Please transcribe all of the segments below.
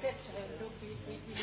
accept them, we, we,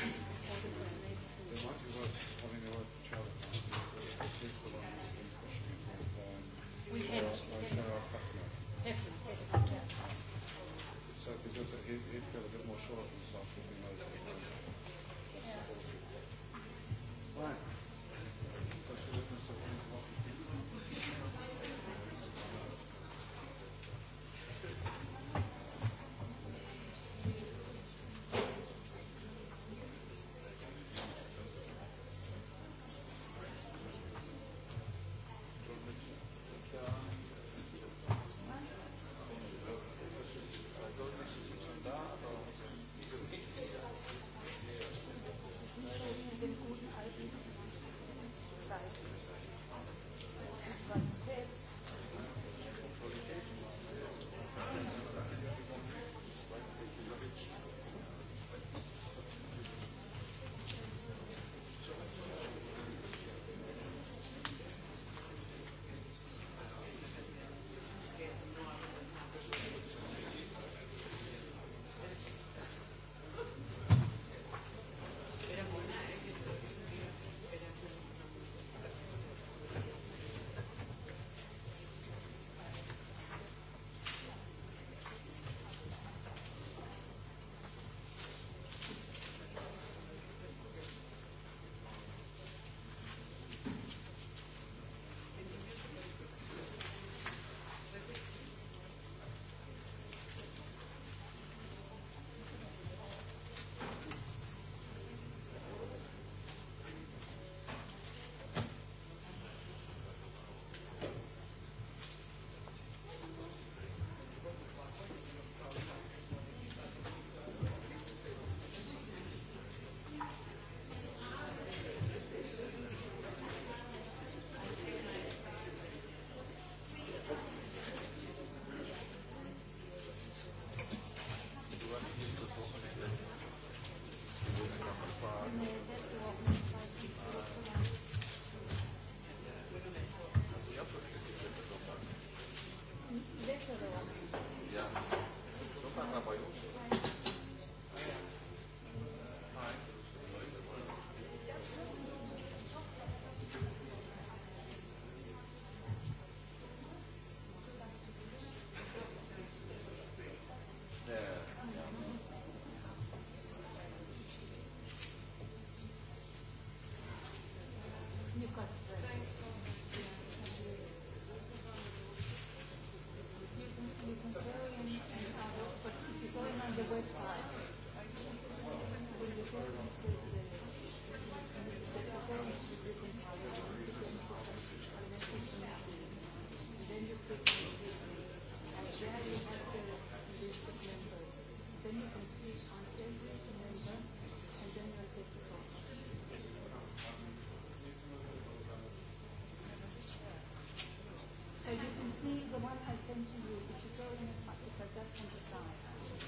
see the one I sent to you, which you go in because that's on the side.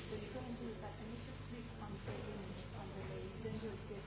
So you go into the side, and you should click on the, on the, then you'll get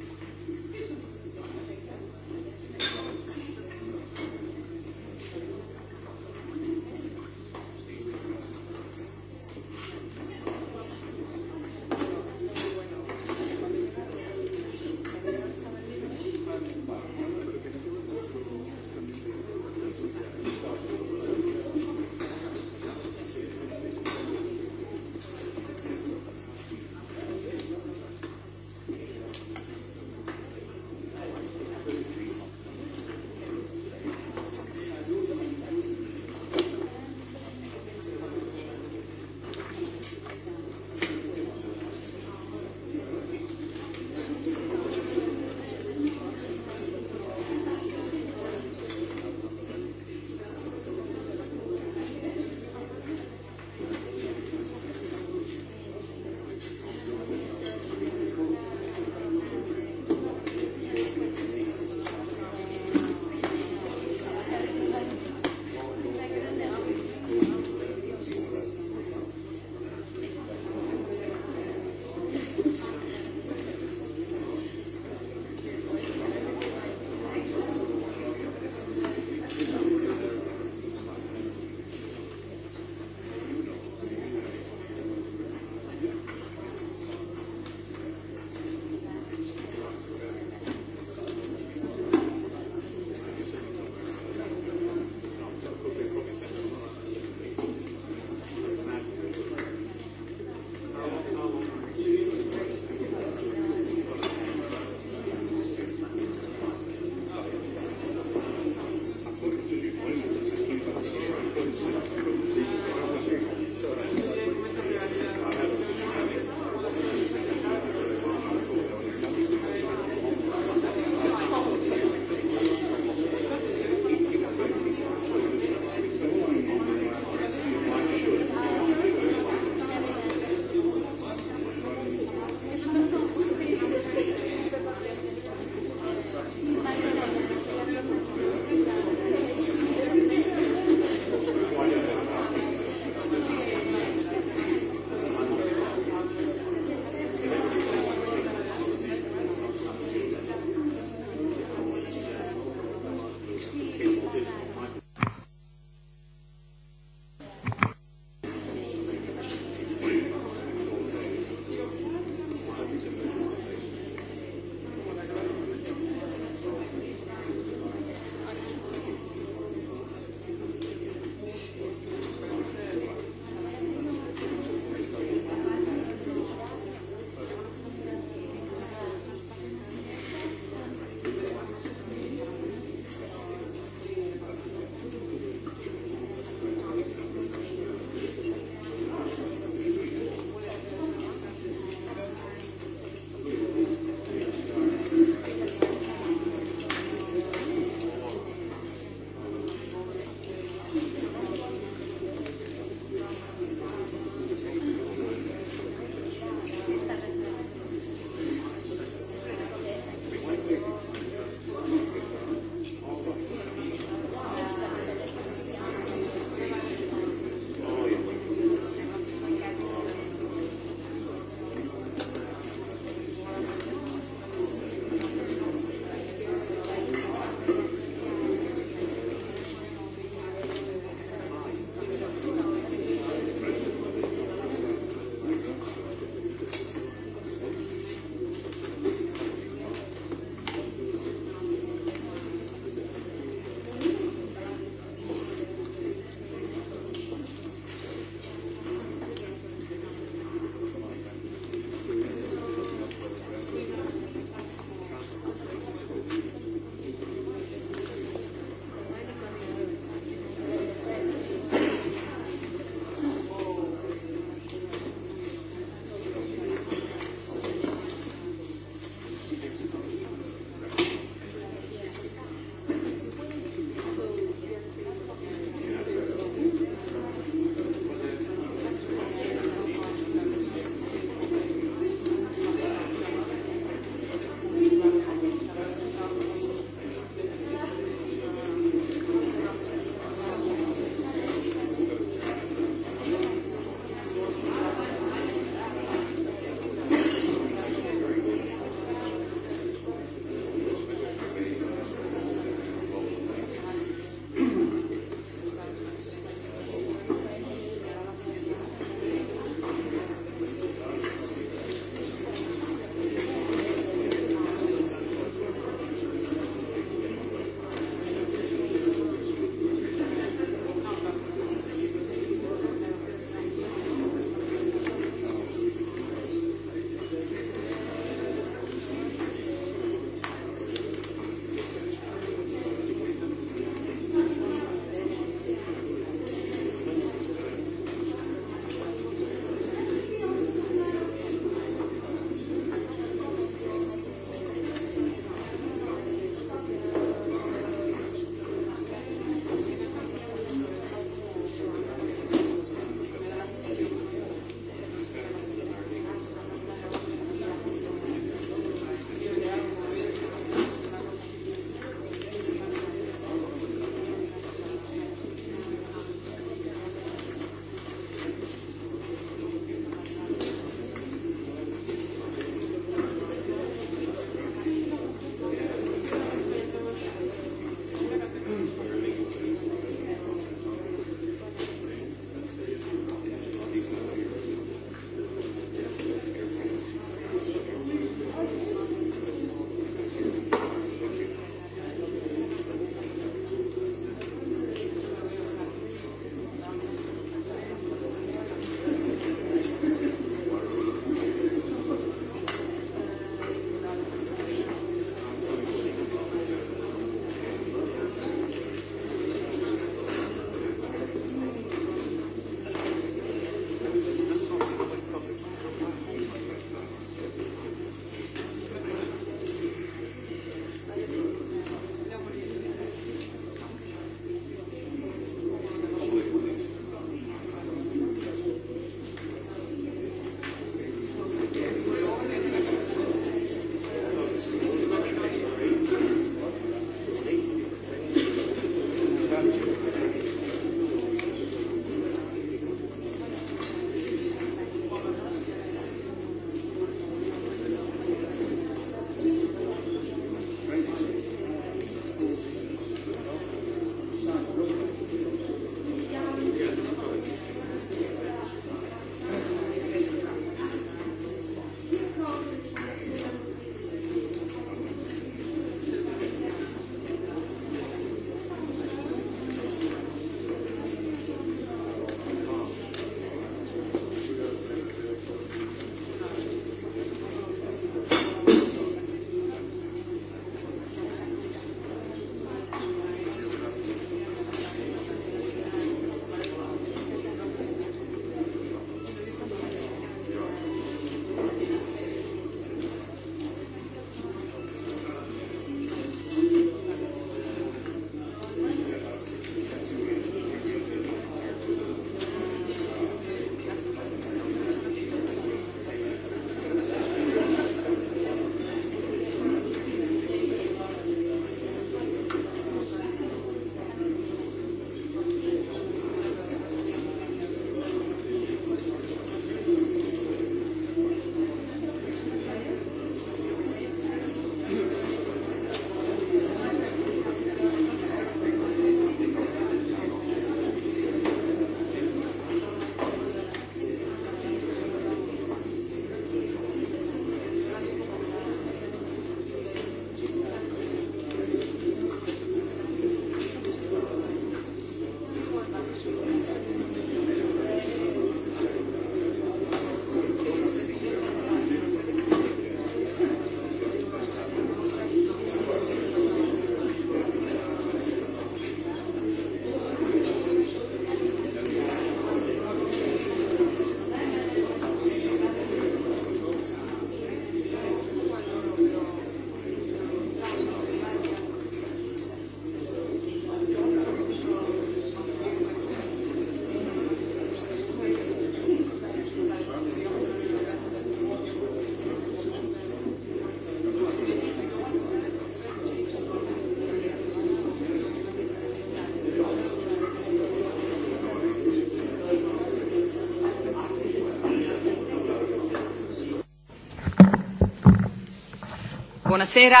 Buonasera,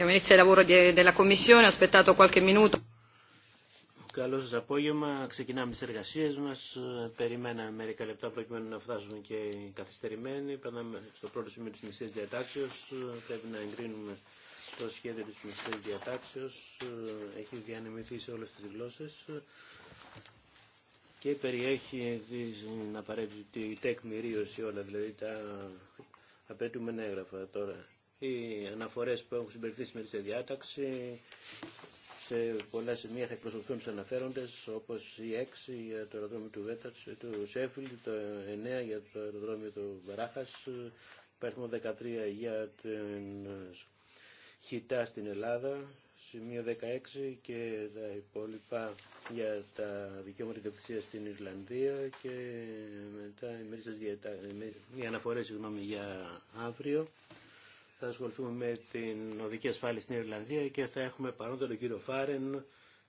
abbiamo Καλό σα απόγευμα. Ξεκινάμε τι εργασίε μα. Περιμέναμε μερικά λεπτά προκειμένου να φτάσουν και οι καθυστερημένοι. Περνάμε στο πρώτο σημείο τη μισθή διατάξεω. Πρέπει να εγκρίνουμε το σχέδιο τη μισή διατάξεω. Έχει διανεμηθεί σε όλε τι γλώσσε και περιέχει την απαραίτητη τεκμηρίωση όλα, δηλαδή τα απαιτούμενα έγγραφα τώρα οι αναφορές που έχουν συμπεριφθεί σήμερα στη διάταξη σε πολλά σημεία θα εκπροσωπηθούν του αναφέροντες όπως η 6 για το αεροδρόμιο του, Βέτατς, του Σέφιλ, το 9 για το αεροδρόμιο του Βαράχας, υπάρχουν 13 για την Χιτά στην Ελλάδα, σημείο 16 και τα υπόλοιπα για τα δικαιώματα ιδιοκτησία στην Ιρλανδία και μετά οι, διατα... αναφορές για αύριο θα ασχοληθούμε με την οδική ασφάλεια στην Ιρλανδία και θα έχουμε παρόντα τον κύριο Φάρεν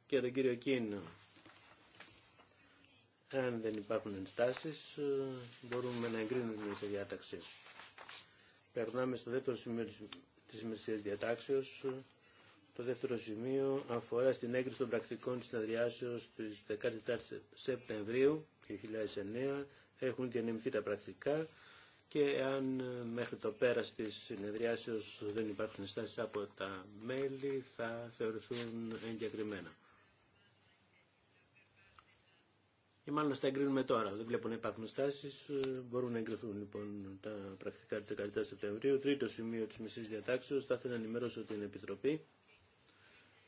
και τον κύριο Κίν. Αν δεν υπάρχουν ενστάσεις, μπορούμε να εγκρίνουμε σε διάταξη. Περνάμε στο δεύτερο σημείο της ημερησίας διατάξεως. Το δεύτερο σημείο αφορά στην έγκριση των πρακτικών της συνεδριάσεως της 14 Σεπτεμβρίου 2009. Έχουν διανεμηθεί τα πρακτικά και αν ε, μέχρι το πέρας της συνεδριάσεως δεν υπάρχουν στάσεις από τα μέλη θα θεωρηθούν εγκεκριμένα. Ή μάλλον να στα εγκρίνουμε τώρα. Δεν βλέπω να υπάρχουν στάσει. Ε, μπορούν να εγκριθούν λοιπόν τα πρακτικά τη 14 Σεπτεμβρίου. Τρίτο σημείο τη μισή διατάξεω. Θα ήθελα να ενημερώσω την Επιτροπή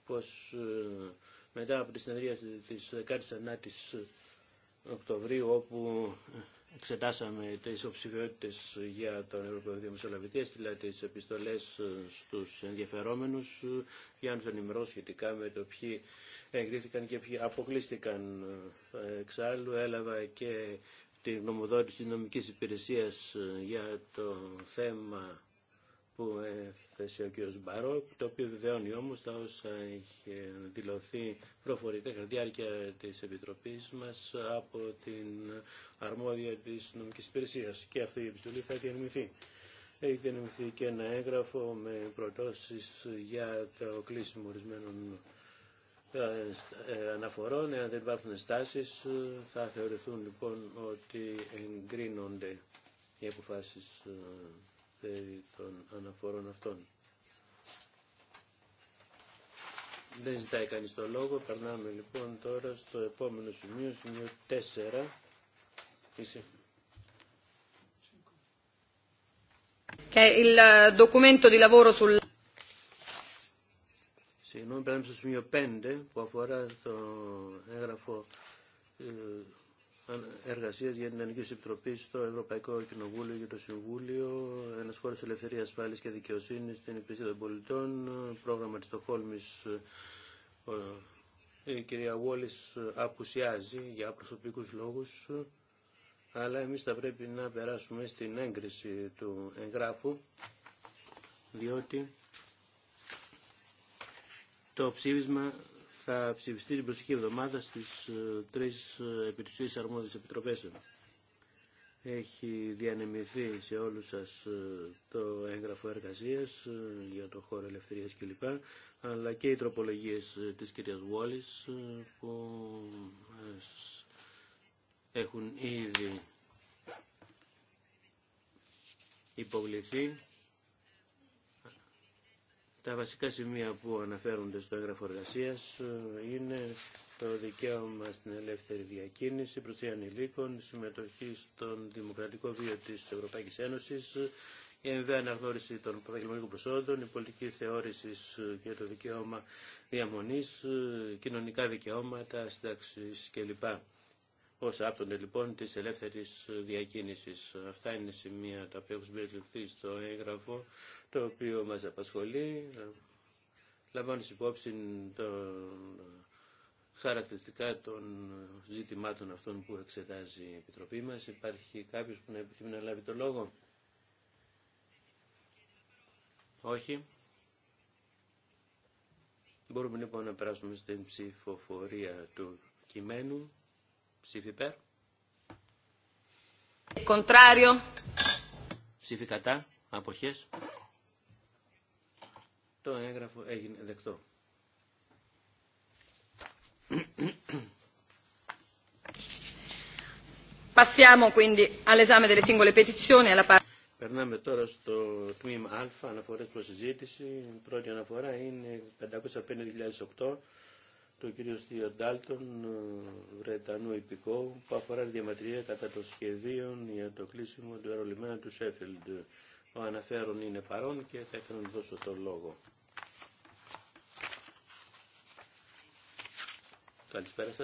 πω ε, μετά από τη συνεδρία τη 19η Οκτωβρίου, όπου εξετάσαμε τις υποψηφιότητες για τον Ευρωπαϊκό Διαμεσολαβητή, έστειλα τις επιστολές ε, στους ενδιαφερόμενους ε, για να τον ενημερώσω σχετικά με το ποιοι εγκρίθηκαν και ποιοι αποκλείστηκαν ε, εξάλλου. Έλαβα και τη γνωμοδότηση νομικής υπηρεσίας για το θέμα που έθεσε ο κ. Μπαρό, το οποίο βεβαιώνει όμω τα όσα είχε δηλωθεί προφορικά κατά τη διάρκεια τη Επιτροπή μα από την αρμόδια τη νομική υπηρεσία. Και αυτή η επιστολή θα διανεμηθεί. Έχει διανεμηθεί και ένα έγγραφο με προτώσει για το κλείσιμο ορισμένων ε, ε, αναφορών. Εάν δεν υπάρχουν στάσει, θα θεωρηθούν λοιπόν ότι εγκρίνονται οι αποφάσει ε, περί των αναφορών αυτών. Δεν ζητάει κανείς το λόγο. Περνάμε λοιπόν τώρα στο επόμενο σημείο, σημείο 4. Che è il documento Συγγνώμη, περνάμε στο σημείο 5 που αφορά το έγγραφο εργασία για την ενική Επιτροπή στο Ευρωπαϊκό Κοινοβούλιο και το Συμβούλιο, ένα χώρο ελευθερία, ασφάλεια και δικαιοσύνη στην υπηρεσία των πολιτών, πρόγραμμα τη Στοχόλμη. Ε, η κυρία Βόλη ε, απουσιάζει για προσωπικού λόγου, αλλά εμεί θα πρέπει να περάσουμε στην έγκριση του εγγράφου, διότι το ψήφισμα θα ψηφιστεί την προσεχή εβδομάδα στις ε, τρεις ε, επιτυχίες αρμόδιες επιτροπές. Έχει διανεμηθεί σε όλους σας ε, το έγγραφο εργασίας για το χώρο ελευθερίας κλπ. Αλλά και οι τροπολογίες της κυρίας Βόλης που έχουν ήδη υποβληθεί τα βασικά σημεία που αναφέρονται στο έγγραφο εργασία ε, είναι το δικαίωμα στην ελεύθερη διακίνηση, προσθέα ανηλίκων, συμμετοχή στον δημοκρατικό βίο της Ευρωπαϊκής Ένωσης, η εμβέα αναγνώριση των επαγγελματικών προσόντων, η πολιτική θεώρηση ε, και το δικαίωμα διαμονή, ε, κοινωνικά δικαιώματα, συντάξει κλπ. Όσα άπτονται λοιπόν της ελεύθερη διακίνησης. Αυτά είναι σημεία τα οποία έχουν συμπεριληφθεί στο έγγραφο το οποίο μας απασχολεί, Λαμβάνεις υπόψη το χαρακτηριστικά των ζητημάτων αυτών που εξετάζει η Επιτροπή μας. Υπάρχει κάποιος που να επιθυμεί να λάβει το λόγο. Όχι. Μπορούμε λοιπόν να περάσουμε στην ψηφοφορία του κειμένου. Ψήφι υπέρ. Κοντράριο. Ψήφι κατά. Αποχές. Το έγγραφο έγινε δεκτό. Περνάμε τώρα στο τμήμα Α, Αναφορέ προσυζήτηση. συζήτηση. Η πρώτη αναφορά είναι 505.008 του κ. Στίο Ντάλτον, Βρετανού υπηκόου, που αφορά τη διαμετρία κατά των σχεδίων για το κλείσιμο του αερολιμένα του Σέφιλντ. Ο αναφέρον είναι παρόν και θα ήθελα να δώσω το λόγο. Καλησπέρα σα.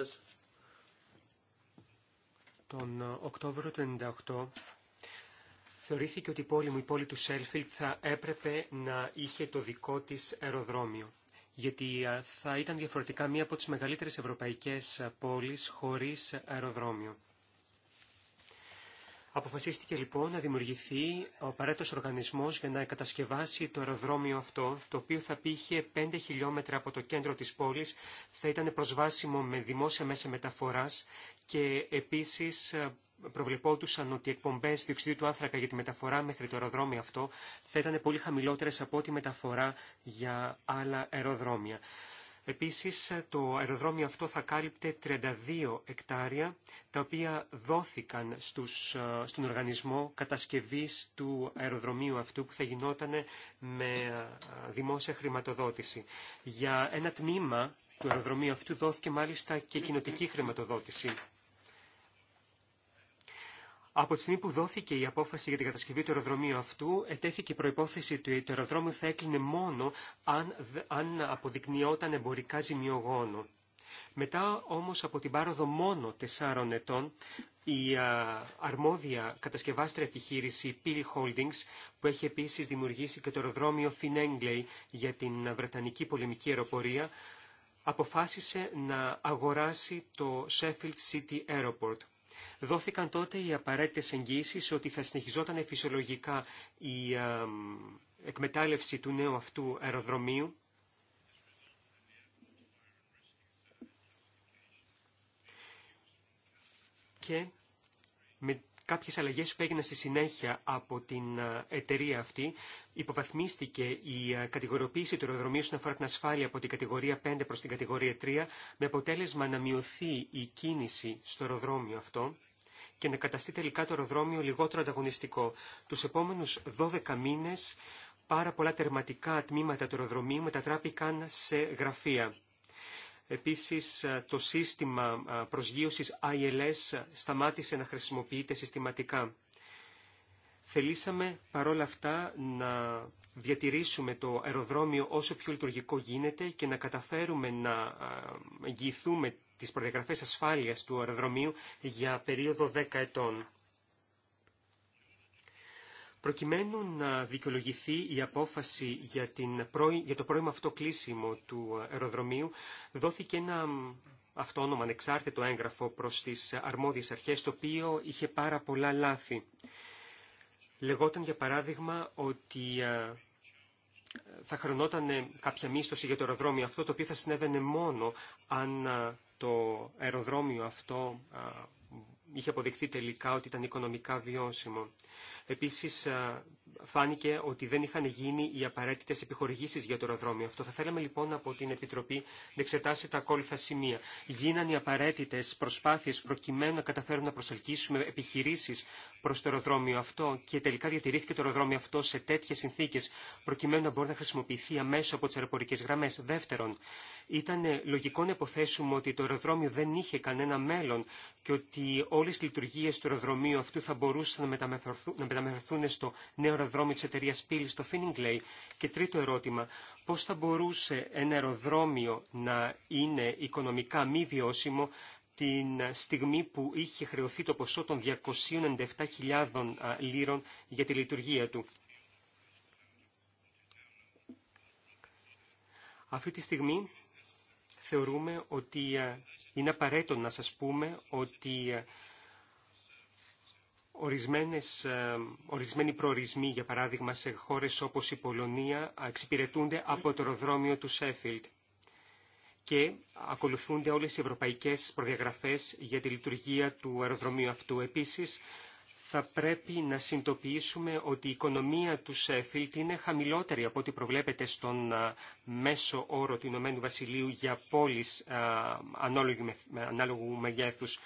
Τον ε, Οκτώβριο του 1998 θεωρήθηκε ότι η πόλη μου, η πόλη του Σέλφιλτ, θα έπρεπε να είχε το δικό της αεροδρόμιο. Γιατί ε, θα ήταν διαφορετικά μία από τις μεγαλύτερες ευρωπαϊκές ε, πόλεις χωρίς αεροδρόμιο. Αποφασίστηκε λοιπόν να δημιουργηθεί ο παρέτος οργανισμός για να κατασκευάσει το αεροδρόμιο αυτό, το οποίο θα πήγε 5 χιλιόμετρα από το κέντρο της πόλης, θα ήταν προσβάσιμο με δημόσια μέσα μεταφοράς και επίσης προβλεπόντουσαν ότι οι εκπομπέ διοξιδίου του άνθρακα για τη μεταφορά μέχρι το αεροδρόμιο αυτό θα ήταν πολύ χαμηλότερες από ό,τι μεταφορά για άλλα αεροδρόμια. Επίσης, το αεροδρόμιο αυτό θα κάλυπτε 32 εκτάρια, τα οποία δόθηκαν στους, ε, στον οργανισμό κατασκευής του αεροδρομίου αυτού που θα γινόταν με ε, δημόσια χρηματοδότηση. Για ένα τμήμα του αεροδρομίου αυτού δόθηκε μάλιστα και κοινοτική χρηματοδότηση. Από τη στιγμή που δόθηκε η απόφαση για την κατασκευή του αεροδρομίου αυτού, ετέθηκε η προπόθεση ότι το αεροδρόμιο θα έκλεινε μόνο αν, αν αποδεικνυόταν εμπορικά ζημιογόνο. Μετά όμως από την πάροδο μόνο τεσσάρων ετών, η αρμόδια κατασκευάστρια επιχείρηση Peel Holdings, που έχει επίσης δημιουργήσει και το αεροδρόμιο Finengley για την Βρετανική πολεμική αεροπορία, αποφάσισε να αγοράσει το Sheffield City Airport. Δόθηκαν τότε οι απαραίτητες εγγύσεις ότι θα συνεχιζόταν φυσιολογικά η ε, εκμετάλλευση του νέου αυτού αεροδρομίου και με κάποιες αλλαγές που έγιναν στη συνέχεια από την ε, εταιρεία αυτή. Υποβαθμίστηκε η ε, κατηγοριοποίηση του αεροδρομίου όσον αφορά την ασφάλεια από την κατηγορία 5 προς την κατηγορία 3 με αποτέλεσμα να μειωθεί η κίνηση στο αεροδρόμιο αυτό και να καταστεί τελικά το αεροδρόμιο λιγότερο ανταγωνιστικό. Τους επόμενους 12 μήνες πάρα πολλά τερματικά τμήματα του αεροδρομίου μετατράπηκαν σε γραφεία. Επίσης, ε, το σύστημα ε, προσγείωσης ILS σταμάτησε να χρησιμοποιείται συστηματικά. Θελήσαμε παρόλα αυτά να διατηρήσουμε το αεροδρόμιο όσο πιο λειτουργικό γίνεται και να καταφέρουμε να ε, εγγυηθούμε τις προδιαγραφές ασφάλειας του αεροδρομίου για περίοδο 10 ετών προκειμένου να δικαιολογηθεί η απόφαση για, για το πρώιμο αυτό κλείσιμο του αεροδρομίου, δόθηκε ένα αυτόνομα ανεξάρτητο έγγραφο προς τις αρμόδιες αρχές, το οποίο είχε πάρα πολλά λάθη. Λεγόταν, για παράδειγμα, ότι ε, θα χρονόταν κάποια μίσθωση για το αεροδρόμιο αυτό, το οποίο θα συνέβαινε μόνο αν ε, το αεροδρόμιο αυτό ε, είχε αποδειχθεί τελικά ότι ήταν οικονομικά βιώσιμο. Επίσης φάνηκε ότι δεν είχαν γίνει οι απαραίτητε επιχορηγήσει για το αεροδρόμιο. Αυτό θα θέλαμε λοιπόν από την Επιτροπή να εξετάσει τα ακόλουθα σημεία. Γίναν οι απαραίτητε προσπάθειε προκειμένου να καταφέρουμε να προσελκύσουμε επιχειρήσει προ το αεροδρόμιο αυτό και τελικά διατηρήθηκε το αεροδρόμιο αυτό σε τέτοιε συνθήκε προκειμένου να μπορεί να χρησιμοποιηθεί αμέσω από τι αεροπορικέ γραμμέ. Δεύτερον, ήταν λογικό να υποθέσουμε ότι το αεροδρόμιο δεν είχε κανένα μέλλον και ότι όλε οι λειτουργίε του αεροδρομίου αυτού θα μπορούσαν να μεταμεθωθούν στο νέο αεροδρόμιο της εταιρείας Πύλη στο Φίνιγκλεϊ. Και τρίτο ερώτημα, πώς θα μπορούσε ένα αεροδρόμιο να είναι οικονομικά μη βιώσιμο την στιγμή που είχε χρεωθεί το ποσό των 297.000 λίρων για τη λειτουργία του. Αυτή τη στιγμή θεωρούμε ότι είναι απαραίτητο να σας πούμε ότι Ορισμένες, ε, ορισμένοι προορισμοί, για παράδειγμα, σε χώρες όπως η Πολωνία, εξυπηρετούνται από το αεροδρόμιο του Σέφιλτ και ακολουθούνται όλες οι ευρωπαϊκές προδιαγραφές για τη λειτουργία του αεροδρομίου αυτού. Επίσης, θα πρέπει να συνειδητοποιήσουμε ότι η οικονομία του Σέφιλτ είναι χαμηλότερη από ό,τι προβλέπεται στον μέσο όρο του Ηνωμένου Βασιλείου για πόλεις ανάλογου μεγέθους.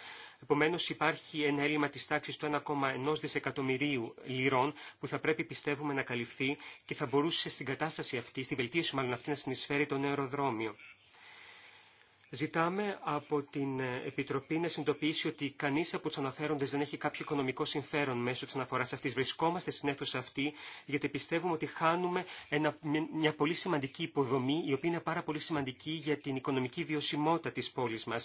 Επομένως υπάρχει ένα έλλειμμα της τάξης του 1,1 δισεκατομμυρίου λιρών που θα πρέπει πιστεύουμε να καλυφθεί και θα μπορούσε στην κατάσταση αυτή, στην βελτίωση μάλλον αυτή να συνεισφέρει το νέο αεροδρόμιο. Ζητάμε από την Επιτροπή να συνειδητοποιήσει ότι κανεί από του αναφέροντε δεν έχει κάποιο οικονομικό συμφέρον μέσω τη αναφορά αυτή. Βρισκόμαστε στην αίθουσα αυτή γιατί πιστεύουμε ότι χάνουμε μια πολύ σημαντική υποδομή η οποία είναι πάρα πολύ σημαντική για την οικονομική βιωσιμότητα τη πόλη μα.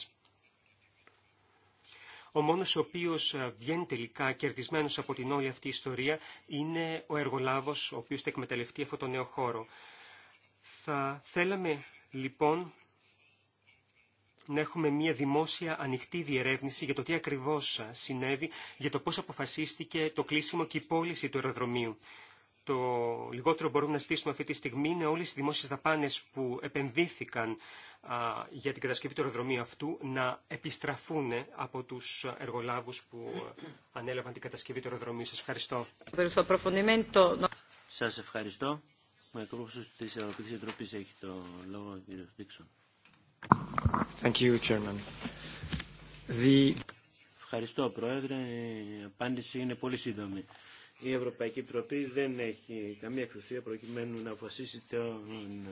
Ο μόνος ο οποίος ε, βγαίνει τελικά κερδισμένος από την όλη αυτή η ιστορία είναι ο εργολάβος ο οποίος θα εκμεταλλευτεί αυτό το νέο χώρο. Θα θέλαμε λοιπόν να έχουμε μια δημόσια ανοιχτή διερεύνηση για το τι ακριβώς ε, συνέβη, για το πώς αποφασίστηκε το κλείσιμο και η πώληση του αεροδρομίου. Το λιγότερο μπορούμε να στήσουμε αυτή τη στιγμή είναι όλες οι δημόσιες δαπάνες που επενδύθηκαν για την κατασκευή του αεροδρομίου αυτού να επιστραφούν από τους εργολάβους που ανέλαβαν την κατασκευή του αεροδρομίου. Σας ευχαριστώ. Σα ευχαριστώ. Ο εκπρόσωπο τη Ευρωπαϊκή Επιτροπή έχει το λόγο, κύριο Δίξον. Thank you, Chairman. The... Ευχαριστώ, Πρόεδρε. Η απάντηση είναι πολύ σύντομη. Η Ευρωπαϊκή Επιτροπή δεν έχει καμία εξουσία προκειμένου να αποφασίσει τον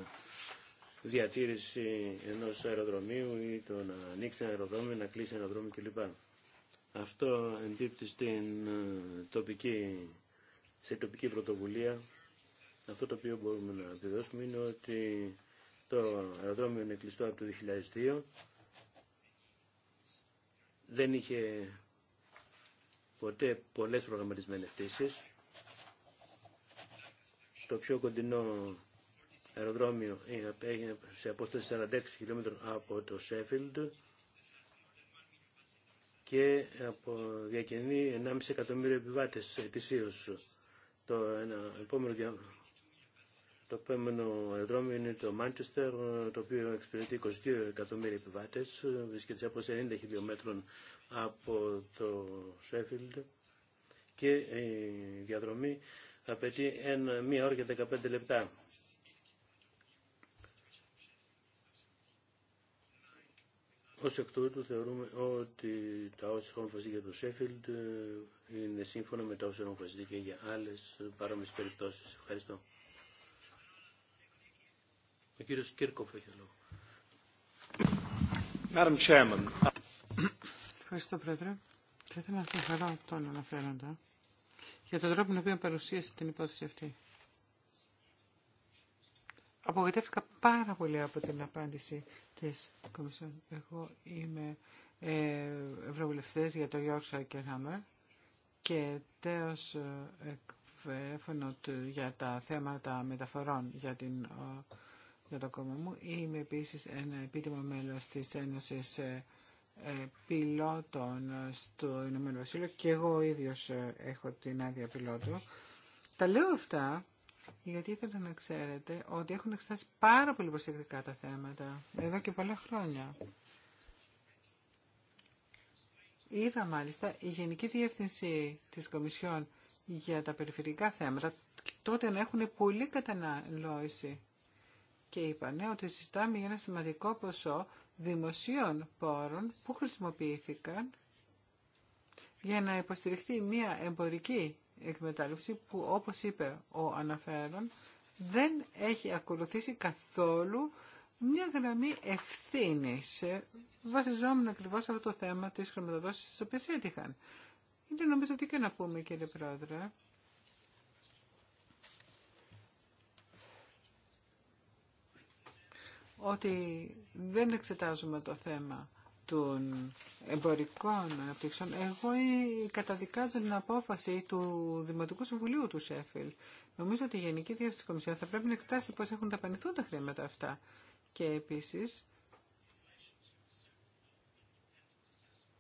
διατήρηση ενός αεροδρομίου ή το να ανοίξει ένα αεροδρόμιο, να κλείσει ένα αεροδρόμιο κλπ. Αυτό εντύπτει στην ε, τοπική, σε τοπική πρωτοβουλία. Αυτό το οποίο μπορούμε να επιδώσουμε είναι ότι το αεροδρόμιο είναι κλειστό από το 2002. Δεν είχε ποτέ πολλές προγραμματισμένες πτήσεις. Το πιο κοντινό αεροδρόμιο έγινε σε απόσταση 46 χιλιόμετρων από το Σέφιλντ και από διακινεί 1,5 εκατομμύριο επιβάτες ετησίως. Το, ένα, επόμενο, το επόμενο αεροδρόμιο είναι το Μάντσεστερ, το οποίο εξυπηρετεί 22 εκατομμύρια επιβάτες, βρίσκεται σε 90 χιλιόμετρων από το Σέφιλντ και η διαδρομή απαιτεί ένα, μία ώρα και 15 λεπτά. Ως εκ τούτου θεωρούμε ότι τα όσα έχουν φασίσει για το Σέφιλντ ε, είναι σύμφωνα με τα όσα έχουν φασίσει και για άλλες παρόμοιες περιπτώσεις. Ευχαριστώ. Ο κύριος Κίρκοφ έχει λόγο. Ευχαριστώ, Πρόεδρε. Θα ήθελα να συγχαρώ τον αναφέροντα για τον τρόπο με τον οποίο παρουσίασε την υπόθεση αυτή απογοητεύτηκα πάρα πολύ από την απάντηση της Κομισιόν. Εγώ είμαι ε, για το Γιώργο και Χάμερ και τέως ε, εκφέφωνο για τα θέματα μεταφορών για, την, για το κόμμα μου. Είμαι επίσης ένα επίτιμο μέλος της Ένωσης ε, ε πιλότων στο Ηνωμένο Βασίλειο και εγώ ίδιος ε, έχω την άδεια πιλότου. Τα λέω αυτά γιατί ήθελα να ξέρετε ότι έχουν εξετάσει πάρα πολύ προσεκτικά τα θέματα, εδώ και πολλά χρόνια. Είδα μάλιστα η Γενική Διεύθυνση της Κομισιόν για τα περιφερειακά θέματα τότε να έχουν πολύ κατανάλωση και είπανε ότι συζητάμε για ένα σημαντικό ποσό δημοσίων πόρων που χρησιμοποιήθηκαν για να υποστηριχθεί μια εμπορική εκμετάλλευση που όπως είπε ο αναφέρον δεν έχει ακολουθήσει καθόλου μια γραμμή ευθύνη, ε, βασιζόμενο ακριβώ σε αυτό το θέμα της χρηματοδότηση τη οποία έτυχαν. Είναι νομίζω ότι και να πούμε, κύριε Πρόεδρε. Ότι δεν εξετάζουμε το θέμα των εμπορικών αναπτύξεων, εγώ καταδικάζω την απόφαση του Δημοτικού Συμβουλίου του Σέφιλ. Νομίζω ότι η Γενική Διεύθυνση Κομισιόν θα πρέπει να εξετάσει πώς έχουν ταπανηθούν τα χρήματα αυτά. Και επίσης,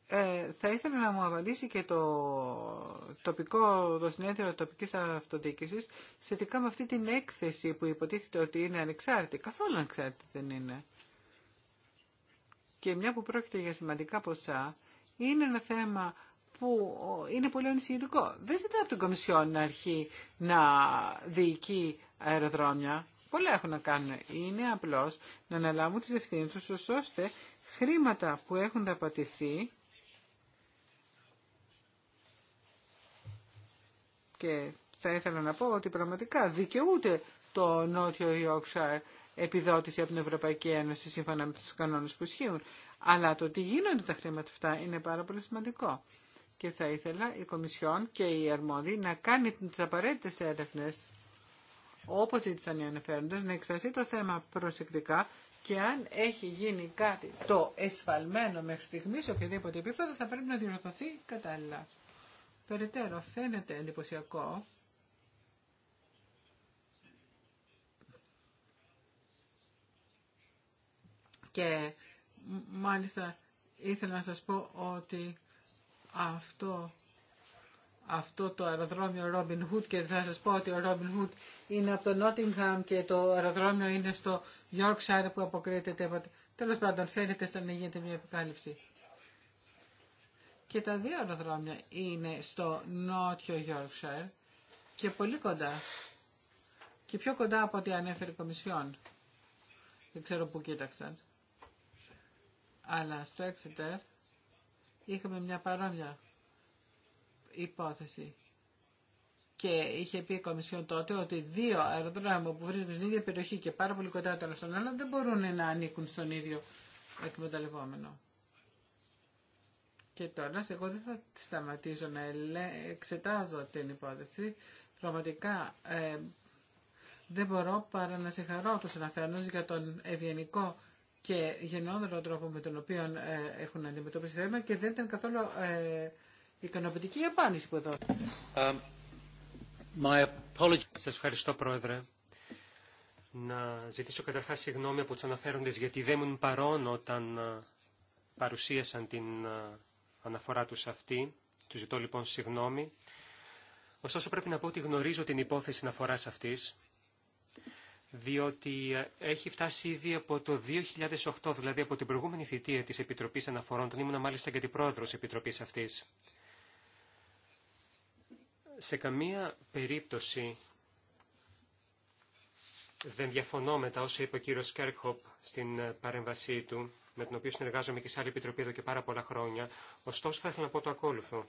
ε, θα ήθελα να μου απαντήσει και το, τοπικό, το συνέδριο τοπικής αυτοδιοίκησης σχετικά με αυτή την έκθεση που υποτίθεται ότι είναι ανεξάρτητη. Καθόλου ανεξάρτητη δεν είναι και μια που πρόκειται για σημαντικά ποσά, είναι ένα θέμα που είναι πολύ ανησυχητικό. Δεν ζητάει από την Κομισιόν να αρχεί να διοικεί αεροδρόμια. Πολλά έχουν να κάνουν. Είναι απλώς να αναλάβουν τις ευθύνε τους, ώστε χρήματα που έχουν δαπατηθεί και θα ήθελα να πω ότι πραγματικά δικαιούται το Νότιο Ιόξαρ επιδότηση από την Ευρωπαϊκή Ένωση σύμφωνα με τους κανόνες που ισχύουν. Αλλά το τι γίνονται τα χρήματα αυτά είναι πάρα πολύ σημαντικό. Και θα ήθελα η Κομισιόν και η Αρμόδιοι να κάνει τις απαραίτητες έρευνες όπως ζήτησαν οι αναφέροντες, να εξεταστεί το θέμα προσεκτικά και αν έχει γίνει κάτι το εσφαλμένο μέχρι στιγμή σε οποιοδήποτε επίπεδο θα πρέπει να διορθωθεί κατάλληλα. Περιτέρω φαίνεται εντυπωσιακό Και μάλιστα ήθελα να σας πω ότι αυτό, αυτό το αεροδρόμιο Robin Hood και θα σας πω ότι ο Robin Hood είναι από το Nottingham και το αεροδρόμιο είναι στο Yorkshire που αποκρίνεται. Τέλος πάντων φαίνεται σαν να γίνεται μια επικάλυψη. Και τα δύο αεροδρόμια είναι στο νότιο Yorkshire και πολύ κοντά. Και πιο κοντά από ό,τι ανέφερε η Κομισιόν. Δεν ξέρω πού κοίταξαν. Αλλά στο Exeter είχαμε μια παρόμοια υπόθεση. Και είχε πει η Κομισιόν τότε ότι δύο αεροδρόμια που βρίσκονται στην ίδια περιοχή και πάρα πολύ κοντά το ένα στον άλλο δεν μπορούν να ανήκουν στον ίδιο εκμεταλλευόμενο. Και τώρα εγώ δεν θα σταματήσω να εξετάζω την υπόθεση. Πραγματικά ε, δεν μπορώ παρά να συγχαρώ τους αναφερνούς για τον ευγενικό και γενναιόδωρο τρόπο με τον οποίο ε, έχουν αντιμετωπίσει το θέμα και δεν ήταν καθόλου ε, ικανοποιητική η απάντηση που εδώ. Uh, um, ευχαριστώ Πρόεδρε. Να ζητήσω καταρχάς συγγνώμη από τους αναφέροντες γιατί δεν ήμουν παρόν όταν ε, παρουσίασαν την ε, αναφορά τους αυτή. Του ζητώ λοιπόν συγγνώμη. Ωστόσο πρέπει να πω ότι γνωρίζω την υπόθεση αναφοράς αυτής διότι ε, έχει φτάσει ήδη από το 2008, δηλαδή από την προηγούμενη θητεία της Επιτροπής Αναφορών, τον ήμουν μάλιστα και την πρόεδρος Επιτροπής αυτής. Σε καμία περίπτωση δεν διαφωνώ με τα όσα είπε ο κύριο Κέρκοπ στην ε, παρέμβασή του, με τον οποίο συνεργάζομαι και σε άλλη επιτροπή εδώ και πάρα πολλά χρόνια. Ωστόσο, θα ήθελα να πω το ακόλουθο.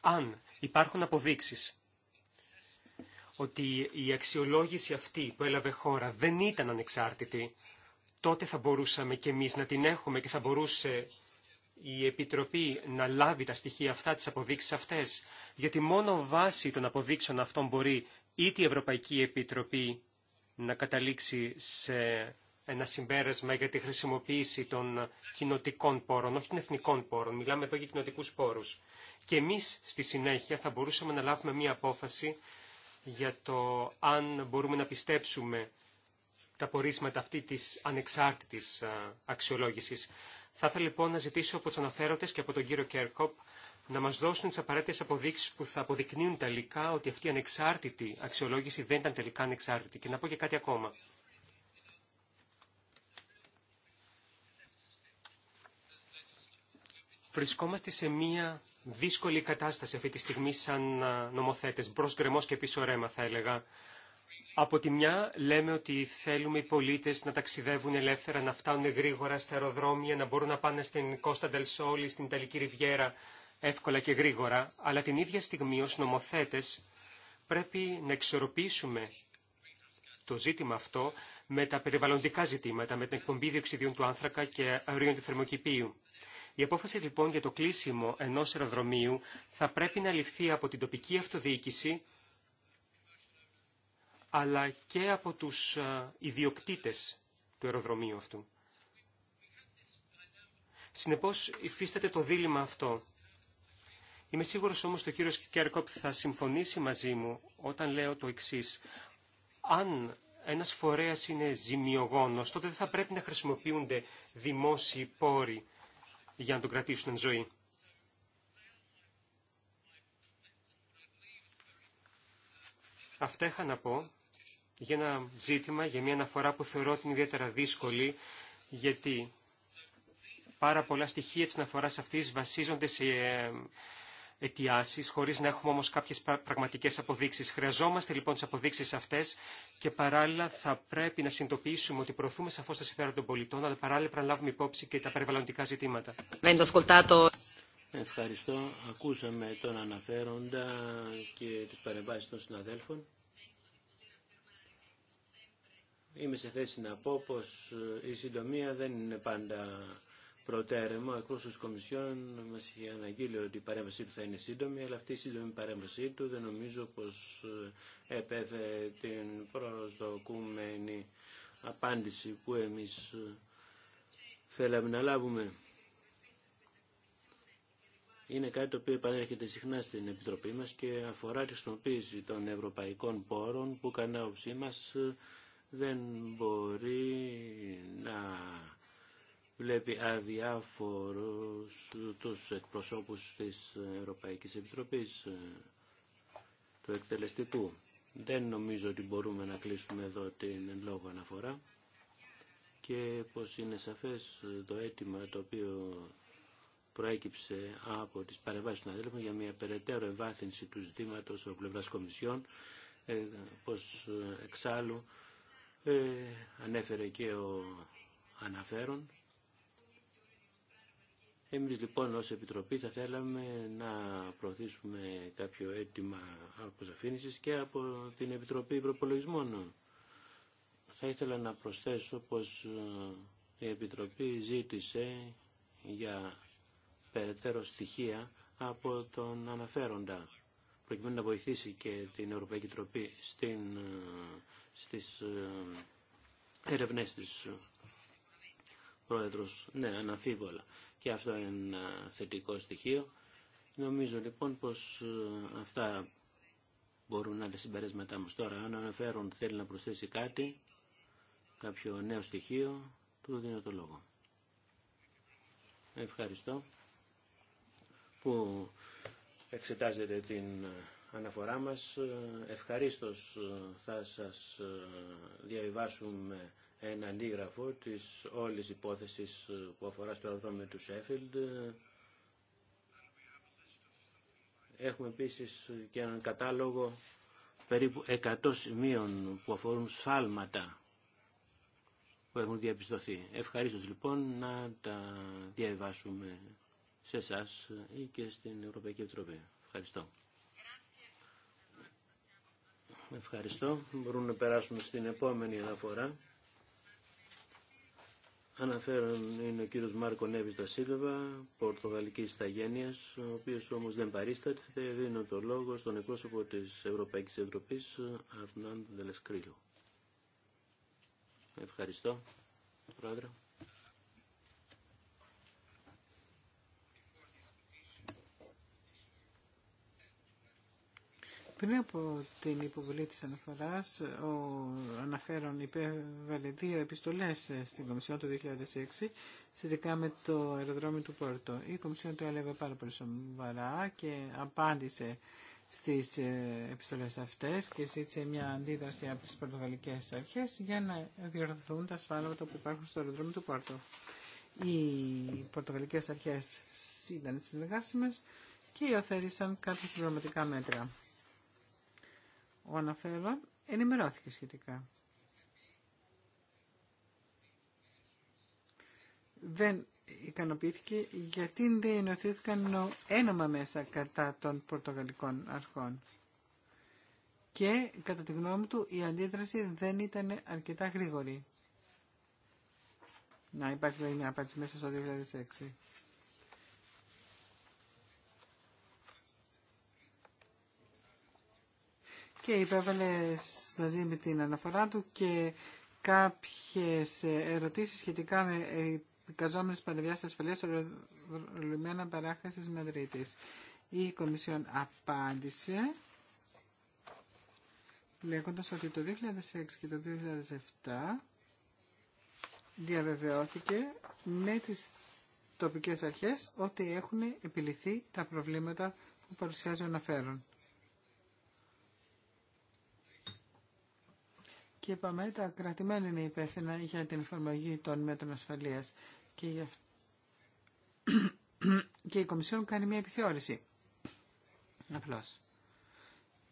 Αν υπάρχουν αποδείξεις ότι η αξιολόγηση αυτή που έλαβε χώρα δεν ήταν ανεξάρτητη, τότε θα μπορούσαμε κι εμείς να την έχουμε και θα μπορούσε η Επιτροπή να λάβει τα στοιχεία αυτά, τις αποδείξεις αυτές, γιατί μόνο βάσει των αποδείξεων αυτών μπορεί είτε η Ευρωπαϊκή Επιτροπή να καταλήξει σε ένα συμπέρασμα για τη χρησιμοποίηση των κοινοτικών πόρων, όχι των εθνικών πόρων. Μιλάμε εδώ για κοινοτικούς πόρους. Και εμείς στη συνέχεια θα μπορούσαμε να λάβουμε μία απόφαση για το αν μπορούμε να πιστέψουμε τα πορίσματα αυτή της ανεξάρτητης αξιολόγησης. Θα ήθελα λοιπόν να ζητήσω από τους αναφέροντες και από τον κύριο Κέρκοπ να μας δώσουν τις απαραίτητες αποδείξεις που θα αποδεικνύουν τελικά ότι αυτή η ανεξάρτητη αξιολόγηση δεν ήταν τελικά ανεξάρτητη. Και να πω και κάτι ακόμα. Βρισκόμαστε σε μία δύσκολη κατάσταση αυτή τη στιγμή σαν νομοθέτες, μπρος γκρεμός και πίσω ρέμα θα έλεγα. Από τη μια λέμε ότι θέλουμε οι πολίτες να ταξιδεύουν ελεύθερα, να φτάνουν γρήγορα στα αεροδρόμια, να μπορούν να πάνε στην Κώστα Ντελσόλη, στην Ιταλική Ριβιέρα, εύκολα και γρήγορα, αλλά την ίδια στιγμή ως νομοθέτες πρέπει να εξορροπήσουμε το ζήτημα αυτό με τα περιβαλλοντικά ζητήματα, με την εκπομπή διοξιδίων του άνθρακα και αερίων του θερμοκηπίου. Η απόφαση λοιπόν για το κλείσιμο ενός αεροδρομίου θα πρέπει να ληφθεί από την τοπική αυτοδιοίκηση αλλά και από τους ε, ιδιοκτήτες του αεροδρομίου αυτού. Συνεπώς υφίσταται το δίλημα αυτό. Είμαι σίγουρος όμως ότι ο κύριος Κέρκοπ θα συμφωνήσει μαζί μου όταν λέω το εξής. Αν ένας φορέας είναι ζημιογόνος, τότε δεν θα πρέπει να χρησιμοποιούνται δημόσιοι πόροι για να τον κρατήσουν εν ζωή. Αυτά είχα να πω για ένα ζήτημα, για μια αναφορά που θεωρώ την ιδιαίτερα δύσκολη, γιατί πάρα πολλά στοιχεία της αναφοράς αυτής βασίζονται σε ε, αιτιάσεις, χωρίς να έχουμε όμως κάποιες πραγματικές αποδείξεις. Χρειαζόμαστε λοιπόν τις αποδείξεις αυτές και παράλληλα θα πρέπει να συνειδητοποιήσουμε ότι προωθούμε σαφώς τα συμφέροντα των πολιτών, αλλά παράλληλα πρέπει να λάβουμε υπόψη και τα περιβαλλοντικά ζητήματα. Ευχαριστώ. Ακούσαμε τον αναφέροντα και τις παρεμβάσεις των συναδέλφων. Είμαι σε θέση να πω πως η συντομία δεν είναι πάντα προτέρεμα, ακόμα στους Κομισιόν μα είχε αναγγείλει ότι η παρέμβασή του θα είναι σύντομη, αλλά αυτή η σύντομη παρέμβασή του δεν νομίζω πω ε, επέφερε την προσδοκούμενη απάντηση που εμεί ε, θέλαμε να λάβουμε. Είναι κάτι το οποίο επανέρχεται συχνά στην Επιτροπή μας και αφορά τη χρησιμοποίηση των ευρωπαϊκών πόρων που κανένα όψή μας ε, δεν μπορεί να βλέπει αδιάφορους τους εκπροσώπους της Ευρωπαϊκής Επιτροπής ε, του εκτελεστικού. Δεν νομίζω ότι μπορούμε να κλείσουμε εδώ την λόγο αναφορά και πως είναι σαφές ε, το αίτημα το οποίο προέκυψε από τις παρεμβάσεις των αδέλφων για μια περαιτέρω εμβάθυνση του ζητήματος ο πλευράς Κομισιόν, ε, πως εξάλλου ανέφερε και ο αναφέρον εμείς λοιπόν ως Επιτροπή θα θέλαμε να προωθήσουμε κάποιο αίτημα αποσαφήνισης και από την Επιτροπή Προπολογισμών. Θα ήθελα να προσθέσω πως ε, η Επιτροπή ζήτησε για περαιτέρω στοιχεία από τον αναφέροντα προκειμένου να βοηθήσει και την Ευρωπαϊκή Επιτροπή στην, ε, στις ερευνές της Ναι, αναφίβολα και αυτό είναι ένα θετικό στοιχείο. Νομίζω λοιπόν πως ε, αυτά μπορούν να είναι συμπερέσματα μας τώρα. Αν αναφέρουν θέλει να προσθέσει κάτι, κάποιο νέο στοιχείο, του δίνω το λόγο. Ευχαριστώ που εξετάζετε την ε, αναφορά μας. Ε, ευχαρίστως θα σας διαβιβάσουμε ένα αντίγραφο της όλης υπόθεσης που αφορά στο αεροδρόμιο του Σέφιλντ. Έχουμε επίσης και έναν κατάλογο περίπου 100 σημείων που αφορούν σφάλματα που έχουν διαπιστωθεί. Ευχαρίστω λοιπόν να τα διαβάσουμε σε εσά ή και στην Ευρωπαϊκή Επιτροπή. Ευχαριστώ. Ευχαριστώ. Μπορούμε να περάσουμε στην επόμενη αναφορά. Αναφέρον είναι ο κύριο Μάρκο Νέβης Σίλβα, Πορτογαλική Ιταγένεια, ο οποίο όμω δεν παρίσταται, δίνω το λόγο στον εκπρόσωπο τη Ευρωπαϊκή Ευρωπή Αρνάν Δελεσκρίλο. Ευχαριστώ, Πρόεδρε. Πριν από την υποβολή της αναφοράς, ο αναφέρον υπέβαλε δύο επιστολές στην Κομισιόν του 2006 σχετικά με το αεροδρόμιο του Πόρτο. Η Κομισιόν το έλεγε πάρα πολύ σοβαρά και απάντησε στις ε, επιστολές αυτές και ζήτησε μια αντίδραση από τις πορτογαλικές αρχές για να διορθωθούν τα σφάλματα που υπάρχουν στο αεροδρόμιο του Πόρτο. Οι πορτογαλικές αρχές ήταν συνεργάσιμες και υιοθέτησαν κάποια συμπληρωματικά μέτρα ο αναφέρον ενημερώθηκε σχετικά. Δεν ικανοποιήθηκε γιατί δεν ενωθήθηκαν ένομα μέσα κατά των πορτογαλικών αρχών. Και κατά τη γνώμη του η αντίδραση δεν ήταν αρκετά γρήγορη. Να υπάρχει μια απάντηση μέσα στο 2006. και υπέβαλε μαζί με την αναφορά του και κάποιες ερωτήσεις σχετικά με ε, εικαζόμενες παρεμβιάσεις ασφαλείας Ρολουμένα παράκταση της Μαδρίτης. Η Κομισιόν απάντησε λέγοντας ότι το 2006 και το 2007 διαβεβαιώθηκε με τις τοπικές αρχές ότι έχουν επιληθεί τα προβλήματα που παρουσιάζει ο αναφέρον. και είπαμε τα κρατημένα είναι υπεύθυνα για την εφαρμογή των μέτρων ασφαλείας και, η Κομισιόν κάνει μια επιθεώρηση. απλώ.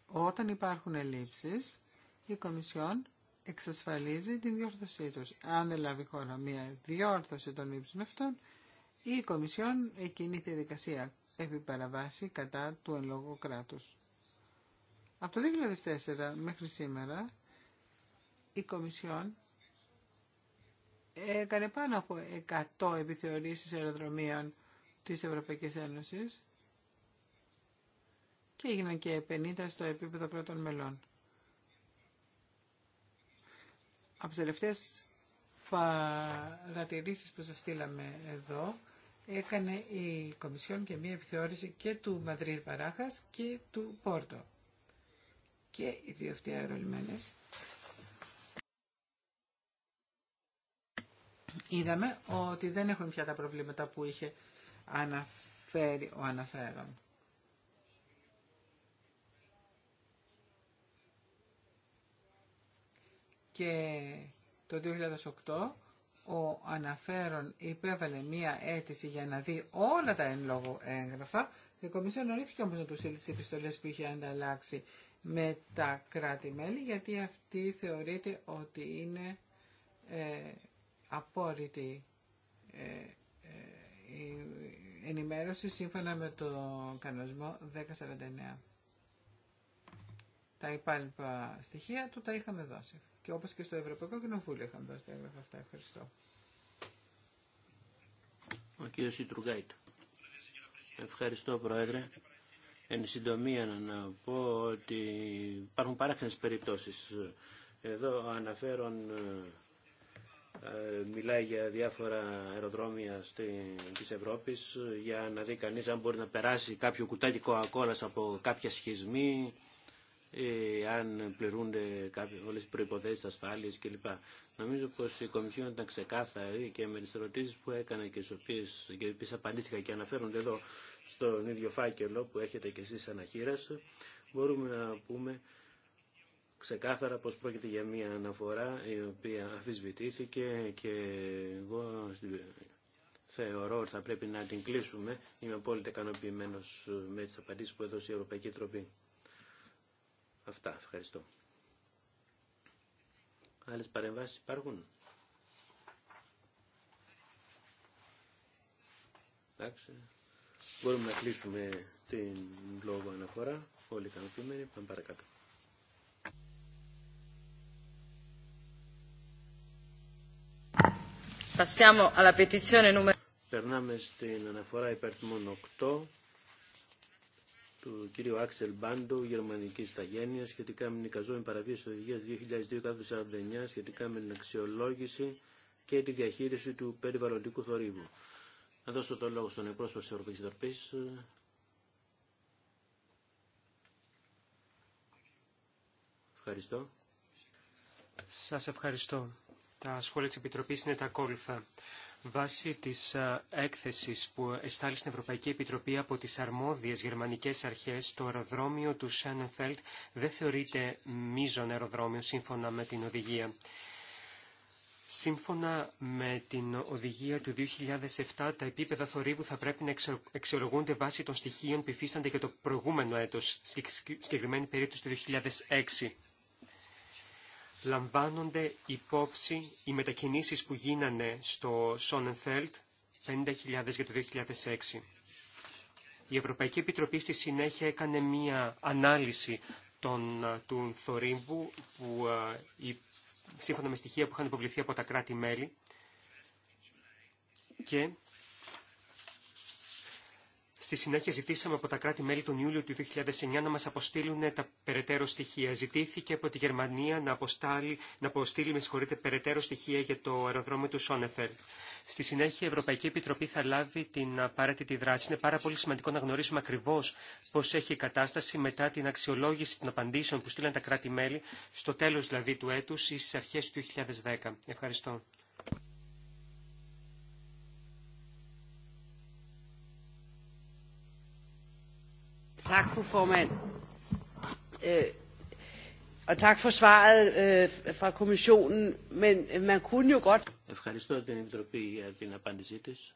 Όταν υπάρχουν ελλείψεις, η Κομισιόν εξασφαλίζει την διόρθωσή του. Αν δεν λάβει χώρα μια διόρθωση των λήψεων αυτών, η Κομισιόν εκείνη τη δικασία επί παραβάση κατά του εν λόγω κράτους. Από το 2004 μέχρι σήμερα η Κομισιόν έκανε πάνω από 100 επιθεωρήσεις αεροδρομίων της Ευρωπαϊκής Ένωσης και έγιναν και 50 στο επίπεδο πρώτων μελών. Από τις τελευταίες παρατηρήσεις που σας στείλαμε εδώ, έκανε η Κομισιόν και μία επιθεώρηση και του Μαδρίτη Παράχας και του Πόρτο. Και οι δύο αυτοί είδαμε ότι δεν έχουν πια τα προβλήματα που είχε αναφέρει ο αναφέρον. Και το 2008 ο αναφέρον υπέβαλε μία αίτηση για να δει όλα τα εν λόγω έγγραφα. Η Κομισιόν ορίθηκε όμως να του στείλει τις επιστολές που είχε ανταλλάξει με τα κράτη-μέλη, γιατί αυτή θεωρείται ότι είναι ε, απόρριτη ε, ε, ενημέρωση σύμφωνα με το κανονισμό 1049. Τα υπάλληλα στοιχεία του τα είχαμε δώσει. Και όπως και στο Ευρωπαϊκό Κοινοβούλιο είχαμε δώσει τα έγγραφα αυτά. Ευχαριστώ. Ο κύριος Ιτρουγκάιτ. Ευχαριστώ Πρόεδρε. Εν συντομία να πω ότι υπάρχουν παράξενες περιπτώσεις. Εδώ αναφέρον ε, ε, μιλάει για διάφορα αεροδρόμια της Ευρώπης για να δει κανείς αν μπορεί να περάσει κάποιο κουτάκι κοακόλας από κάποια σχισμή ε, αν πληρούνται όλε όλες οι προϋποθέσεις ασφάλειας κλπ. Νομίζω πως η Κομισιόν ήταν ξεκάθαρη και με τις ερωτήσεις που έκανα και τις οποίες, και απαντήθηκα και αναφέρονται εδώ στον ίδιο φάκελο που έχετε και εσείς αναχείραστο, μπορούμε να πούμε ξεκάθαρα πως πρόκειται για μια αναφορά η οποία αφισβητήθηκε και εγώ θεωρώ ότι θα πρέπει να την κλείσουμε. Είμαι απόλυτα ικανοποιημένο με τις απαντήσεις που έδωσε η Ευρωπαϊκή Τροπή. Αυτά. Ευχαριστώ. Άλλες παρεμβάσεις υπάρχουν. Εντάξει. Μπορούμε να κλείσουμε την λόγο αναφορά. Όλοι ικανοποιημένοι. Πάμε παρακάτω. Περνάμε στην αναφορά υπερθμών 8 του κ. Άξελ Μπάντο, γερμανική σταγένεια, σχετικά με την εικαζόμενη παραβίαση οδηγία σχετικά με την αξιολόγηση και τη διαχείριση του περιβαλλοντικού θορύβου. Να δώσω το λόγο στον εκπρόσωπο τη Ευρωπαϊκή Επιτροπή. Ευχαριστώ. Σας ευχαριστώ. Τα σχόλια της Επιτροπής είναι τα ακόλουθα. Βάσει της ε, έκθεσης που εστάλει στην Ευρωπαϊκή Επιτροπή από τις αρμόδιες γερμανικές αρχές, το αεροδρόμιο του Σένεφελτ δεν θεωρείται μείζον αεροδρόμιο σύμφωνα με την οδηγία. Σύμφωνα με την οδηγία του 2007, τα επίπεδα θορύβου θα πρέπει να εξολογούνται βάσει των στοιχείων που υφίστανται για το προηγούμενο έτος, στη συγκεκριμένη περίπτωση του 2006 λαμβάνονται υπόψη οι μετακινήσεις που γίνανε στο Σόνενφέλτ 50.000 για το 2006. Η Ευρωπαϊκή Επιτροπή στη συνέχεια έκανε μία ανάλυση των, του θορύμπου, που ε, η, σύμφωνα με στοιχεία που είχαν υποβληθεί από τα κράτη-μέλη και Στη συνέχεια ζητήσαμε από τα κράτη-μέλη τον Ιούλιο του 2009 να μας αποστείλουν τα περαιτέρω στοιχεία. Ζητήθηκε από τη Γερμανία να, αποστάλει, να αποστείλει με συγχωρείτε, περαιτέρω στοιχεία για το αεροδρόμιο του Σόνεφερ. Στη συνέχεια η Ευρωπαϊκή Επιτροπή θα λάβει την απαραίτητη δράση. Είναι πάρα πολύ σημαντικό να γνωρίσουμε ακριβώς πώς έχει η κατάσταση μετά την αξιολόγηση των απαντήσεων που στείλαν τα κράτη-μέλη στο τέλος δηλαδή του έτους ή στις αρχές του 2010. Ευχαριστώ. Ευχαριστώ την Επιτροπή για την απάντησή της.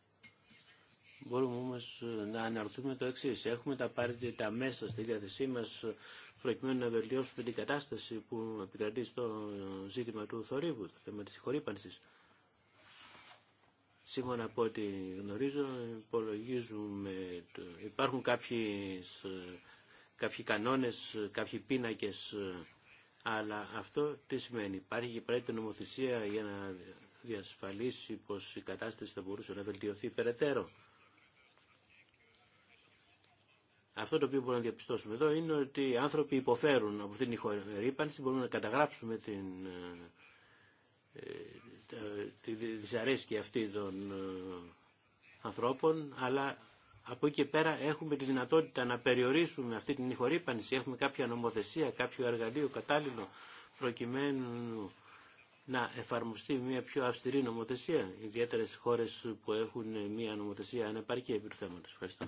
Μπορούμε όμω ε, να αναρωθούμε το εξής. Έχουμε τα τα μέσα στη διάθεσή μας ε, προκειμένου να βελτιώσουμε την κατάσταση που επικρατεί στο ε, ζήτημα του θορύβου, το θέμα τη συγχωρήπανσης. Σύμφωνα από ό,τι γνωρίζω, υπολογίζουμε, υπάρχουν κάποιοι, ε, κάποιοι κανόνες, κάποιοι πίνακες, ε, αλλά αυτό τι σημαίνει. Υπάρχει και πρέπει νομοθεσία για να διασφαλίσει πως η κατάσταση θα μπορούσε να βελτιωθεί περαιτέρω. Αυτό το οποίο μπορούμε να διαπιστώσουμε εδώ είναι ότι οι άνθρωποι υποφέρουν από αυτήν την ρήπανση μπορούμε να καταγράψουμε την, ε, ε, τη δυσαρέσκεια αυτή των ε, ανθρώπων, αλλά από εκεί και πέρα έχουμε τη δυνατότητα να περιορίσουμε αυτή την ηχορύπανση, έχουμε κάποια νομοθεσία, κάποιο εργαλείο κατάλληλο προκειμένου να εφαρμοστεί μια πιο αυστηρή νομοθεσία, ιδιαίτερα στις χώρες που έχουν μια νομοθεσία ανεπαρκή επί του θέματος. Ευχαριστώ.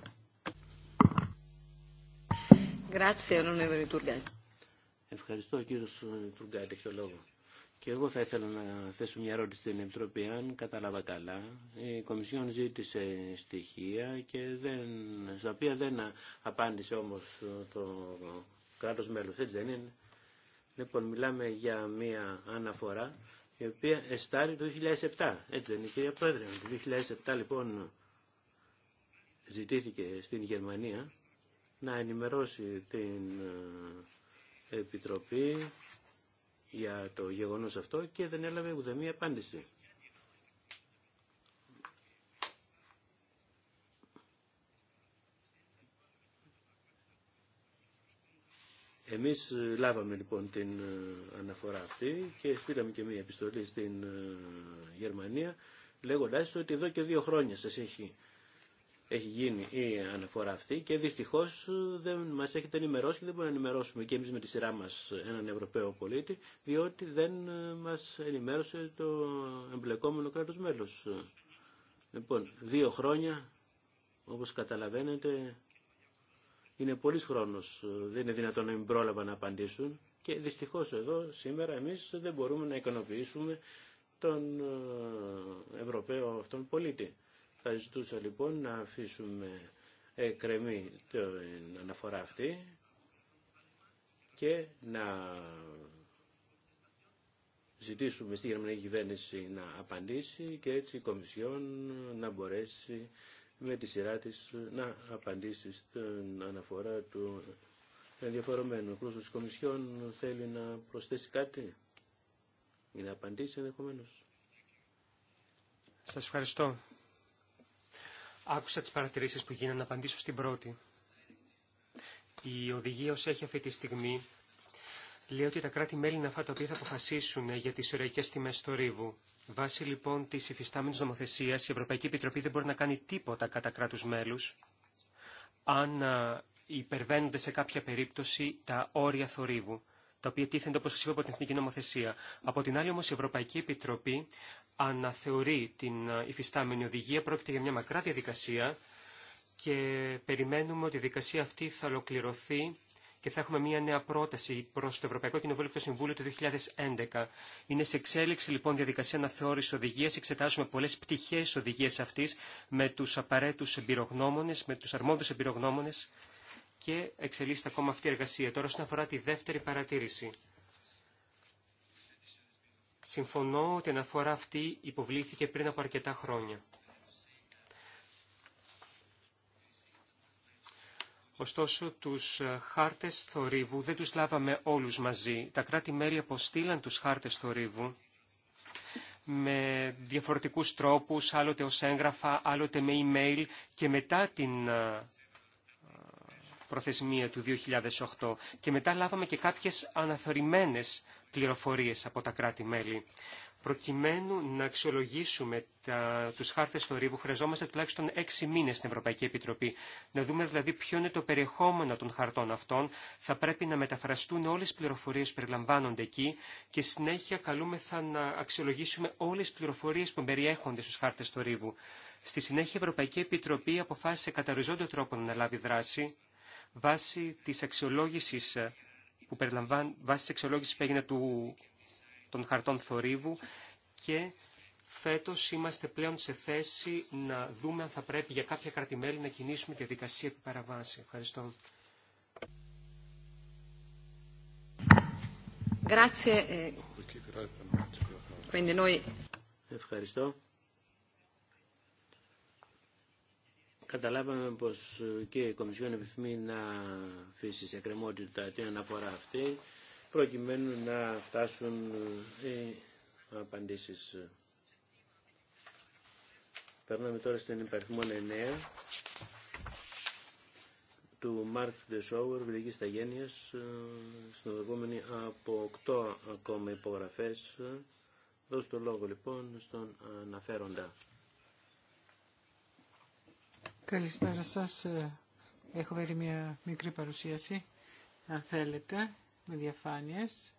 Ευχαριστώ κύριο Τουργκάτη, έχει το λόγο. Και εγώ θα ήθελα να θέσω μια ερώτηση στην Επιτροπή. Αν κατάλαβα καλά, η Κομισιόν ζήτησε στοιχεία και δεν, στα οποία δεν απάντησε όμως το κράτος μέλος. Έτσι δεν είναι. Λοιπόν, μιλάμε για μια αναφορά η οποία εστάρει το 2007. Έτσι δεν είναι κυρία Πρόεδρε. Το 2007 λοιπόν ζητήθηκε στην Γερμανία να ενημερώσει την ε, Επιτροπή για το γεγονός αυτό και δεν έλαβε ούτε μία απάντηση. Εμείς ε, λάβαμε λοιπόν την ε, αναφορά αυτή και στείλαμε και μία επιστολή στην ε, Γερμανία λέγοντάς ότι εδώ και δύο χρόνια σας έχει έχει γίνει η αναφορά αυτή και δυστυχώς ε, δεν μας έχετε ενημερώσει και δεν μπορούμε να ενημερώσουμε και εμείς με τη σειρά μας έναν Ευρωπαίο πολίτη διότι δεν ε, μας ενημέρωσε το εμπλεκόμενο κράτος μέλος. Λοιπόν, δύο χρόνια όπως καταλαβαίνετε είναι πολλής χρόνος, ε, δεν είναι δυνατόν να μην πρόλαβα να απαντήσουν και δυστυχώ εδώ σήμερα εμεί δεν μπορούμε να ικανοποιήσουμε τον Ευρωπαίο αυτόν πολίτη. Θα ζητούσα λοιπόν να αφήσουμε εκκρεμή την αναφορά αυτή και να ζητήσουμε στη γερμανική κυβέρνηση να απαντήσει και έτσι η Κομισιόν να μπορέσει με τη σειρά της να απαντήσει στην αναφορά του ενδιαφορομένου. Ο της Κομισιόν θέλει να προσθέσει κάτι ή να απαντήσει ενδεχομένω. Σας ευχαριστώ. Άκουσα τις παρατηρήσεις που γίνανε να απαντήσω στην πρώτη. Η οδηγία όσο έχει αυτή τη στιγμή λέει ότι τα κράτη-μέλη είναι αυτά τα οποία θα αποφασίσουν για τις ωραϊκές τιμές του ρήβου. Βάσει λοιπόν της υφιστάμενης νομοθεσίας η Ευρωπαϊκή Επιτροπή δεν μπορεί να κάνει τίποτα κατά κράτους μέλους αν ε, υπερβαίνονται σε κάποια περίπτωση τα όρια θορύβου τα οποία τίθενται, όπω σα είπα, από την Εθνική Νομοθεσία. Από την άλλη, όμω, η Ευρωπαϊκή Επιτροπή αναθεωρεί την ε, υφιστάμενη οδηγία. Πρόκειται για μια μακρά διαδικασία και περιμένουμε ότι η διαδικασία αυτή θα ολοκληρωθεί και θα έχουμε μια νέα πρόταση προ το Ευρωπαϊκό Κοινοβούλιο και το Συμβούλιο του 2011. Είναι σε εξέλιξη λοιπόν διαδικασία αναθεώρηση οδηγία. Εξετάζουμε πολλέ πτυχέ οδηγία αυτή με του απαραίτητου εμπειρογνώμονε, με του αρμόδιου εμπειρογνώμονε και εξελίσσεται ακόμα αυτή η εργασία. Τώρα, όσον αφορά τη δεύτερη παρατήρηση. Συμφωνώ ότι η αναφορά αυτή υποβλήθηκε πριν από αρκετά χρόνια. Ωστόσο, τους ε, χάρτες θορύβου δεν τους λάβαμε όλους μαζί. Τα κράτη-μέλη αποστήλαν τους χάρτες θορύβου με διαφορετικούς τρόπους, άλλοτε ως έγγραφα, άλλοτε με email και μετά την ε, προθεσμία του 2008. Και μετά λάβαμε και κάποιες αναθωρημένες πληροφορίες από τα κράτη-μέλη. Προκειμένου να αξιολογήσουμε τα, τους χάρτες θορύβου, χρειαζόμαστε τουλάχιστον έξι μήνες στην Ευρωπαϊκή Επιτροπή. Να δούμε δηλαδή ποιο είναι το περιεχόμενο των χαρτών αυτών. Θα πρέπει να μεταφραστούν όλες τις πληροφορίες που περιλαμβάνονται εκεί και συνέχεια καλούμεθα να αξιολογήσουμε όλες τις πληροφορίες που περιέχονται στους χάρτες θορύβου. Στη συνέχεια η Ευρωπαϊκή Επιτροπή αποφάσισε κατά οριζόντιο τρόπο να λάβει δράση βάσει της αξιολόγησης που περιλαμβάνει βάσει εξολόγηση που έγινε του, των χαρτών θορύβου και φέτο είμαστε πλέον σε θέση να δούμε αν θα πρέπει για κάποια κρατημέλη να κινήσουμε τη διαδικασία επί παραβάση. Ευχαριστώ. Ε, Ευχαριστώ. Καταλάβαμε πως ε, και η Κομισιόν επιθυμεί να αφήσει σε κρεμότητα την αναφορά αυτή προκειμένου να φτάσουν ε, οι απαντήσεις. Περνάμε τώρα στην υπαριθμό 9 του Μάρκ Σόουερ, Βιλική Σταγένεια, ε, συνοδευόμενη από 8 ακόμα υπογραφέ. Δώσω το λόγο λοιπόν στον αναφέροντα. Καλησπέρα σας. Έχω βρει μια μικρή παρουσίαση, αν θέλετε, με διαφάνειες.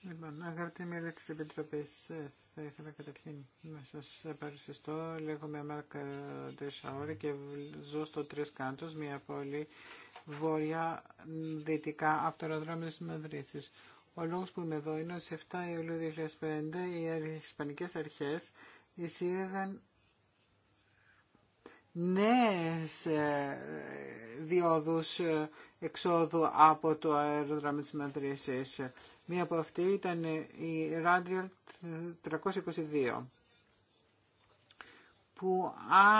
Λοιπόν, αγαπητοί μέλη της Επιτροπής, ε, θα ήθελα καταρχήν να σας παρουσιαστώ. Λέγομαι Μάρκα Ντεσαόρη και ζω στο Τρεις Κάντος, μια πόλη βόρεια-δυτικά από το αεροδρόμιο της Μαδρίσης. Ο λόγος που είμαι εδώ είναι ότι σε 7 Ιουλίου 2005 οι Ισπανικές Αρχές εισήγαγαν νέες ε, διόδους ε, εξόδου από το αεροδρόμιο της Μαντρίσης. Μία από αυτή ήταν η Radial 322 που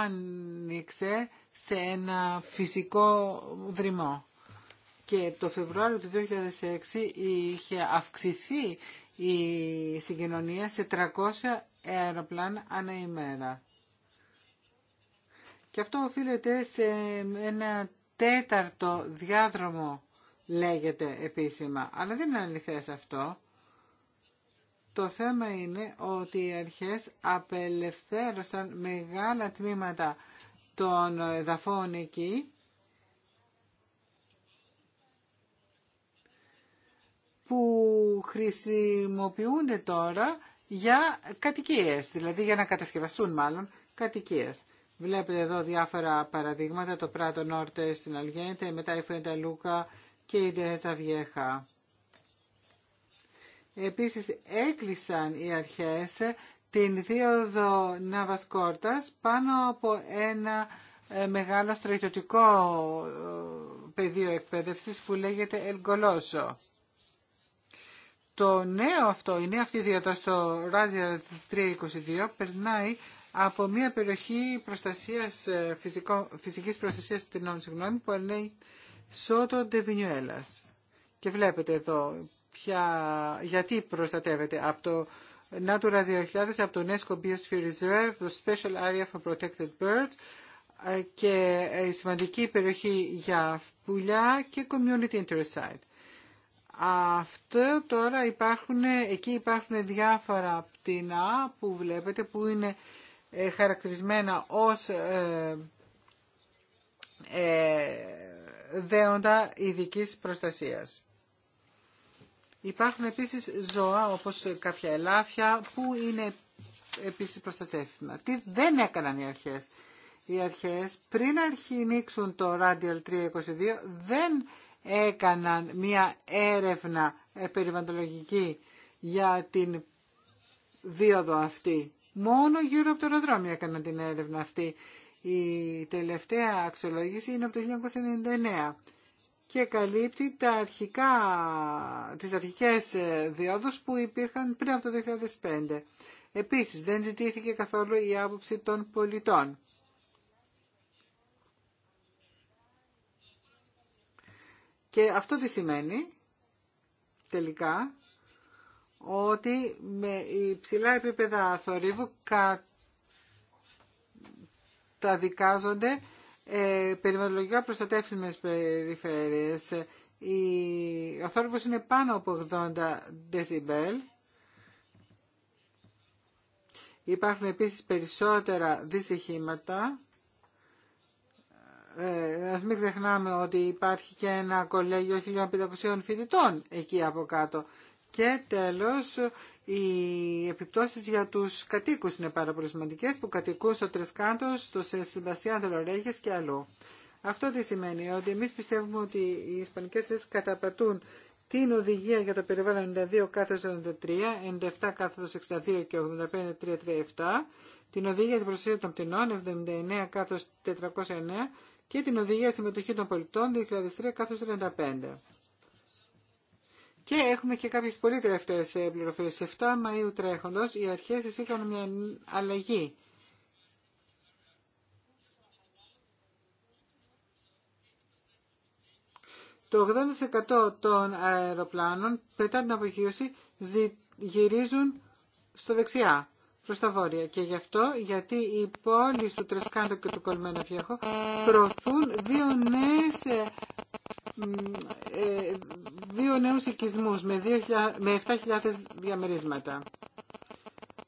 άνοιξε σε ένα φυσικό δρυμό. Και το Φεβρουάριο του 2006 είχε αυξηθεί η συγκοινωνία σε 300 αεροπλάνα ανά ημέρα. Και αυτό οφείλεται σε ένα τέταρτο διάδρομο, λέγεται επίσημα. Αλλά δεν είναι αληθές αυτό. Το θέμα είναι ότι οι αρχές απελευθέρωσαν μεγάλα τμήματα των εδαφών εκεί που χρησιμοποιούνται τώρα για κατοικίες, δηλαδή για να κατασκευαστούν μάλλον κατοικίες. Βλέπετε εδώ διάφορα παραδείγματα, το Πράτο Νόρτε στην Αλγέντε, μετά η Φέντα Λούκα και η Ντέζα Βιέχα. Επίσης έκλεισαν οι αρχές την δίωδο Ναβασκόρτας πάνω από ένα ε, μεγάλο στρατιωτικό ε, πεδίο εκπαίδευσης που λέγεται Ελγκολόσο το νέο αυτό, η νέα αυτή ιδιότητα στο Radio 322 περνάει από μια περιοχή προστασίας, ε, φυσικό, φυσικής προστασίας του τεινών, συγγνώμη, που ανέει Σότο Ντεβινιουέλας. Και βλέπετε εδώ ποια, γιατί προστατεύεται από το Natura 2000, από το UNESCO Biosphere Reserve, το Special Area for Protected Birds ε, και η ε, σημαντική περιοχή για πουλιά και Community Interest Site. Αυτό τώρα υπάρχουν, εκεί υπάρχουν διάφορα πτηνά που βλέπετε που είναι ε, χαρακτηρισμένα ως ε, ε, δέοντα ειδική προστασίας. Υπάρχουν επίσης ζώα όπως κάποια ελάφια που είναι επίσης προστασέφημα. Τι δεν έκαναν οι αρχές. Οι αρχές πριν αρχινήξουν το Radial 322 δεν έκαναν μία έρευνα περιβαλλοντολογική για την δίωδο αυτή. Μόνο γύρω από το αεροδρόμιο έκαναν την έρευνα αυτή. Η τελευταία αξιολόγηση είναι από το 1999 και καλύπτει τα αρχικά, τις αρχικές ε, διόδους που υπήρχαν πριν από το 2005. Επίσης, δεν ζητήθηκε καθόλου η άποψη των πολιτών. Και αυτό τι σημαίνει τελικά ότι με υψηλά επίπεδα θορύβου καταδικάζονται ε, περιβαλλοντικά προστατεύσιμες περιφέρειες. Η, ο θόρυβος είναι πάνω από 80 δεσιμπέλ. Υπάρχουν επίσης περισσότερα δυστυχήματα ε, ας μην ξεχνάμε ότι υπάρχει και ένα κολέγιο 1500 φοιτητών εκεί από κάτω. Και τέλος, οι επιπτώσεις για τους κατοίκους είναι πάρα πολύ σημαντικές που κατοικούν στο Τρεσκάντος, στο Σεμπαστιάν Τελορέγες και αλλού. Αυτό τι σημαίνει, ότι εμείς πιστεύουμε ότι οι Ισπανικές θέσεις καταπατούν την οδηγία για το περιβάλλον 92 κάθετος 93, 97 κάθετος 62 και 85 337, την οδηγία για την προστασία των πτηνών 79 409 και την Οδηγία Συμμετοχή των Πολιτών 2003-35. Και έχουμε και κάποιες πολύ τελευταίες ε, πληροφορίες. 7 Μαου τρέχοντο, οι αρχές τη είχαν μια αλλαγή. Το 80% των αεροπλάνων πετά την αποχείωση γυρίζουν στο δεξιά προς τα βόρεια. Και γι' αυτό γιατί οι πόλεις του Τρεσκάντο και του Κολμένα Φιέχο προωθούν δύο νέες ε, ε, δύο νέους οικισμούς με, με 7.000 διαμερίσματα.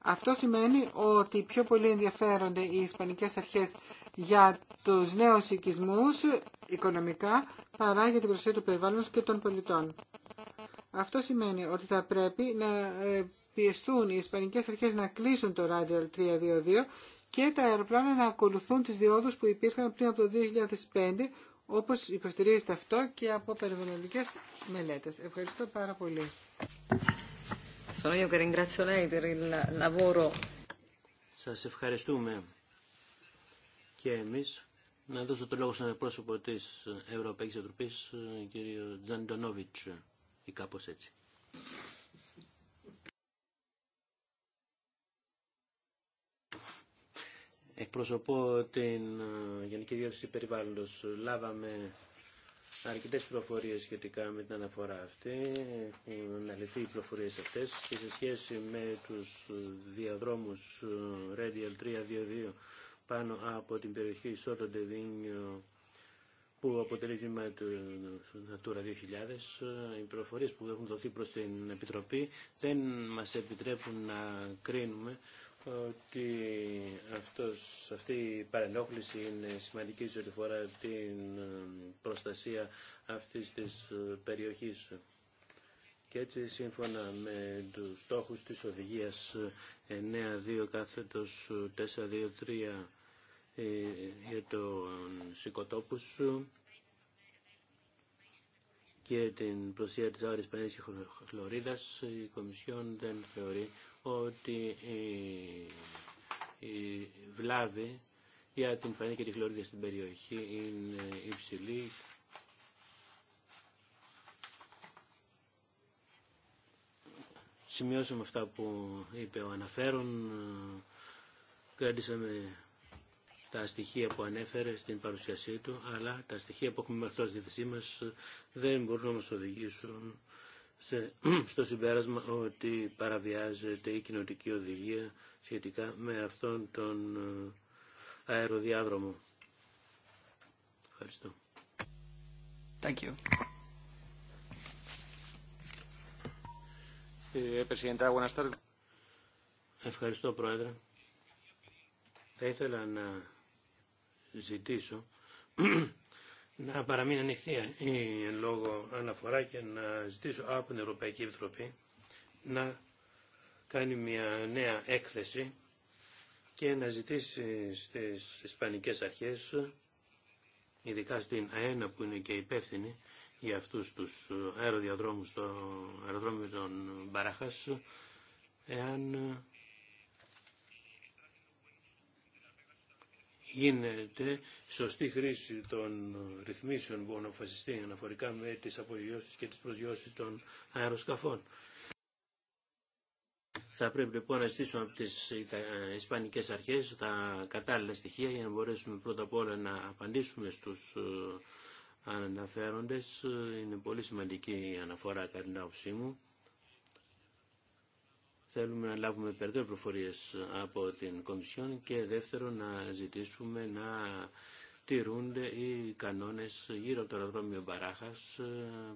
Αυτό σημαίνει ότι πιο πολύ ενδιαφέρονται οι ισπανικές αρχές για τους νέους οικισμούς οικονομικά παρά για την προσοχή του περιβάλλοντος και των πολιτών. Αυτό σημαίνει ότι θα πρέπει να ε, πιεστούν οι Ισπανικές αρχές να κλείσουν το Radial 322 και τα αεροπλάνα να ακολουθούν τις διόδους που υπήρχαν πριν από το 2005, όπως υποστηρίζεται αυτό και από περιβαλλοντικές μελέτες. Ευχαριστώ πάρα πολύ. Σας ευχαριστούμε και εμείς. Να δώσω το λόγο στον πρόσωπο της Ευρωπαϊκής Επιτροπής, ε, κύριο Τζαντονόβιτς, ε, ή κάπως έτσι. Εκπροσωπώ την ε, Γενική Διεύθυνση Περιβάλλοντος. Λάβαμε αρκετές πληροφορίες σχετικά με την αναφορά αυτή. Έχουν αναλυθεί οι πληροφορίες αυτές και σε σχέση με τους ε, διαδρόμους ε, Radial 322 πάνω από την περιοχή Σότο Ντεβίνιο που αποτελεί τμήμα του Natura 2000. Οι πληροφορίες που έχουν δοθεί προς την Επιτροπή δεν μας επιτρέπουν να κρίνουμε ότι αυτός, αυτή η παρενόχληση είναι σημαντική σε ό,τι φορά την ε, προστασία αυτής της ε, περιοχής. Και έτσι σύμφωνα με τους στόχους της οδηγίας 4 ε, κάθετος 3 για τον Σικοτόπους και την προσία της άρης πανέσης χλωρίδας η Κομισιόν δεν θεωρεί ότι η, η βλάβη για την φανή και τη χλωρίδα στην περιοχή είναι υψηλή. Σημειώσαμε αυτά που είπε ο αναφέρον. Κράτησαμε τα στοιχεία που ανέφερε στην παρουσίασή του, αλλά τα στοιχεία που έχουμε μέχρι τώρα στη θέσή μας δεν μπορούν να μας οδηγήσουν σε, στο συμπέρασμα ότι παραβιάζεται η κοινοτική οδηγία σχετικά με αυτόν τον ε, αεροδιάδρομο. Ευχαριστώ. Thank you. Ε, ε, Ευχαριστώ, Πρόεδρε. Θα ήθελα να ζητήσω να παραμείνει ανοιχτή η λόγω αναφορά και να ζητήσω από την Ευρωπαϊκή Επιτροπή να κάνει μια νέα έκθεση και να ζητήσει στις Ισπανικές αρχές, ειδικά στην ΑΕΝΑ που είναι και υπεύθυνη για αυτούς τους αεροδιαδρόμους το αεροδρόμιο των Μπαράχας, εάν γίνεται σωστή χρήση των ρυθμίσεων που αναφασιστεί αναφορικά με τις απογειώσεις και τις προσγειώσεις των αεροσκαφών. Θα πρέπει λοιπόν να ζητήσουμε από τις Ισπανικές αρχές τα κατάλληλα στοιχεία για να μπορέσουμε πρώτα απ' όλα να απαντήσουμε στους ε, αναφέροντες. Είναι πολύ σημαντική η αναφορά κατά την άποψή μου Θέλουμε να λάβουμε περαιτέρω προφορίες από την Κομισιόν και δεύτερον να ζητήσουμε να τηρούνται οι κανόνες γύρω από το αεροδρόμιο Μπαράχας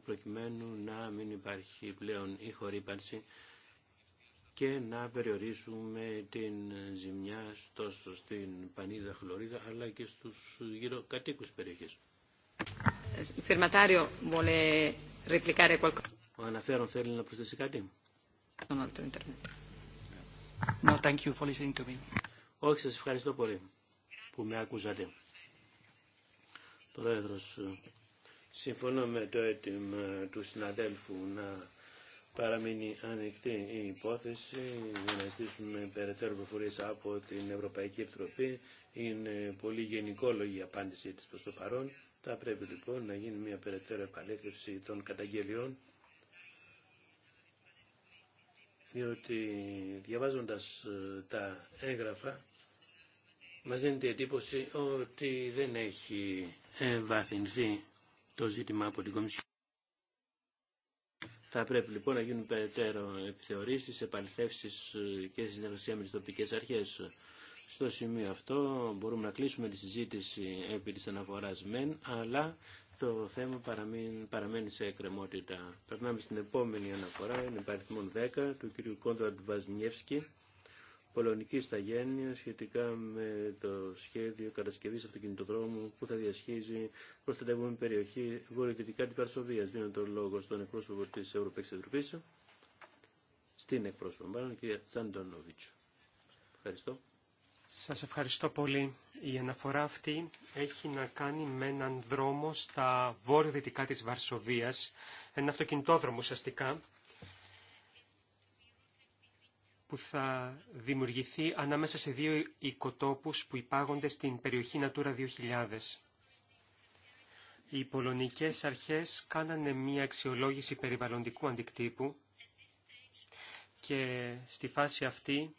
προκειμένου να μην υπάρχει πλέον η χορύπανση και να περιορίσουμε την ζημιά τόσο στην Πανίδα Χλωρίδα αλλά και στους γύρω κατοίκους περιοχές. Ο αναφέρον θέλει να προσθέσει κάτι. No, thank you for listening to me. Όχι, σας ευχαριστώ πολύ που με ακούσατε. Πρόεδρος, συμφωνώ με το αίτημα του συναδέλφου να παραμείνει ανοιχτή η υπόθεση για να ζητήσουμε περαιτέρω προφορίε από την Ευρωπαϊκή Επιτροπή. Είναι πολύ γενικόλογη η απάντησή της προς το παρόν. Θα πρέπει λοιπόν να γίνει μια περαιτέρω επαλήθευση των καταγγελιών διότι διαβάζοντας ε, τα έγγραφα μας δίνεται η εντύπωση ότι δεν έχει βαθυνθεί το ζήτημα από την Κομισιόν. Θα πρέπει λοιπόν να γίνουν περαιτέρω επιθεωρήσεις, επαληθεύσεις ε, και συνεργασία με τις τοπικές αρχές. Στο σημείο αυτό μπορούμε να κλείσουμε τη συζήτηση επί της αναφοράς μεν, αλλά το θέμα παραμένει, παραμένει σε εκκρεμότητα. Περνάμε στην επόμενη αναφορά, είναι παριθμόν 10 του κ. Κόντραντ Βαζνιεύσκη, Πολωνική Σταγένεια, σχετικά με το σχέδιο κατασκευή αυτοκινητοδρόμου που θα διασχίζει προστατευόμενη περιοχή βορειοδυτικά τη παρσοβία Δίνω τον λόγο στον εκπρόσωπο τη Ευρωπαϊκή Επιτροπή, στην εκπρόσωπο, μάλλον, κ. Τσάντονοβιτ. Ευχαριστώ. Σας ευχαριστώ πολύ. Η αναφορά αυτή έχει να κάνει με έναν δρόμο στα βόρειο-δυτικά της Βαρσοβίας, ένα αυτοκινητόδρομο ουσιαστικά, που θα δημιουργηθεί ανάμεσα σε δύο οικοτόπους που υπάγονται στην περιοχή Natura 2000. Οι πολωνικές αρχές κάνανε μία αξιολόγηση περιβαλλοντικού αντικτύπου και στη φάση αυτή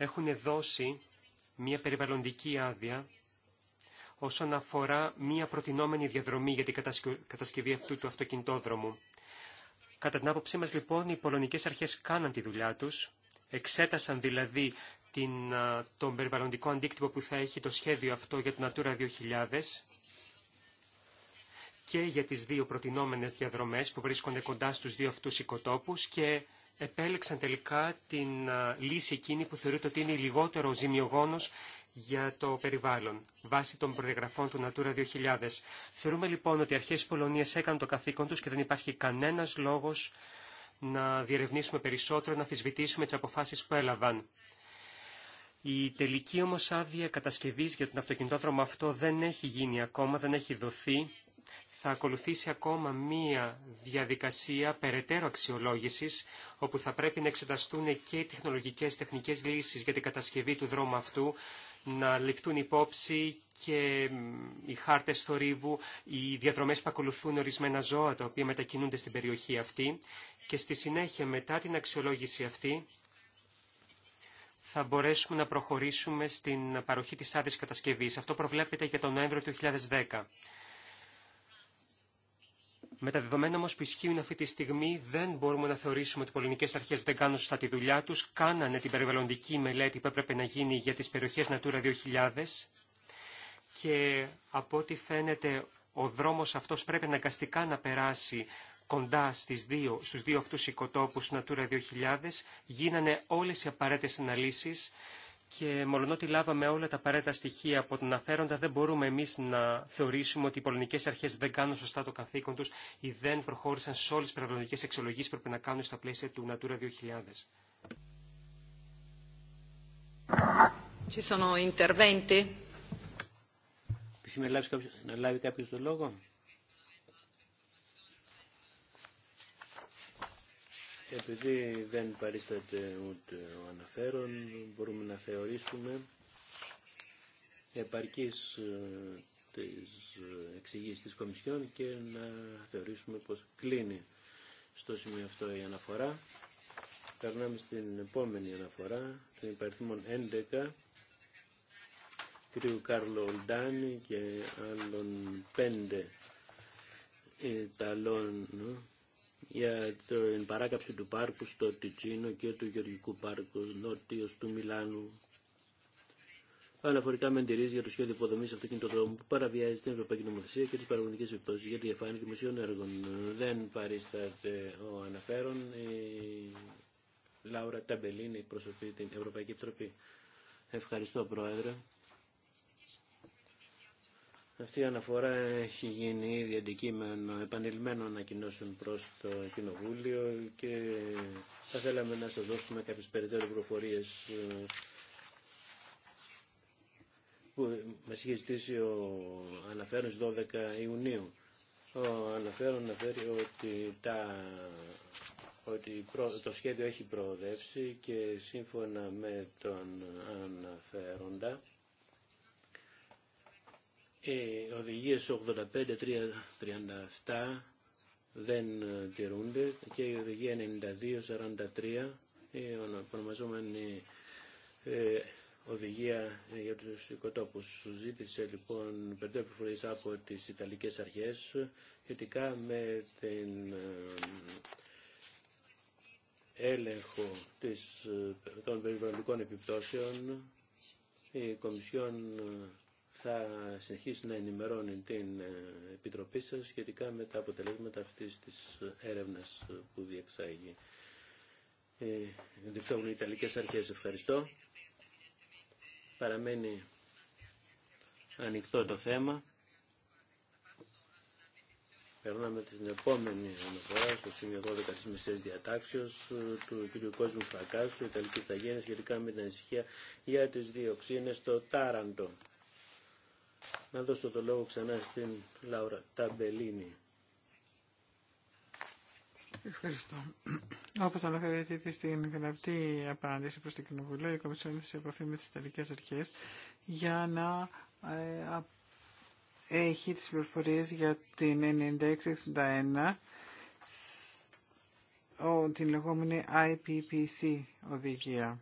έχουν δώσει μια περιβαλλοντική άδεια όσον αφορά μια προτινόμενη διαδρομή για την κατασκευή αυτού του αυτοκινητόδρομου. Κατά την άποψή μας λοιπόν οι πολωνικές αρχές κάναν τη δουλειά τους, εξέτασαν δηλαδή την, τον περιβαλλοντικό αντίκτυπο που θα έχει το σχέδιο αυτό για το Natura 2000 και για τις δύο προτινόμενες διαδρομές που βρίσκονται κοντά στους δύο αυτούς οικοτόπους και επέλεξαν τελικά την λύση εκείνη που θεωρείται ότι είναι η λιγότερο ζημιογόνος για το περιβάλλον, βάσει των προδιαγραφών του Natura 2000. Θεωρούμε λοιπόν ότι οι αρχές της Πολωνίας έκαναν το καθήκον τους και δεν υπάρχει κανένας λόγος να διερευνήσουμε περισσότερο, να αφισβητήσουμε τις αποφάσεις που έλαβαν. Η τελική όμως άδεια κατασκευής για τον αυτοκινητόδρομο αυτό δεν έχει γίνει ακόμα, δεν έχει δοθεί θα ακολουθήσει ακόμα μία διαδικασία περαιτέρω αξιολόγησης, όπου θα πρέπει να εξεταστούν και οι τεχνολογικές τεχνικές λύσεις για την κατασκευή του δρόμου αυτού, να ληφθούν υπόψη και οι χάρτες θορύβου, οι διαδρομές που ακολουθούν ορισμένα ζώα τα οποία μετακινούνται στην περιοχή αυτή και στη συνέχεια μετά την αξιολόγηση αυτή θα μπορέσουμε να προχωρήσουμε στην παροχή της άδειας κατασκευής. Αυτό προβλέπεται για τον Νοέμβριο του 2010. Με τα δεδομένα όμω που ισχύουν αυτή τη στιγμή δεν μπορούμε να θεωρήσουμε ότι οι πολιτικέ αρχέ δεν κάνουν σωστά τη δουλειά του. Κάνανε την περιβαλλοντική μελέτη που έπρεπε να γίνει για τι περιοχέ Natura 2000 και από ό,τι φαίνεται ο δρόμος αυτός πρέπει αναγκαστικά να περάσει κοντά στις δύο, στους δύο αυτούς οικοτόπους Natura 2000. Γίνανε όλες οι απαραίτητες αναλύσεις και μολονότι λάβαμε όλα τα απαραίτητα στοιχεία από τον αφέροντα, δεν μπορούμε εμεί να θεωρήσουμε ότι οι πολωνικέ αρχέ δεν κάνουν σωστά το καθήκον του ή δεν προχώρησαν σε όλε τι περιβαλλοντικέ εξολογίε που πρέπει να κάνουν στα πλαίσια του Natura 2000. Επιθυμεί να λάβει κάποιο το λόγο. Επειδή δεν παρίσταται ούτε ο αναφέρον, μπορούμε να θεωρήσουμε επαρκής ε, της ε, εξηγής της Κομισιόν και να θεωρήσουμε πως κλείνει στο σημείο αυτό η αναφορά. Περνάμε στην επόμενη αναφορά, την υπαριθμόν 11, κρύου Κάρλο Ολντάνη και άλλων 5 Ιταλών ε, για την παράκαψη του πάρκου στο Τιτσίνο και του Γεωργικού Πάρκου νότιος του Μιλάνου αναφορικά με εντηρήσει για το σχέδιο υποδομή αυτοκινητοδρόμου που παραβιάζει την Ευρωπαϊκή Νομοθεσία και τι παραγωγικέ επιπτώσει για τη διαφάνεια δημοσίων έργων. Δεν παρίσταται ο αναφέρον. Η Λάουρα Ταμπελίνη εκπροσωπεί την Ευρωπαϊκή Επιτροπή. Ευχαριστώ, Πρόεδρε. Αυτή η αναφορά έχει γίνει ήδη αντικείμενο επανειλημμένων ανακοινώσεων προς το Κοινοβούλιο και θα θέλαμε να σας δώσουμε κάποιες περαιτέρω προφορίες ε, που μας είχε ζητήσει ο αναφέρον 12 Ιουνίου. Ο αναφέρον αναφέρει ότι, τα, ότι το σχέδιο έχει προοδεύσει και σύμφωνα με τον αναφέροντα ε, οδηγίες 85-37 δεν ε, τηρούνται και η οδηγία 92-43 η ονομαζόμενη ε, οδηγία για τους οικοτόπους. Ζήτησε λοιπόν πέντε επιφορές από τις Ιταλικές αρχές σχετικά με την ε, έλεγχο της, ε, των περιβαλλοντικών επιπτώσεων η Κομισιόν θα συνεχίσει να ενημερώνει την ε, Επιτροπή σας σχετικά με τα αποτελέσματα αυτής της ε, έρευνας ε, που διεξάγει. Διευθύνουν οι Ιταλικές Αρχές. Ευχαριστώ. Παραμένει ανοιχτό το θέμα. Περνάμε την επόμενη αναφορά στο σημείο 12 της μεσαίας διατάξεως του κ. Κόσμου Φρακάσου, Ιταλικής Ταγένειας, σχετικά με την ανησυχία για τις διοξίνες στο Τάραντο να δώσω το λόγο ξανά στην Λάουρα Ταμπελίνη. Ευχαριστώ. Όπω αναφέρεται ήδη στην γραπτή απάντηση προ την Κοινοβουλία, η Κομισιόν είναι σε επαφή με τι Ιταλικέ Αρχέ για να ε, έχει τι πληροφορίε για την 9661 την λεγόμενη IPPC οδηγία.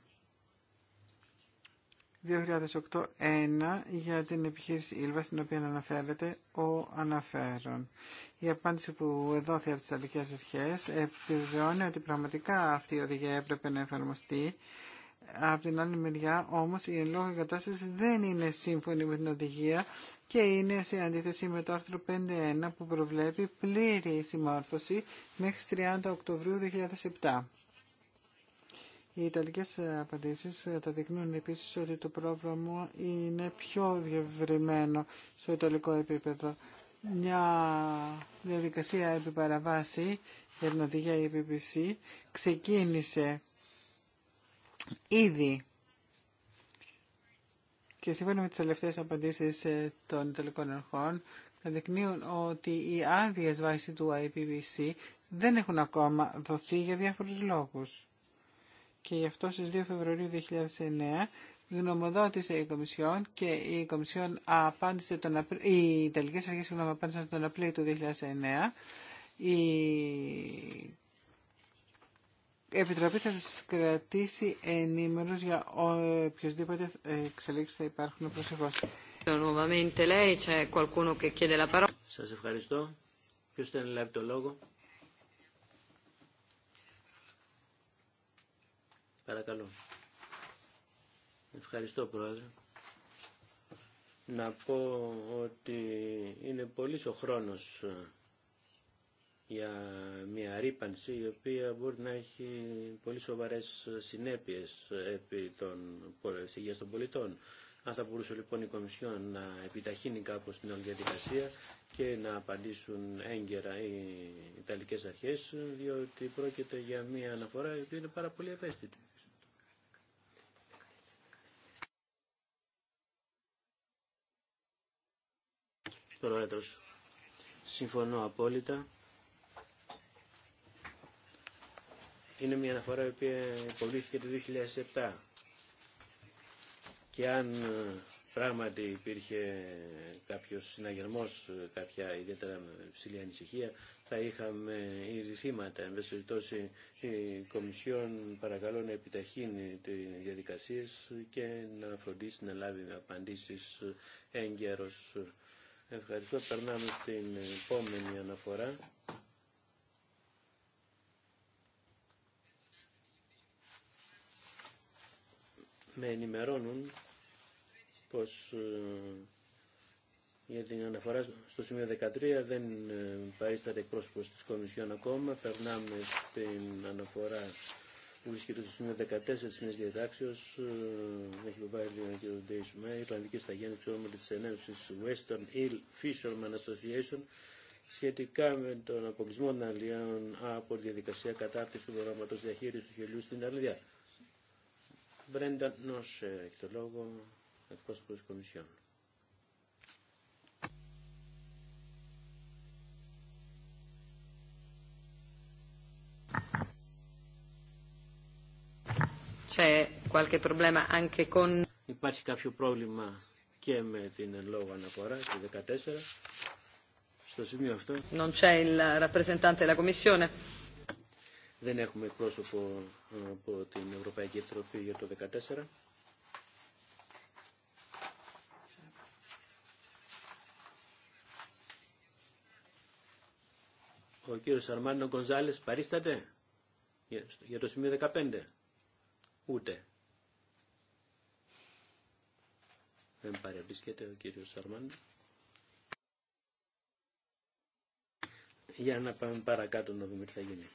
2008-1 για την επιχείρηση Ήλβα στην οποία αναφέρεται ο αναφέρον. Η απάντηση που δόθηκε από τις αλληλικές αρχές επιβεβαιώνει ότι πραγματικά αυτή η οδηγία έπρεπε να εφαρμοστεί. Από την άλλη μεριά όμως η εν λόγω κατάσταση δεν είναι σύμφωνη με την οδηγία και είναι σε αντίθεση με το άρθρο 5.1 που προβλέπει πλήρη συμμόρφωση μέχρι 30 Οκτωβρίου 2007. Οι ιταλικές απαντήσεις δείχνουν επίσης ότι το πρόβλημα είναι πιο διευρυμένο στο ιταλικό επίπεδο. Μια διαδικασία επιπαραβάση για την οδηγία EPPC ξεκίνησε ήδη και σύμφωνα με τις τελευταίες απαντήσεις ε, των Ιταλικών αρχών δεικνύουν ότι οι άδειε βάση του IPBC δεν έχουν ακόμα δοθεί για διάφορους λόγους και γι' αυτό στις 2 Φεβρουαρίου 2009 γνωμοδότησε η Κομισιόν και η Κομισιόν απάντησε τον οι Ιταλικές Αρχές συγγνώμη, απάντησαν τον Απρίλιο του 2009. Η Επιτροπή θα σας κρατήσει ενήμερους για οποιοδήποτε εξελίξεις θα υπάρχουν προσεχώς. Σας ευχαριστώ. Ποιος θέλει να λάβει το λόγο. Παρακαλώ. Ευχαριστώ Πρόεδρε. Να πω ότι είναι πολύ ο χρόνος ε, για μια ρήπανση η οποία μπορεί να έχει πολύ σοβαρές συνέπειες ε, επί των υγείας των πολιτών. Αν θα μπορούσε λοιπόν η Κομισιόν να επιταχύνει κάπως την όλη διαδικασία και να απαντήσουν έγκαιρα οι Ιταλικές αρχές, διότι πρόκειται για μια αναφορά η οποία είναι πάρα πολύ ευαίσθητη. Πρόεδρος. Συμφωνώ απόλυτα. Είναι μια αναφορά η οποία υποβλήθηκε το 2007 και αν ε, πράγματι υπήρχε κάποιος συναγερμός, ε, κάποια ιδιαίτερα ψηλή ανησυχία, θα είχαμε ήδη θύματα. Εν η Κομισιόν παρακαλώ να επιταχύνει τι διαδικασίες και να φροντίσει να λάβει απαντήσεις έγκαιρος Ευχαριστώ. Περνάμε στην επόμενη αναφορά. Με ενημερώνουν πως ε, για την αναφορά στο σημείο 13 δεν ε, παρίσταται εκπρόσωπος της Κομισιόν ακόμα. Περνάμε στην αναφορά βρίσκεται στο σημείο 14 της Νέας Διατάξεως, ε, έχει υποβάλει ο κ. Ντέισμέ, Ιρλανδική Σταγέννη Ξεώμη της Western Hill Fisherman Association, σχετικά με τον αποκλεισμό των αλλιών από διαδικασία κατάρτιση του προγράμματος διαχείρισης του χελιού στην Αλδιά. Μπρέντα Νόσε, έχει το λόγο, εκπρόσωπος Κομισιόν. Υπάρχει κάποιο πρόβλημα και με την λόγο λόγω αναφορά, του 14. Στο σημείο αυτό. Δεν έχουμε πρόσωπο ε, από την Ευρωπαϊκή Επιτροπή για το 14. Ο κύριος Αρμάνο Γκονζάλες παρίσταται για το σημείο 15. Ούτε. Δεν παρεμπίσκεται ο κύριος Σαρμάν. Για να πάμε παρακάτω να δούμε τι θα γίνει.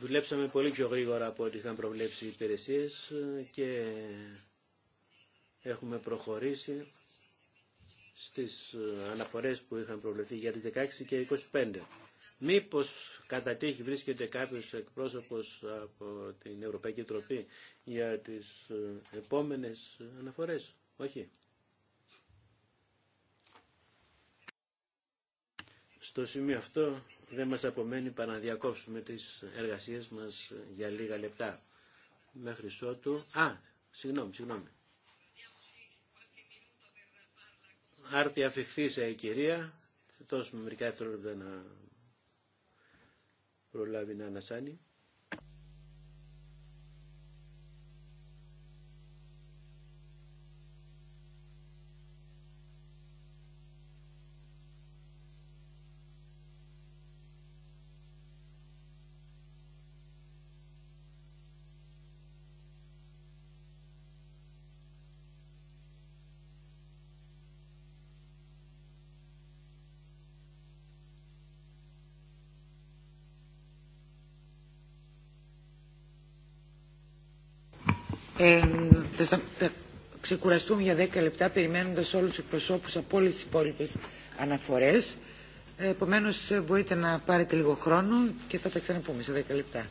Δουλέψαμε πολύ πιο γρήγορα από ό,τι είχαν προβλέψει οι υπηρεσίες και έχουμε προχωρήσει στις αναφορές που είχαν προβλεφθεί για τις 16 και 25. Μήπως κατά τύχη βρίσκεται κάποιος εκπρόσωπος από την Ευρωπαϊκή Τροπή για τις ε, επόμενες αναφορές. Όχι. Στο σημείο αυτό δεν μας απομένει παρά να διακόψουμε τις εργασίες μας για λίγα λεπτά. Μέχρι ότου... Α, συγγνώμη, συγγνώμη. Άρτια αφιχθήσα η κυρία. μερικά να προλάβει να ανασάνει. Ε, θα ξεκουραστούμε για 10 λεπτά περιμένοντας όλους τους εκπροσώπους από όλες τις υπόλοιπες αναφορές. Ε, επομένως ε, μπορείτε να πάρετε λίγο χρόνο και θα τα ξαναπούμε σε 10 λεπτά.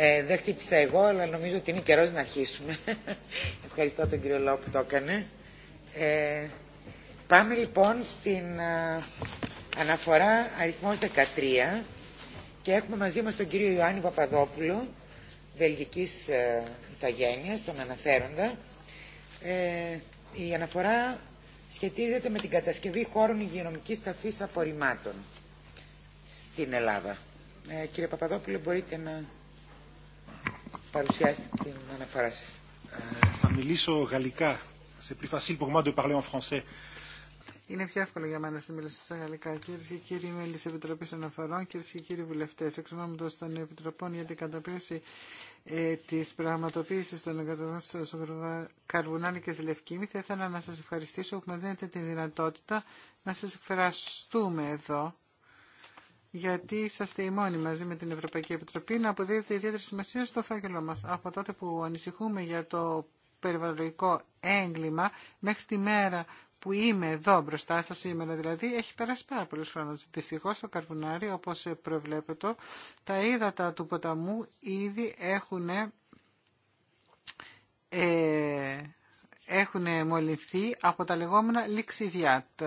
Ε, δεν χτύπησα εγώ, αλλά νομίζω ότι είναι καιρός να αρχίσουμε. Ευχαριστώ τον κύριο Λόπ που το έκανε. Ε, πάμε λοιπόν στην αναφορά αριθμός 13 και έχουμε μαζί μας τον κύριο Ιωάννη Παπαδόπουλο, βελγικής ε, τον αναφέροντα. Ε, η αναφορά σχετίζεται με την κατασκευή χώρων υγειονομικής ταφής απορριμμάτων στην Ελλάδα. Ε, κύριε Παπαδόπουλο, μπορείτε να παρουσιάσετε την αναφορά σας. Ε, θα μιλήσω γαλλικά. C'est plus facile pour moi de parler en français. Είναι πιο εύκολο για μένα να μιλήσω στα γαλλικά. Κυρίε και κύριοι μέλη τη Επιτροπή Αναφορών, κυρίε και κύριοι βουλευτέ, εξ των Επιτροπών για την καταπίεση ε, τη πραγματοποίηση των εγκαταστάσεων στο, Καρβουνάνη και θα ήθελα να σα ευχαριστήσω που μα δίνετε τη δυνατότητα να σα εκφραστούμε εδώ γιατί είσαστε οι μόνοι μαζί με την Ευρωπαϊκή Επιτροπή να αποδίδετε ιδιαίτερη σημασία στο φάκελό μας. Από τότε που ανησυχούμε για το περιβαλλοντικό έγκλημα μέχρι τη μέρα που είμαι εδώ μπροστά σας σήμερα δηλαδή έχει περάσει πάρα πολλού χρόνο. Δυστυχώ το καρβουνάρι όπως προβλέπετε τα ύδατα του ποταμού ήδη έχουν ε, έχουν μολυνθεί από τα λεγόμενα λιξιβιάτ.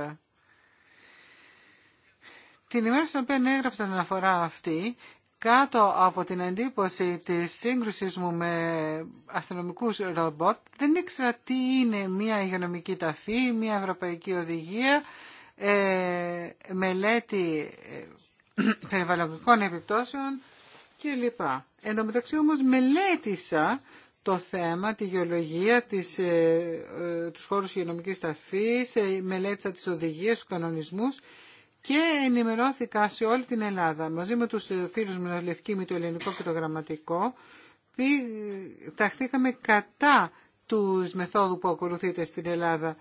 Την ημέρα στην οποία έγραψα την αναφορά αυτή, κάτω από την εντύπωση της σύγκρουσης μου με αστυνομικούς ρομπότ, δεν ήξερα τι είναι μια υγειονομική ταφή, μια ευρωπαϊκή οδηγία, ε, μελέτη ε, περιβαλλοντικών επιπτώσεων κλπ. Εν τω μεταξύ όμως μελέτησα το θέμα, τη γεωλογία, της ε, ε, τους χώρους υγειονομικής ταφής, ε, μελέτησα τις οδηγίες, τους κανονισμούς και ενημερώθηκα σε όλη την Ελλάδα. Μαζί με τους φίλους μου, το Λευκή, το Ελληνικό και το Γραμματικό, ταχθήκαμε κατά τους μεθόδου που ακολουθείτε στην Ελλάδα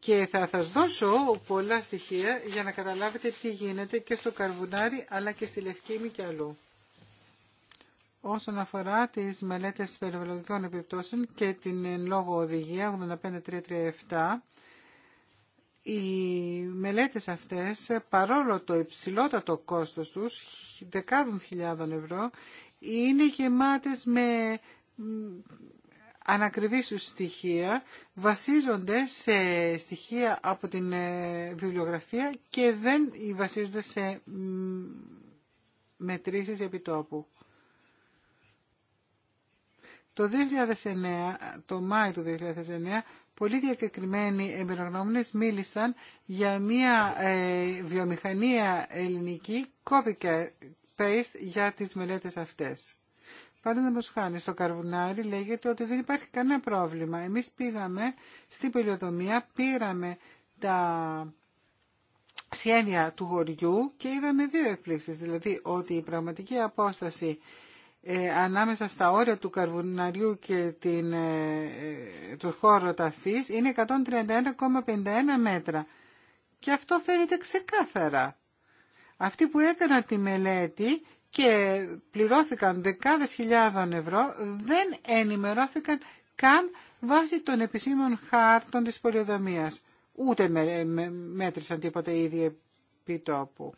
και θα σας δώσω πολλά στοιχεία για να καταλάβετε τι γίνεται και στο Καρβουνάρι αλλά και στη Λευκήμη και αλλού. Όσον αφορά τις μελέτες περιβαλλοντικών επιπτώσεων και την λόγω οδηγία 85337, οι μελέτες αυτές, παρόλο το υψηλότατο κόστος τους, δεκάδων χιλιάδων ευρώ, είναι γεμάτες με ανακριβείς στοιχεία, βασίζονται σε στοιχεία από την ε, βιβλιογραφία και δεν βασίζονται σε μετρήσεις επιτόπου. Το 2009, το μάη του 2009, πολύ διακεκριμένοι εμπειρογνώμονες μίλησαν για μια ε, βιομηχανία ελληνική ελληνική paste για τις μελέτες αυτές. μας χάνει. στο καρβουνάρι λέγεται ότι δεν υπάρχει κανένα πρόβλημα. Εμείς πήγαμε στην περιοδομία, πήραμε τα σχέδια του χωριού και είδαμε δύο εκπλήξεις. Δηλαδή ότι η πραγματική απόσταση ε, ανάμεσα στα όρια του καρβουναριού και ε, ε, του χώρου ταφής είναι 131,51 μέτρα. Και αυτό φαίνεται ξεκάθαρα. Αυτοί που έκαναν τη μελέτη και πληρώθηκαν δεκάδες χιλιάδων ευρώ δεν ενημερώθηκαν καν βάσει των επισήμων χάρτων της πολιοδομίας. Ούτε μέτρησαν τίποτα ήδη επί τόπου.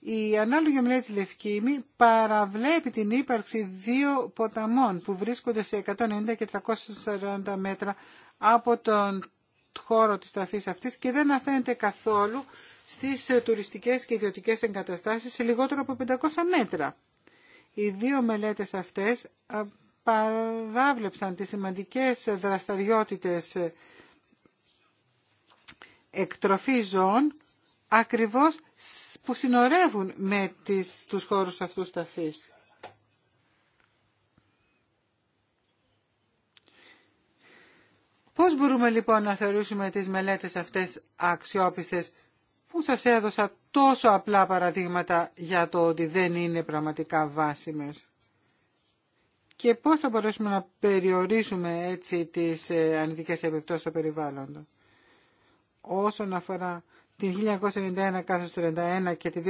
Η ανάλογη μελέτη της Λευκήμη παραβλέπει την ύπαρξη δύο ποταμών που βρίσκονται σε 190 και 340 μέτρα από τον χώρο της ταφής αυτής και δεν αφαίνεται καθόλου στις ε, τουριστικές και ιδιωτικές εγκαταστάσεις σε λιγότερο από 500 μέτρα. Οι δύο μελέτες αυτές παράβλεψαν τις σημαντικές δραστηριότητες ε, εκτροφής ζώων ακριβώς που συνορεύουν με τις, τους χώρους αυτούς ταφής. Πώς μπορούμε λοιπόν να θεωρήσουμε τις μελέτες αυτές αξιόπιστες που σας έδωσα τόσο απλά παραδείγματα για το ότι δεν είναι πραγματικά βάσιμες. Και πώς θα μπορέσουμε να περιορίσουμε έτσι τις ε, αρνητικές επιπτώσεις στο περιβάλλον. Όσον αφορά τη 1991 κάθος 31 και τη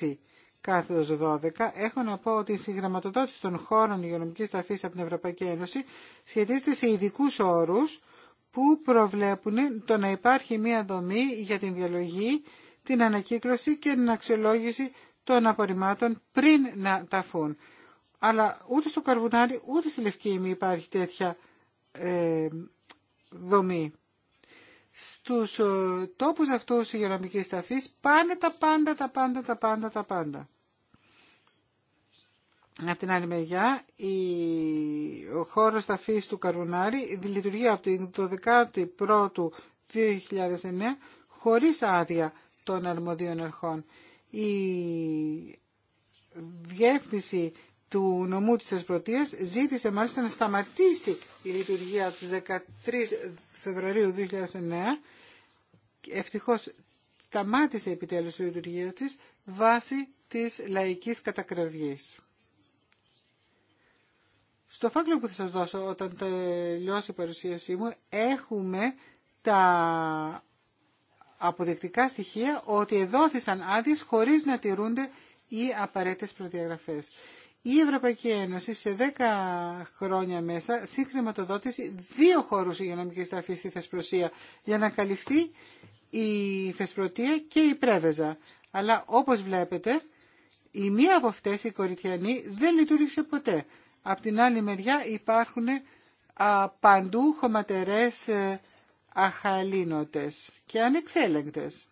2006 κάθος 12, έχω να πω ότι η συγγραμματοδότηση των χώρων υγειονομικής ταφής από την Ευρωπαϊκή Ένωση σχετίζεται σε ειδικού όρους που προβλέπουν το να υπάρχει μια δομή για την διαλογή, την ανακύκλωση και την αξιολόγηση των απορριμμάτων πριν να ταφούν. Αλλά ούτε στο καρβουνάρι ούτε στη λευκή υπάρχει τέτοια ε, δομή στους ε, τόπους αυτούς υγειονομικής ταφής πάνε τα πάντα, τα πάντα, τα πάντα, τα πάντα. Από την άλλη μεριά, η... ο χώρος ταφής του Καρουνάρη λειτουργεί από την 12η Πρώτου 2009 χωρίς άδεια των αρμοδίων αρχών. Η του του νομού της Θεσπρωτείας ζήτησε μάλιστα να σταματήσει η λειτουργία από 13 Φεβρουαρίου 2009 ευτυχώς σταμάτησε επιτέλους η λειτουργία της βάσει της λαϊκής κατακραυγής. Στο φάκελο που θα σας δώσω όταν τελειώσει η παρουσίασή μου έχουμε τα αποδεικτικά στοιχεία ότι εδόθησαν άδειες χωρίς να τηρούνται οι απαραίτητες προδιαγραφές η Ευρωπαϊκή Ένωση σε 10 χρόνια μέσα συγχρηματοδότησε δύο χώρους υγειονομικής ταφής στη Θεσπροσία για να καλυφθεί η Θεσπρωτεία και η Πρέβεζα. Αλλά όπως βλέπετε η μία από αυτές η Κοριτιανή δεν λειτουργήσε ποτέ. Απ' την άλλη μεριά υπάρχουν παντού χωματερές ε, αχαλήνοτες και ανεξέλεγκτες.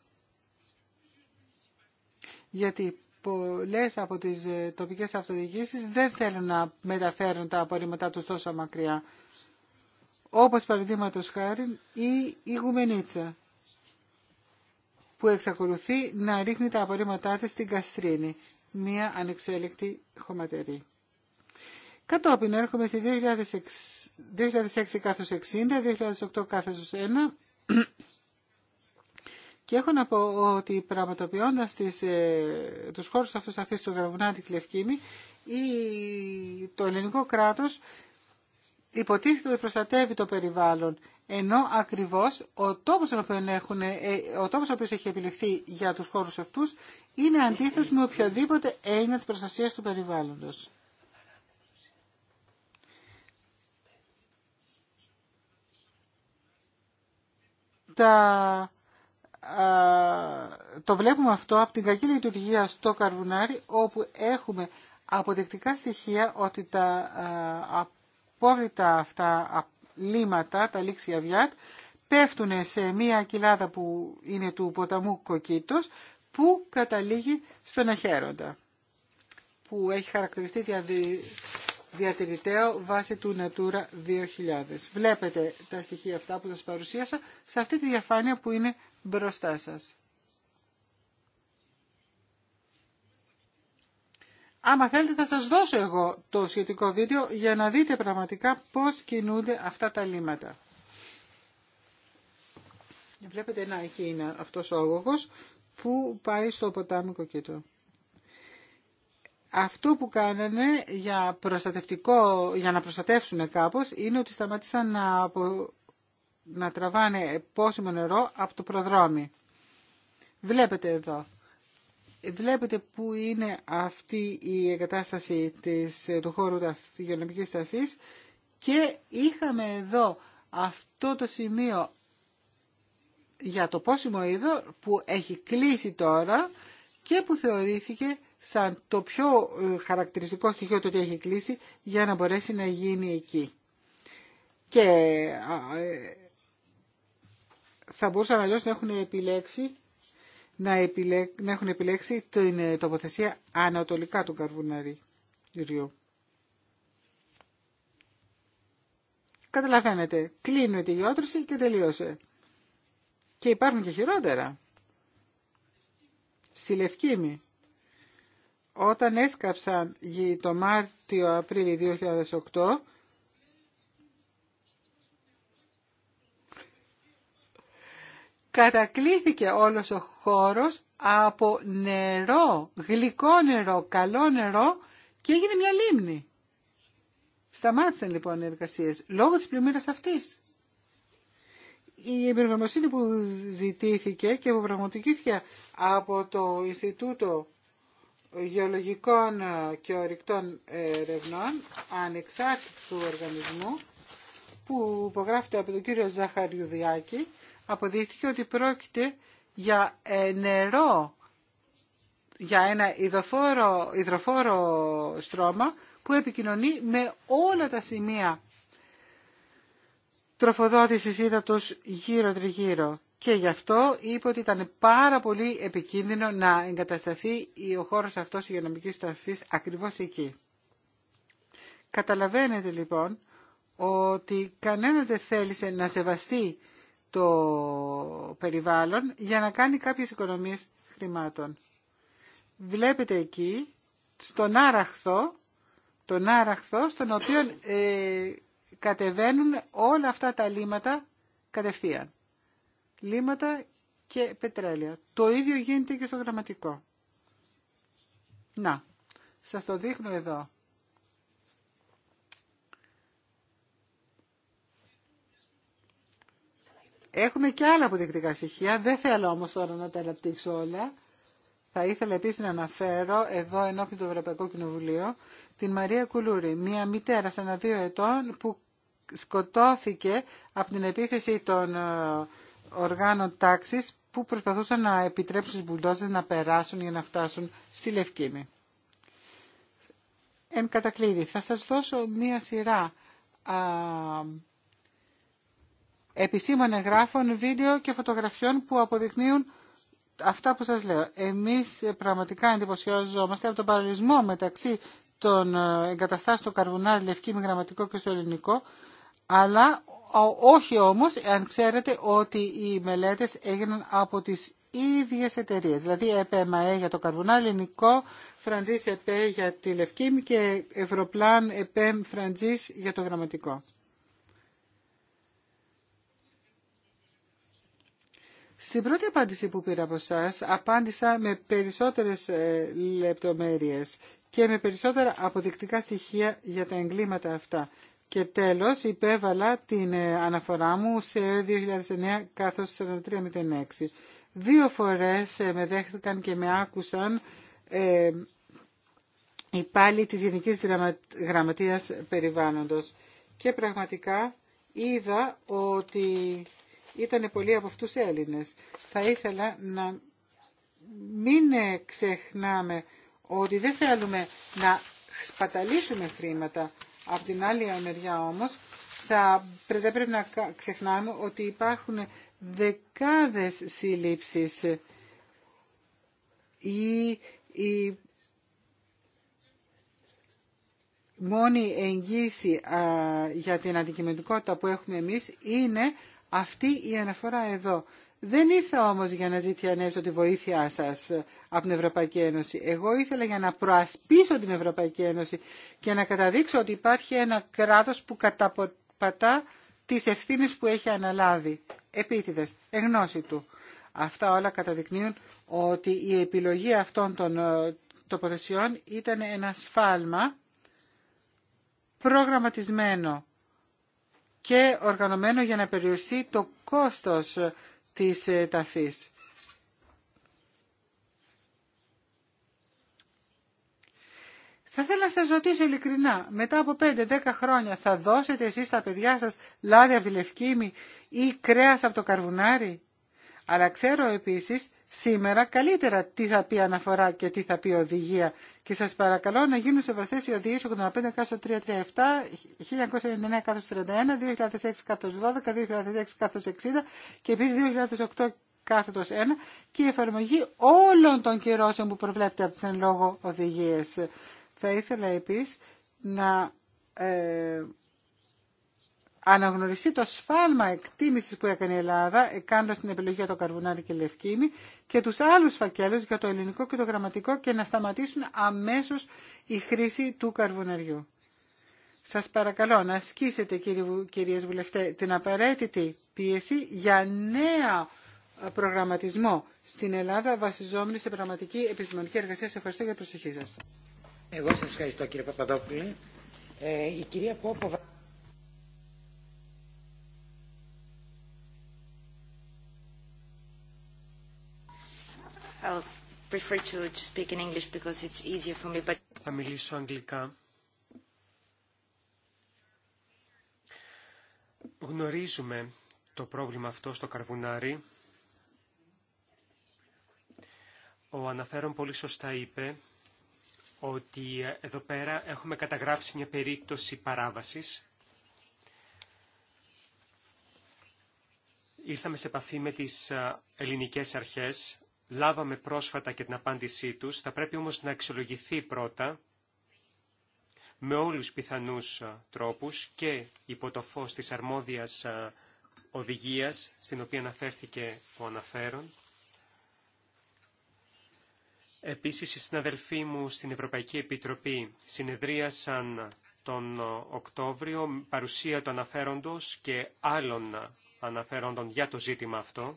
Γιατί πολλές από τις ε, τοπικές αυτοδιοίκησεις δεν θέλουν να μεταφέρουν τα απορρίμματά τους τόσο μακριά. Όπως παραδείγματο χάρη ή η Γουμενίτσα που εξακολουθεί να ρίχνει τα απορρίμματά της στην Καστρίνη, μία ανεξέλεκτη χωματερή. Κατόπιν έρχομαι στη 2006 κάθος 60, 2008 κάθος 1 και έχω να πω ότι πραγματοποιώντα ε, τους χώρους αυτούς αυτή του Γραβουνά τη Λευκήμη, η, το ελληνικό κράτος υποτίθεται ότι προστατεύει το περιβάλλον, ενώ ακριβώς ο τόπος, ε, ο οποίο έχει επιληφθεί για τους χώρους αυτούς είναι αντίθετος με οποιοδήποτε έννοια της προστασία του περιβάλλοντο. Τα το βλέπουμε αυτό από την κακή λειτουργία στο καρβουνάρι όπου έχουμε αποδεκτικά στοιχεία ότι τα απόβλητα αυτά λίματα, τα λήξια βιάτ, πέφτουν σε μία κοιλάδα που είναι του ποταμού Κοκκίτος που καταλήγει στον Αχέροντα που έχει χαρακτηριστεί διατηρηταίο βάση του Natura 2000. Βλέπετε τα στοιχεία αυτά που σας παρουσίασα σε αυτή τη διαφάνεια που είναι μπροστά σας. Άμα θέλετε θα σας δώσω εγώ το σχετικό βίντεο για να δείτε πραγματικά πώς κινούνται αυτά τα λίμματα. Βλέπετε να εκεί είναι αυτός ο όγωγος που πάει στο ποτάμι κοκκίτου αυτό που κάνανε για, προστατευτικό, για να προστατεύσουν κάπως είναι ότι σταματήσαν να, να τραβάνε πόσιμο νερό από το προδρόμι. Βλέπετε εδώ. Βλέπετε πού είναι αυτή η εγκατάσταση της, του χώρου υγειονομικής ταφής και είχαμε εδώ αυτό το σημείο για το πόσιμο είδο που έχει κλείσει τώρα και που θεωρήθηκε σαν το πιο ε, χαρακτηριστικό στοιχείο το ότι έχει κλείσει για να μπορέσει να γίνει εκεί. Και ε, θα μπορούσαν αλλιώ να έχουν επιλέξει να, να έχουν επιλέξει την ε, τοποθεσία ανατολικά του καρβουναριού. Καταλαβαίνετε, κλείνουμε τη γεώτρωση και τελείωσε. Και υπάρχουν και χειρότερα. Στη Λευκήμη όταν έσκαψαν γη το Μάρτιο-Απρίλιο 2008, κατακλήθηκε όλος ο χώρος από νερό, γλυκό νερό, καλό νερό και έγινε μια λίμνη. Σταμάτησαν λοιπόν οι εργασίες λόγω της πλημμύρας αυτής. Η εμπειρογνωμοσύνη που ζητήθηκε και που πραγματοποιήθηκε από το Ινστιτούτο γεωλογικών ε, και ορεικτών ερευνών ανεξάρτητου οργανισμού που υπογράφεται από τον κύριο Ζαχαριουδιάκη αποδείχθηκε ότι πρόκειται για ε, νερό, για ένα υδροφόρο, υδροφόρο στρώμα που επικοινωνεί με όλα τα σημεία τροφοδότησης ύδατος γύρω-τριγύρω και γι' αυτό είπε ότι ήταν πάρα πολύ επικίνδυνο να εγκατασταθεί ο χώρος αυτός υγειονομικής ταφής ακριβώς εκεί. Καταλαβαίνετε λοιπόν ότι κανένας δεν θέλησε να σεβαστεί το περιβάλλον για να κάνει κάποιες οικονομίες χρημάτων. Βλέπετε εκεί στον άραχθο, τον άραχθο στον οποίο ε, κατεβαίνουν όλα αυτά τα λίματα κατευθείαν λίματα και πετρέλαια. Το ίδιο γίνεται και στο γραμματικό. Να, σας το δείχνω εδώ. Έχουμε και άλλα αποδεικτικά στοιχεία, δεν θέλω όμως τώρα να τα αναπτύξω όλα. Θα ήθελα επίσης να αναφέρω εδώ ενώπιον του Ευρωπαϊκού Κοινοβουλίου την Μαρία Κουλούρη, μια μητέρα σαν δύο ετών που σκοτώθηκε από την επίθεση των ε, οργάνων τάξης που προσπαθούσαν να επιτρέψουν στους μπουλντόζες να περάσουν για να φτάσουν στη Λευκήμη. Εν κατακλείδη, θα σας δώσω μία σειρά α, επισήμων εγγράφων, βίντεο και φωτογραφιών που αποδεικνύουν αυτά που σας λέω. Εμείς πραγματικά εντυπωσιαζόμαστε από τον παραλυσμό μεταξύ των ε, εγκαταστάσεων του Καρβουνάρη, Λευκήμη Γραμματικό και στο Ελληνικό, αλλά όχι όμως αν ξέρετε ότι οι μελέτες έγιναν από τις ίδιες εταιρείε. Δηλαδή ΕΠΕΜΑΕ για το καρβουνά ελληνικό, Φραντζής ΕΠΕ για τη Λευκήμη και Ευρωπλάν ΕΠΕΜ Φραντζής για το γραμματικό. Στην πρώτη απάντηση που πήρα από εσά, απάντησα με περισσότερες ε, λεπτομέρειες και με περισσότερα αποδεικτικά στοιχεία για τα εγκλήματα αυτά. Και τέλος υπέβαλα την ε, αναφορά μου σε 2009 καθώς 4306. Δύο φορές ε, με δέχτηκαν και με άκουσαν ε, υπάλληλοι της Γενικής Γραμματείας Περιβάλλοντος. Και πραγματικά είδα ότι ήταν πολλοί από αυτούς Έλληνες. Θα ήθελα να μην ε, ξεχνάμε ότι δεν θέλουμε να σπαταλήσουμε χρήματα, από την άλλη μεριά όμως θα πρέπει να ξεχνάμε ότι υπάρχουν δεκάδες σύλληψεις ή η μόνη εγγύηση για την αντικειμενικότητα που έχουμε εμείς είναι αυτή η αναφορά εδώ. Δεν ήρθα όμως για να ζητιανεύσω τη βοήθειά σας ε, από την Ευρωπαϊκή Ένωση. Εγώ ήθελα για να προασπίσω την Ευρωπαϊκή Ένωση και να καταδείξω ότι υπάρχει ένα κράτος που καταποπατά τις ευθύνες που έχει αναλάβει. Επίτηδες, εγνώση του. Αυτά όλα καταδεικνύουν ότι η επιλογή αυτών των ε, τοποθεσιών ήταν ένα σφάλμα προγραμματισμένο και οργανωμένο για να περιοριστεί το κόστος ε, της ε, ταφής. Θα ήθελα να σας ρωτήσω ειλικρινά, μετά από 5-10 χρόνια θα δώσετε εσείς στα παιδιά σας λάδια από ή κρέας από το καρβουνάρι. Αλλά ξέρω επίσης σήμερα καλύτερα τι θα πει αναφορά και τι θα πει οδηγία. Και σας παρακαλώ να γίνουν σεβαστές οι οδηγίες 85 337, 1999 31, 2006 12, 2006 60 και επίσης 2008 1 και η εφαρμογή όλων των κυρώσεων που προβλέπεται από τις εν λόγω οδηγίες. Θα ήθελα επίσης να ε, αναγνωριστεί το σφάλμα εκτίμησης που έκανε η Ελλάδα κάνοντας την επιλογή για το Καρβουνάρι και Λευκίνη και τους άλλους φακέλους για το ελληνικό και το γραμματικό και να σταματήσουν αμέσως η χρήση του καρβουναριού. Σας παρακαλώ να ασκήσετε κυρίες βουλευτέ την απαραίτητη πίεση για νέα προγραμματισμό στην Ελλάδα βασιζόμενη σε πραγματική επιστημονική εργασία. Σας ευχαριστώ για την προσοχή σας. Εγώ σας ευχαριστώ κύριε Ε, η κυρία Θα μιλήσω αγγλικά. Γνωρίζουμε το πρόβλημα αυτό στο καρβουνάρι. Ο αναφέρον πολύ σωστά είπε ότι εδώ πέρα έχουμε καταγράψει μια περίπτωση παράβασης. Ήρθαμε σε επαφή με τις ε, ελληνικές αρχές Λάβαμε πρόσφατα και την απάντησή τους, θα πρέπει όμως να αξιολογηθεί πρώτα με όλους πιθανούς τρόπους και υπό το φως της αρμόδιας οδηγίας στην οποία αναφέρθηκε ο αναφέρον. Επίσης, οι συναδελφοί μου στην Ευρωπαϊκή Επιτροπή συνεδρίασαν τον Οκτώβριο παρουσία του αναφέροντος και άλλων αναφέροντων για το ζήτημα αυτό.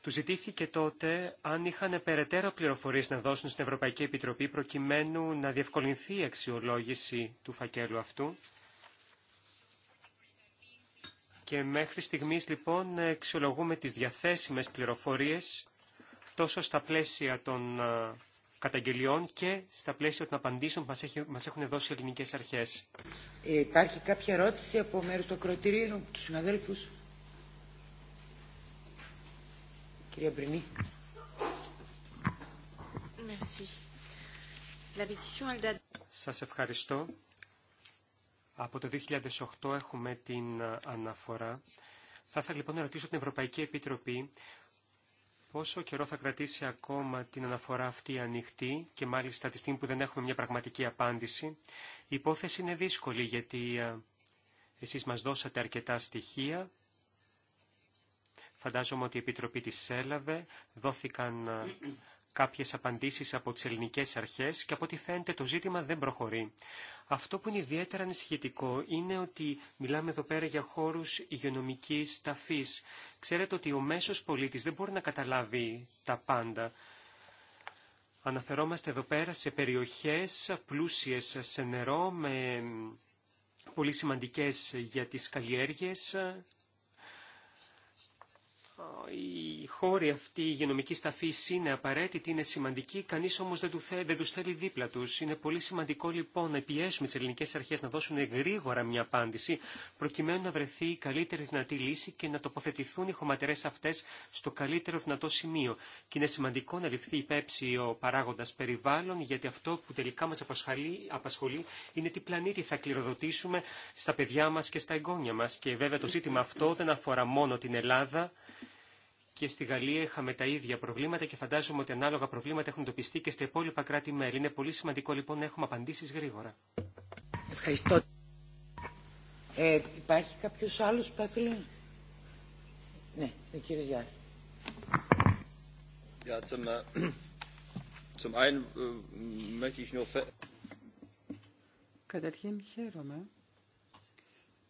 Του ζητήθηκε τότε αν είχαν περαιτέρω πληροφορίες να δώσουν στην Ευρωπαϊκή Επιτροπή προκειμένου να διευκολυνθεί η αξιολόγηση του φακέλου αυτού. Και μέχρι στιγμής λοιπόν αξιολογούμε τις διαθέσιμες πληροφορίες τόσο στα πλαίσια των ε, καταγγελιών και στα πλαίσια των απαντήσεων που μας έχουν δώσει οι ελληνικές αρχές. Ε, υπάρχει κάποια ερώτηση από μέρους του ακροτηρίου, του συναδέλφους. Κυρία Σας ευχαριστώ. Από το 2008 έχουμε την ε, αναφορά. Θα ήθελα λοιπόν να ρωτήσω την Ευρωπαϊκή Επιτροπή πόσο καιρό θα κρατήσει ακόμα την αναφορά αυτή ανοιχτή και μάλιστα τη στιγμή που δεν έχουμε μια πραγματική απάντηση. Η υπόθεση είναι δύσκολη γιατί ε, εσείς μας δώσατε αρκετά στοιχεία Φαντάζομαι ότι η Επιτροπή της έλαβε, δόθηκαν ε, κάποιες απαντήσεις από τις ελληνικές αρχές και από ό,τι φαίνεται το ζήτημα δεν προχωρεί. Αυτό που είναι ιδιαίτερα ανησυχητικό είναι ότι μιλάμε εδώ πέρα για χώρους υγειονομικής ταφής. Ξέρετε ότι ο μέσος πολίτης δεν μπορεί να καταλάβει τα πάντα. Αναφερόμαστε εδώ πέρα σε περιοχές πλούσιες σε νερό με πολύ σημαντικές για τις καλλιέργειες οι χώροι αυτή η υγειονομική σταφή είναι απαραίτητη, είναι σημαντική, Κανεί όμω δεν, του δεν τους θέλει δίπλα του. Είναι πολύ σημαντικό λοιπόν να πιέσουμε τι ελληνικέ αρχέ να δώσουν γρήγορα μια απάντηση, προκειμένου να βρεθεί η καλύτερη δυνατή λύση και να τοποθετηθούν οι χωματερέ αυτέ στο καλύτερο δυνατό σημείο. Και είναι σημαντικό να ληφθεί υπέψη ο παράγοντα περιβάλλον, γιατί αυτό που τελικά μα απασχολεί, είναι τι πλανήτη θα κληροδοτήσουμε στα παιδιά μα και στα εγγόνια μα. Και βέβαια το ζήτημα αυτό δεν αφορά μόνο την Ελλάδα, και στη Γαλλία είχαμε τα ίδια προβλήματα και φαντάζομαι ότι ανάλογα προβλήματα έχουν εντοπιστεί και στα υπόλοιπα κράτη-μέλη. Είναι πολύ σημαντικό λοιπόν να έχουμε απαντήσεις γρήγορα. Ευχαριστώ. Ε, υπάρχει κάποιος άλλος που θα ήθελε. Ναι, ο κύριο Γιάννη. Ja, zum, äh, zum äh, möchte ich nur... Καταρχήν χαίρομαι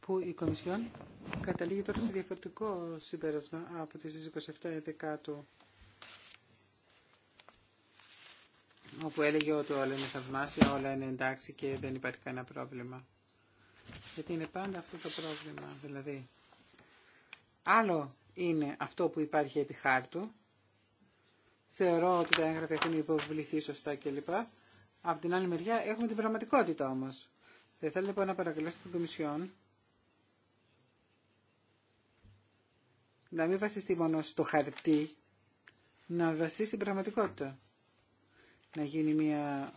που η Κομισιόν καταλήγει τώρα σε διαφορετικό συμπέρασμα από τις 27 Δεκάτου όπου έλεγε ότι όλα είναι θαυμάσια, όλα είναι εντάξει και δεν υπάρχει κανένα πρόβλημα. Γιατί είναι πάντα αυτό το πρόβλημα, δηλαδή. Άλλο είναι αυτό που υπάρχει επί χάρτου. Θεωρώ ότι τα έγγραφα έχουν υποβληθεί σωστά κλπ. Από την άλλη μεριά έχουμε την πραγματικότητα όμως. Θα ήθελα λοιπόν να παρακολουθήσω την Κομισιόν να μην βασιστεί μόνο στο χαρτί, να βασιστεί στην πραγματικότητα. Να γίνει μια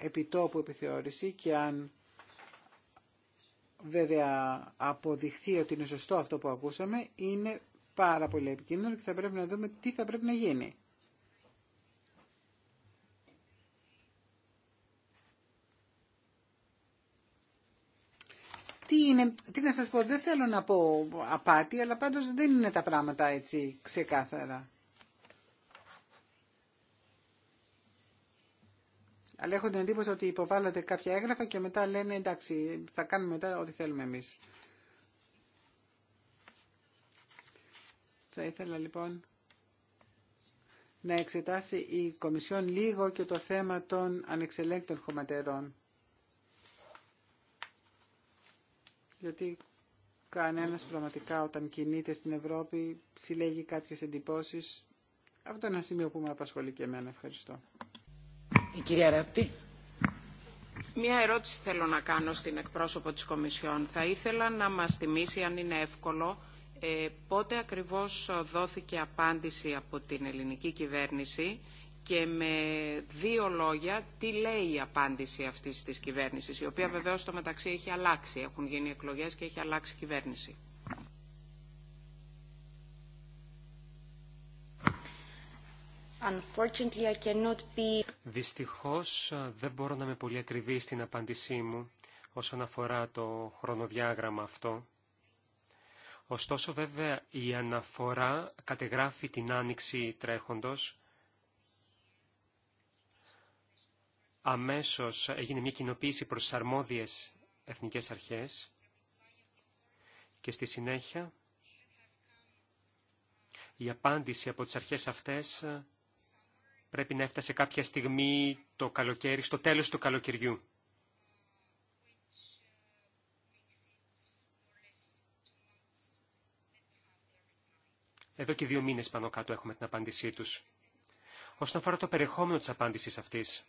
επιτόπου επιθεώρηση και αν βέβαια αποδειχθεί ότι είναι σωστό αυτό που ακούσαμε, είναι πάρα πολύ επικίνδυνο και θα πρέπει να δούμε τι θα πρέπει να γίνει. τι, είναι, τι να σας πω, δεν θέλω να πω απάτη, αλλά πάντως δεν είναι τα πράγματα έτσι ξεκάθαρα. Αλλά έχω την εντύπωση ότι υποβάλλονται κάποια έγγραφα και μετά λένε εντάξει θα κάνουμε μετά ό,τι θέλουμε εμείς. Θα ήθελα λοιπόν να εξετάσει η Κομισιόν λίγο και το θέμα των ανεξελέγκτων χωματερών. γιατί κανένας πραγματικά όταν κινείται στην Ευρώπη συλλέγει κάποιες εντυπώσεις. Αυτό είναι ένα σημείο που με απασχολεί και εμένα. Ευχαριστώ. Η κυρία Ρέπτη, Μία ερώτηση θέλω να κάνω στην εκπρόσωπο της Κομισιόν. Θα ήθελα να μας θυμίσει, αν είναι εύκολο, ε, πότε ακριβώς δόθηκε απάντηση από την ελληνική κυβέρνηση και με δύο λόγια τι λέει η απάντηση αυτή τη κυβέρνηση, η οποία βεβαίω στο μεταξύ έχει αλλάξει, έχουν γίνει εκλογέ και έχει αλλάξει η κυβέρνηση. Δυστυχώς ε, δεν μπορώ να είμαι πολύ ακριβή στην απάντησή μου όσον αφορά το χρονοδιάγραμμα αυτό. Ωστόσο βέβαια η αναφορά κατεγράφει την άνοιξη τρέχοντος αμέσως έγινε μια κοινοποίηση προς τις αρμόδιες εθνικές αρχές και στη συνέχεια η απάντηση από τις αρχές αυτές πρέπει να έφτασε κάποια στιγμή το καλοκαίρι, στο τέλος του καλοκαιριού. Εδώ και δύο μήνες πάνω κάτω έχουμε την απάντησή τους. Όσον αφορά το περιεχόμενο της απάντησης αυτής,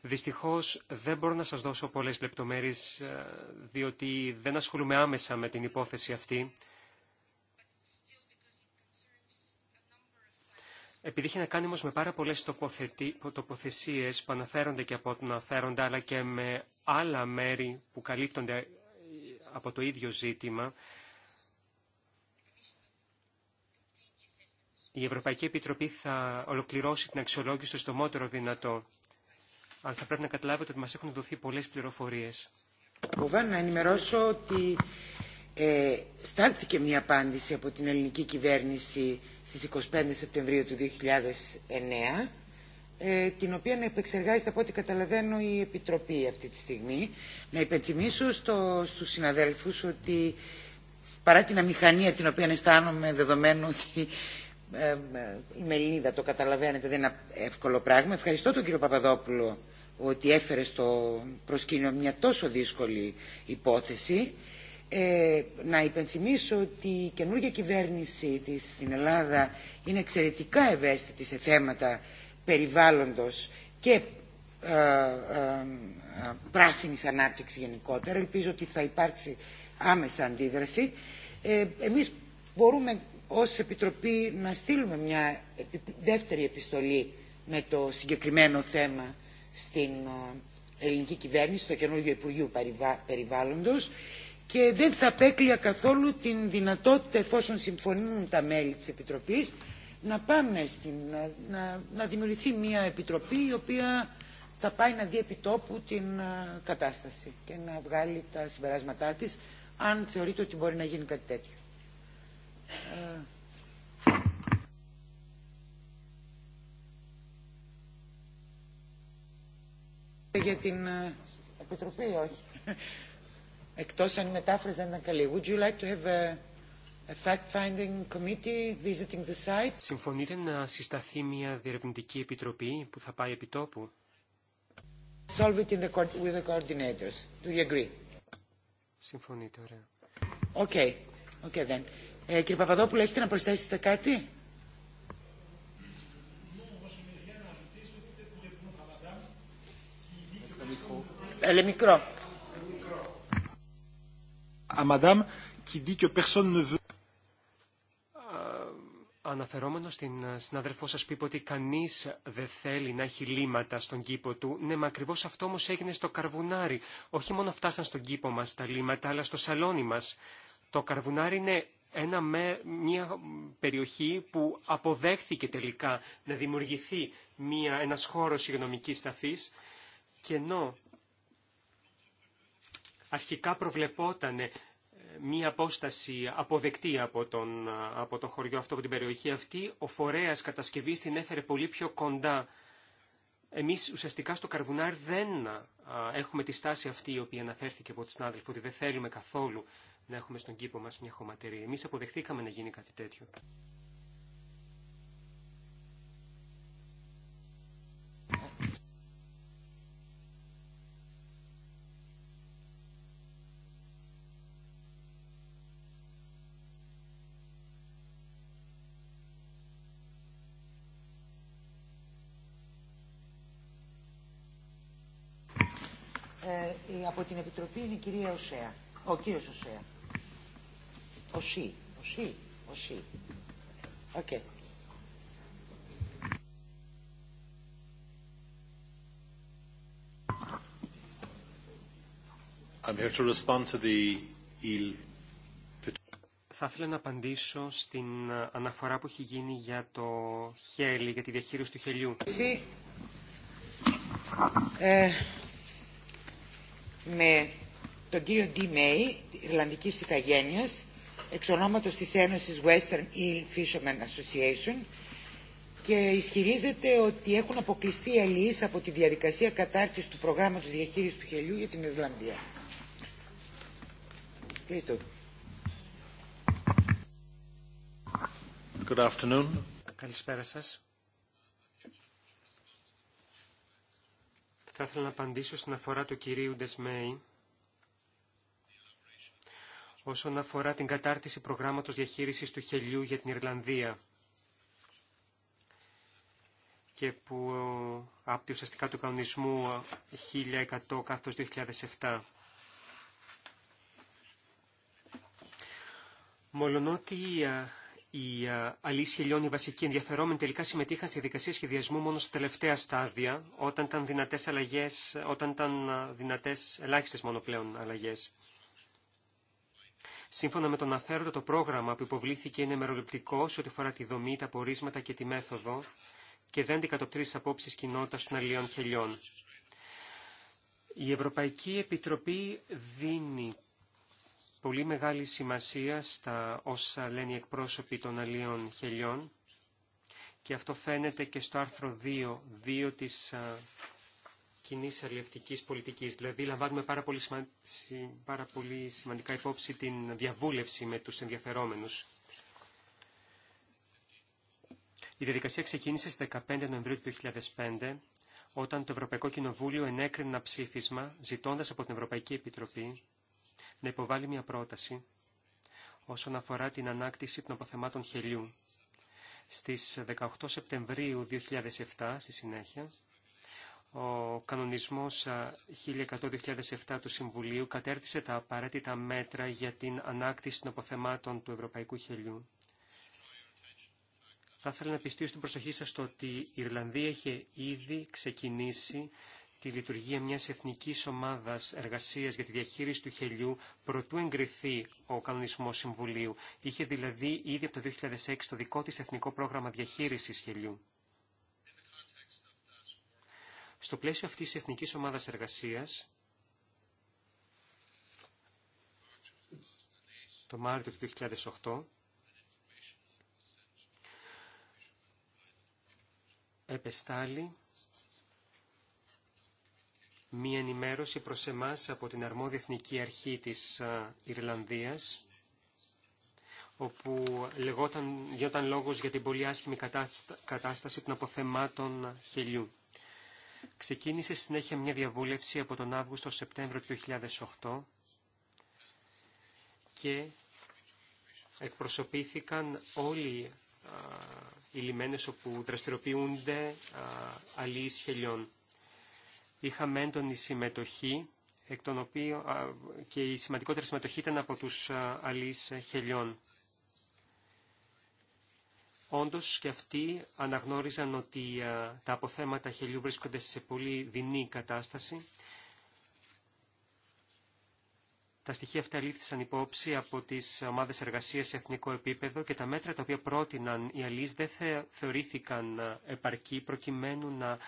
Δυστυχώς δεν μπορώ να σας δώσω πολλές λεπτομέρειες, ε, διότι δεν ασχολούμαι άμεσα με την υπόθεση αυτή. Επειδή έχει να κάνει όμω με πάρα πολλές τοποθεσίε που αναφέρονται και από τον αναφέρονται, αλλά και με άλλα μέρη που καλύπτονται ε, από το ίδιο ζήτημα, η Ευρωπαϊκή Επιτροπή θα ολοκληρώσει την αξιολόγηση στο στομότερο δυνατό αλλά θα πρέπει να καταλάβετε ότι μας έχουν δοθεί πολλές πληροφορίες. Να ενημερώσω ότι ε, στάλθηκε μια απάντηση από την ελληνική κυβέρνηση στις 25 Σεπτεμβρίου του 2009 ε, την οποία επεξεργάζεται από ό,τι καταλαβαίνω η Επιτροπή αυτή τη στιγμή. Να υπενθυμίσω στο, στους συναδέλφους ότι παρά την αμηχανία την οποία αισθάνομαι δεδομένου ότι ε, ε, η Μελίδα το καταλαβαίνετε δεν είναι εύκολο πράγμα ευχαριστώ τον κύριο Παπαδόπουλο ότι έφερε στο προσκήνιο μια τόσο δύσκολη υπόθεση. Ε, να υπενθυμίσω ότι η καινούργια κυβέρνηση της στην Ελλάδα είναι εξαιρετικά ευαίσθητη σε θέματα περιβάλλοντος και ε, ε, ε πράσινης ανάπτυξης γενικότερα. Ελπίζω ότι θα υπάρξει άμεσα αντίδραση. Ε, εμείς μπορούμε ως Επιτροπή να στείλουμε μια δεύτερη επιστολή με το συγκεκριμένο θέμα στην ε, ελληνική κυβέρνηση, στο καινούργιο Υπουργείο Περιβάλλοντος και δεν θα απέκλεια καθόλου την δυνατότητα, εφόσον συμφωνούν τα μέλη της Επιτροπής, να πάμε στην, ε, να, να δημιουργηθεί μια επιτροπή η οποία θα πάει να δει επί την ε, κατάσταση και να βγάλει τα συμπεράσματά της αν θεωρείται ότι μπορεί να γίνει κάτι τέτοιο. Είστε για την ε, Επιτροπή, όχι. Εκτός αν η μετάφραση δεν ήταν καλή. Would you like to have a, a fact-finding committee visiting the site? Συμφωνείτε να συσταθεί μια διερευνητική επιτροπή που θα πάει επί τόπου. Solve it in the, with the coordinators. Do you agree? Συμφωνείτε, ωραία. Okay. Okay, then. Ε, κύριε Παπαδόπουλο, έχετε να προσθέσετε κάτι? Euh, euh, Αναφερόμενο στην ε, συνάδελφό σα, είπε ότι κανεί δεν θέλει να έχει λίματα στον κήπο του. Ναι, μα ακριβώ αυτό όμω έγινε στο καρβουνάρι. Όχι μόνο φτάσαν στον κήπο μα τα λίματα, αλλά στο σαλόνι μα. Το καρβουνάρι είναι ένα με, μια περιοχή που αποδέχθηκε τελικά να δημιουργηθεί ένα χώρο υγειονομική ταφή και ενώ αρχικά προβλεπόταν ε, μία απόσταση αποδεκτή από, τον, ε, από το χωριό αυτό, από την περιοχή αυτή. Ο φορέας κατασκευής την έφερε πολύ πιο κοντά. Εμείς ουσιαστικά στο Καρβουνάρ δεν ε, έχουμε τη στάση αυτή η οποία αναφέρθηκε από τη συνάδελφο, ότι δεν θέλουμε καθόλου να έχουμε στον κήπο μας μια χωματερή. Εμείς αποδεχθήκαμε να γίνει κάτι τέτοιο. κυρία Οσέα. Ο κύριος Οσέα. Οσί. Οσί. Οσί. Οκ. I'm here to respond to the e θα ήθελα να απαντήσω στην αναφορά που έχει γίνει για το χέλι, για τη διαχείριση του χελιού. Ε, με τον κύριο Ντι Μέι, Ιρλανδικής Ιθαγένειας, εξ ονόματος της Ένωσης Western Eel Fishermen Association και ισχυρίζεται ότι έχουν αποκλειστεί οι αλληλείς από τη διαδικασία κατάρτισης του προγράμματος διαχείρισης του χελιού για την Ιρλανδία. Good afternoon. Καλησπέρα σας. Θα ήθελα να απαντήσω στην αφορά του κυρίου Ντεσμέη όσον αφορά την κατάρτιση προγράμματος διαχείρισης του χελιού για την Ιρλανδία και που άπτει ουσιαστικά του κανονισμού 1100 κάθετος 2007. Μολονότι οι αλείς χελιών, οι βασικοί ενδιαφερόμενοι, τελικά συμμετείχαν στη δικασία σχεδιασμού μόνο στα τελευταία στάδια, όταν ήταν δυνατές αλλαγές, όταν ήταν δυνατές ελάχιστες μόνο πλέον αλλαγές. Σύμφωνα με τον αφέροντα, το πρόγραμμα που υποβλήθηκε είναι μεροληπτικό σε ό,τι αφορά τη δομή, τα πορίσματα και τη μέθοδο και δεν αντικατοπτρίζει απόψει κοινότητα των αλλιών χελιών. Η Ευρωπαϊκή Επιτροπή δίνει πολύ μεγάλη σημασία στα όσα λένε οι εκπρόσωποι των αλλιών χελιών και αυτό φαίνεται και στο άρθρο 2, 2 της κοινή αλληλευτική πολιτική. Δηλαδή, λαμβάνουμε πάρα πολύ, σημα... πάρα πολύ σημαντικά υπόψη την διαβούλευση με του ενδιαφερόμενου. Η διαδικασία ξεκίνησε στις 15 Νοεμβρίου του 2005, όταν το Ευρωπαϊκό Κοινοβούλιο ενέκρινε ένα ψήφισμα, ζητώντας από την Ευρωπαϊκή Επιτροπή να υποβάλει μια πρόταση όσον αφορά την ανάκτηση των αποθεμάτων χελιού. Στις 18 Σεπτεμβρίου 2007, στη συνέχεια, ο κανονισμός 1100-2007 του Συμβουλίου κατέρτισε τα απαραίτητα μέτρα για την ανάκτηση των αποθεμάτων του Ευρωπαϊκού Χελιού. Θα ήθελα να πιστεύω στην προσοχή σας στο ότι η Ιρλανδία είχε ήδη ξεκινήσει τη λειτουργία μιας εθνικής ομάδας εργασίας για τη διαχείριση του χελιού προτού εγκριθεί ο κανονισμός Συμβουλίου. Είχε δηλαδή ήδη από το 2006 το δικό της εθνικό πρόγραμμα διαχείρισης χελιού. Στο πλαίσιο αυτής της Εθνικής Ομάδας Εργασίας, το Μάρτιο του 2008, επεστάλλει μία ενημέρωση προς εμάς από την αρμόδια εθνική αρχή της Ιρλανδίας, όπου λεγόταν, γινόταν λόγος για την πολύ άσχημη κατάσταση των αποθεμάτων χελιού. Ξεκίνησε συνέχεια μια διαβούλευση από τον Αύγουστο-Σεπτέμβριο του 2008 και εκπροσωπήθηκαν όλοι οι λιμένες όπου δραστηριοποιούνται αλλοίς χελιών. Είχαμε έντονη συμμετοχή εκ των οποίων, και η σημαντικότερη συμμετοχή ήταν από τους αλλοίς χελιών. Όντως και αυτοί αναγνώριζαν ότι ε, τα αποθέματα χελιού βρίσκονται σε πολύ δεινή κατάσταση τα στοιχεία αυτά λήφθησαν υπόψη από τι ομάδε εργασία σε εθνικό επίπεδο και τα μέτρα τα οποία πρότειναν οι αλλοί δεν θεωρήθηκαν ε, επαρκή προκειμένου να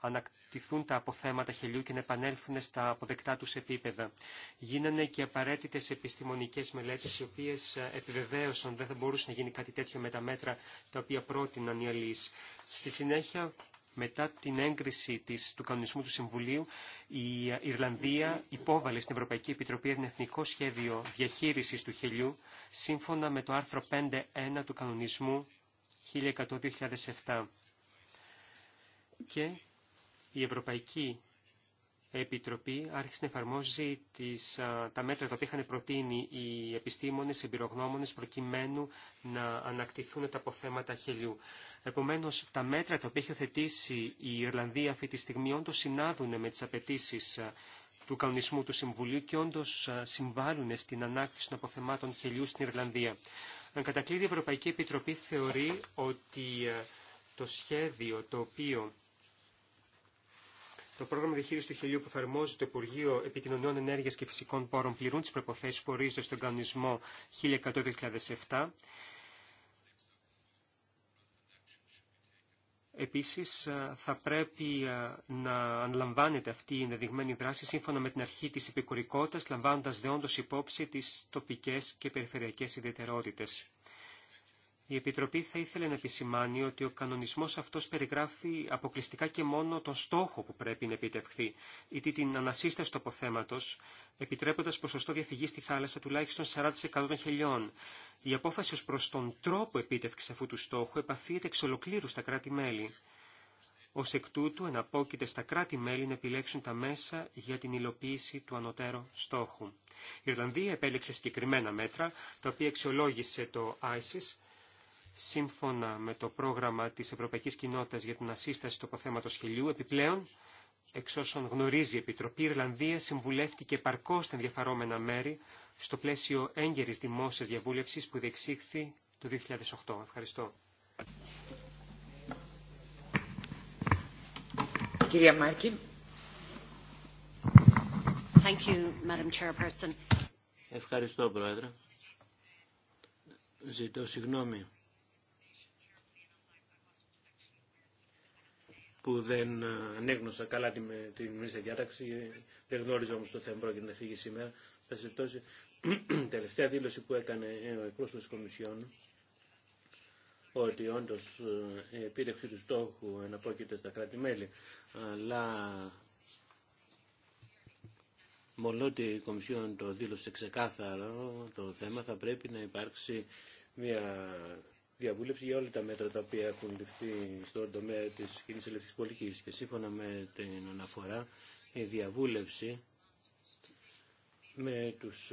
ανακτηθούν τα αποθέματα χελιού και να επανέλθουν στα αποδεκτά τους επίπεδα. Γίνανε και απαραίτητες επιστημονικές μελέτες, οι οποίες ε, επιβεβαίωσαν δεν θα μπορούσε να γίνει κάτι τέτοιο με τα μέτρα τα οποία πρότειναν οι αλείς. Στη συνέχεια μετά την έγκριση της, του κανονισμού του Συμβουλίου, η Ιρλανδία υπόβαλε στην Ευρωπαϊκή Επιτροπή ένα εθνικό σχέδιο διαχείρισης του χελιού, σύμφωνα με το άρθρο 5.1 του κανονισμού 1100-2007. Και η Ευρωπαϊκή Επιτροπή άρχισε να εφαρμόζει τις, τα μέτρα τα οποία είχαν προτείνει οι επιστήμονες, οι εμπειρογνώμονες προκειμένου να ανακτηθούν τα αποθέματα χελιού. Επομένως, τα μέτρα τα οποία έχει οθετήσει η Ιρλανδία αυτή τη στιγμή όντως συνάδουν με τις απαιτήσει του κανονισμού του Συμβουλίου και όντω συμβάλλουν στην ανάκτηση των αποθεμάτων χελιού στην Ιρλανδία. Αν κατακλείδη η Ευρωπαϊκή Επιτροπή θεωρεί ότι το σχέδιο το οποίο το πρόγραμμα διαχείριση του χελιού που εφαρμόζει το Υπουργείο Επικοινωνιών Ενέργεια και Φυσικών Πόρων πληρούν τι προποθέσει που ορίζονται στον κανονισμό 1100-2007. Επίσης, θα πρέπει ε, να αναλαμβάνεται αυτή η ενδεδειγμένη δράση σύμφωνα με την αρχή της επικουρικότητας, λαμβάνοντας δεόντως υπόψη τις τοπικές και περιφερειακέ ιδιαιτερότητε. Η Επιτροπή θα ήθελε να επισημάνει ότι ο κανονισμός αυτός περιγράφει αποκλειστικά και μόνο τον στόχο που πρέπει να επιτευχθεί ή την ανασύσταση του αποθέματος, επιτρέποντας ποσοστό διαφυγή στη θάλασσα τουλάχιστον 40% των χελιών. Η απόφαση ως προς τον τρόπο επίτευξης αυτού του στόχου επαφείται εξ ολοκλήρου στα κράτη-μέλη. Ω εκ τούτου εναπόκειται στα κράτη-μέλη να επιλέξουν τα μέσα για την υλοποίηση του ανωτέρω στόχου. Η Ιρλανδία επέλεξε συγκεκριμένα μέτρα, τα οποία αξιολόγησε το ISIS, σύμφωνα με το πρόγραμμα της Ευρωπαϊκής Κοινότητας για την ασύσταση του αποθέματο χελιού. Επιπλέον, εξ όσων γνωρίζει η Επιτροπή, η Ιρλανδία συμβουλεύτηκε παρκώς τα ενδιαφερόμενα μέρη στο πλαίσιο έγκαιρη δημόσια διαβούλευση που διεξήχθη το 2008. Ευχαριστώ. Κυρία Μάρκιν. Thank you, Madam Chairperson. Ευχαριστώ, Πρόεδρε. Ζητώ συγγνώμη που δεν ε, ανέγνωσα καλά την, την μισή διάταξη, δεν γνώριζα όμως το θέμα πρόκειται να φύγει σήμερα. η τελευταία δήλωση που έκανε ο εκπρόσωπος της Κομισιόν, ότι όντως η ε, επίτευξη του στόχου εναπόκειται στα κράτη-μέλη, αλλά ότι η Κομισιόν το δήλωσε ξεκάθαρο το θέμα, θα πρέπει να υπάρξει μια διαβούλευση για όλα τα μέτρα τα οποία έχουν ληφθεί στον τομέα τη κοινή ελευθερικής πολιτικής και σύμφωνα με την αναφορά η διαβούλευση με τους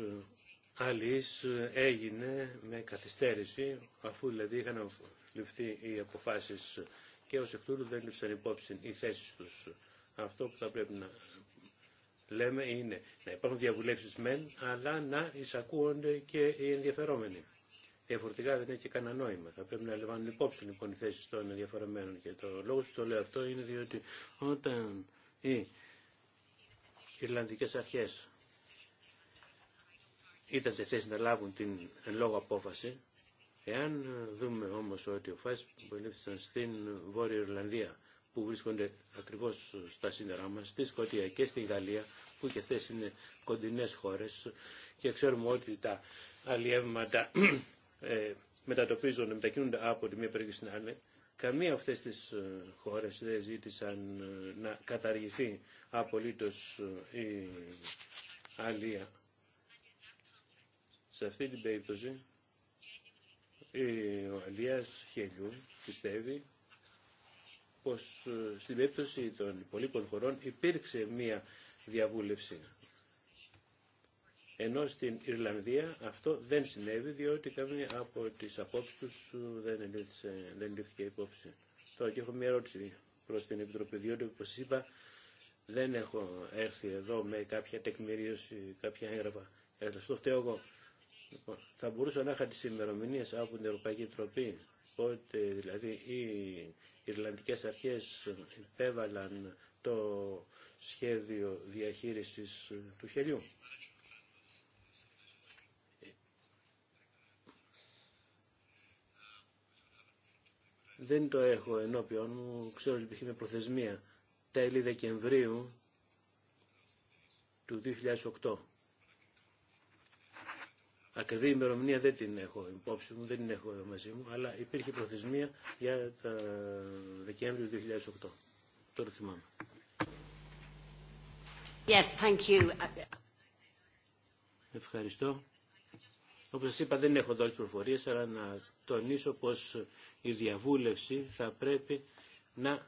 άλλους έγινε με καθυστέρηση αφού δηλαδή είχαν ληφθεί οι αποφάσει και ω εκ τούτου δεν λήψαν υπόψη οι θέσει του. Αυτό που θα πρέπει να λέμε είναι να υπάρχουν διαβουλεύσεις μεν αλλά να εισακούονται και οι ενδιαφερόμενοι διαφορετικά δεν έχει κανένα νόημα. Θα πρέπει να λαμβάνουν υπόψη λοιπόν οι θέσει των διαφορεμένων. Και το λόγο που το λέω αυτό είναι διότι όταν οι Ιρλανδικέ αρχέ ήταν σε θέση να λάβουν την εν λόγω απόφαση, εάν δούμε όμω ότι ο ΦΑΣ που ελήφθησαν στην Βόρεια Ιρλανδία που βρίσκονται ακριβώ στα σύνορά μα στη Σκοτία και στη Γαλλία, που και θέσει είναι κοντινέ χώρε και ξέρουμε ότι τα αλλιεύματα ε, μετατοπίζονται, μετακινούνται από τη μία περιοχή στην άλλη, καμία αυτέ αυτές τις ε, χώρες δεν ζήτησαν ε, να καταργηθεί απολύτως η αλία. Σε αυτή την περίπτωση ο Αλίας Χελιού πιστεύει πως στην περίπτωση των υπολείπων χωρών υπήρξε μία διαβούλευση ενώ στην Ιρλανδία αυτό δεν συνέβη διότι κάποιοι από τις απόψεις τους ε, δεν, λήφθηκε δεν υπόψη. Τώρα και έχω μια ερώτηση προς την Επιτροπή, διότι όπως είπα δεν έχω έρθει εδώ με κάποια τεκμηρίωση, κάποια έγραφα. Ε, αυτό φταίω εγώ. Λοιπόν, θα μπορούσα να είχα τις ημερομηνίες από την Ευρωπαϊκή Επιτροπή, ότι δηλαδή οι Ιρλανδικές αρχές υπέβαλαν το σχέδιο διαχείρισης του χελιού. δεν το έχω ενώπιον μου, ξέρω ότι υπήρχε μια προθεσμία τέλη Δεκεμβρίου του 2008. Ακριβή ημερομηνία δεν την έχω υπόψη μου, δεν την έχω μαζί μου, αλλά υπήρχε προθεσμία για τα Δεκέμβριο του 2008. Τώρα θυμάμαι. Yes, thank you. Ευχαριστώ. Όπως σας είπα δεν έχω δώσει προφορίες, αλλά να τονίσω πως η διαβούλευση θα πρέπει να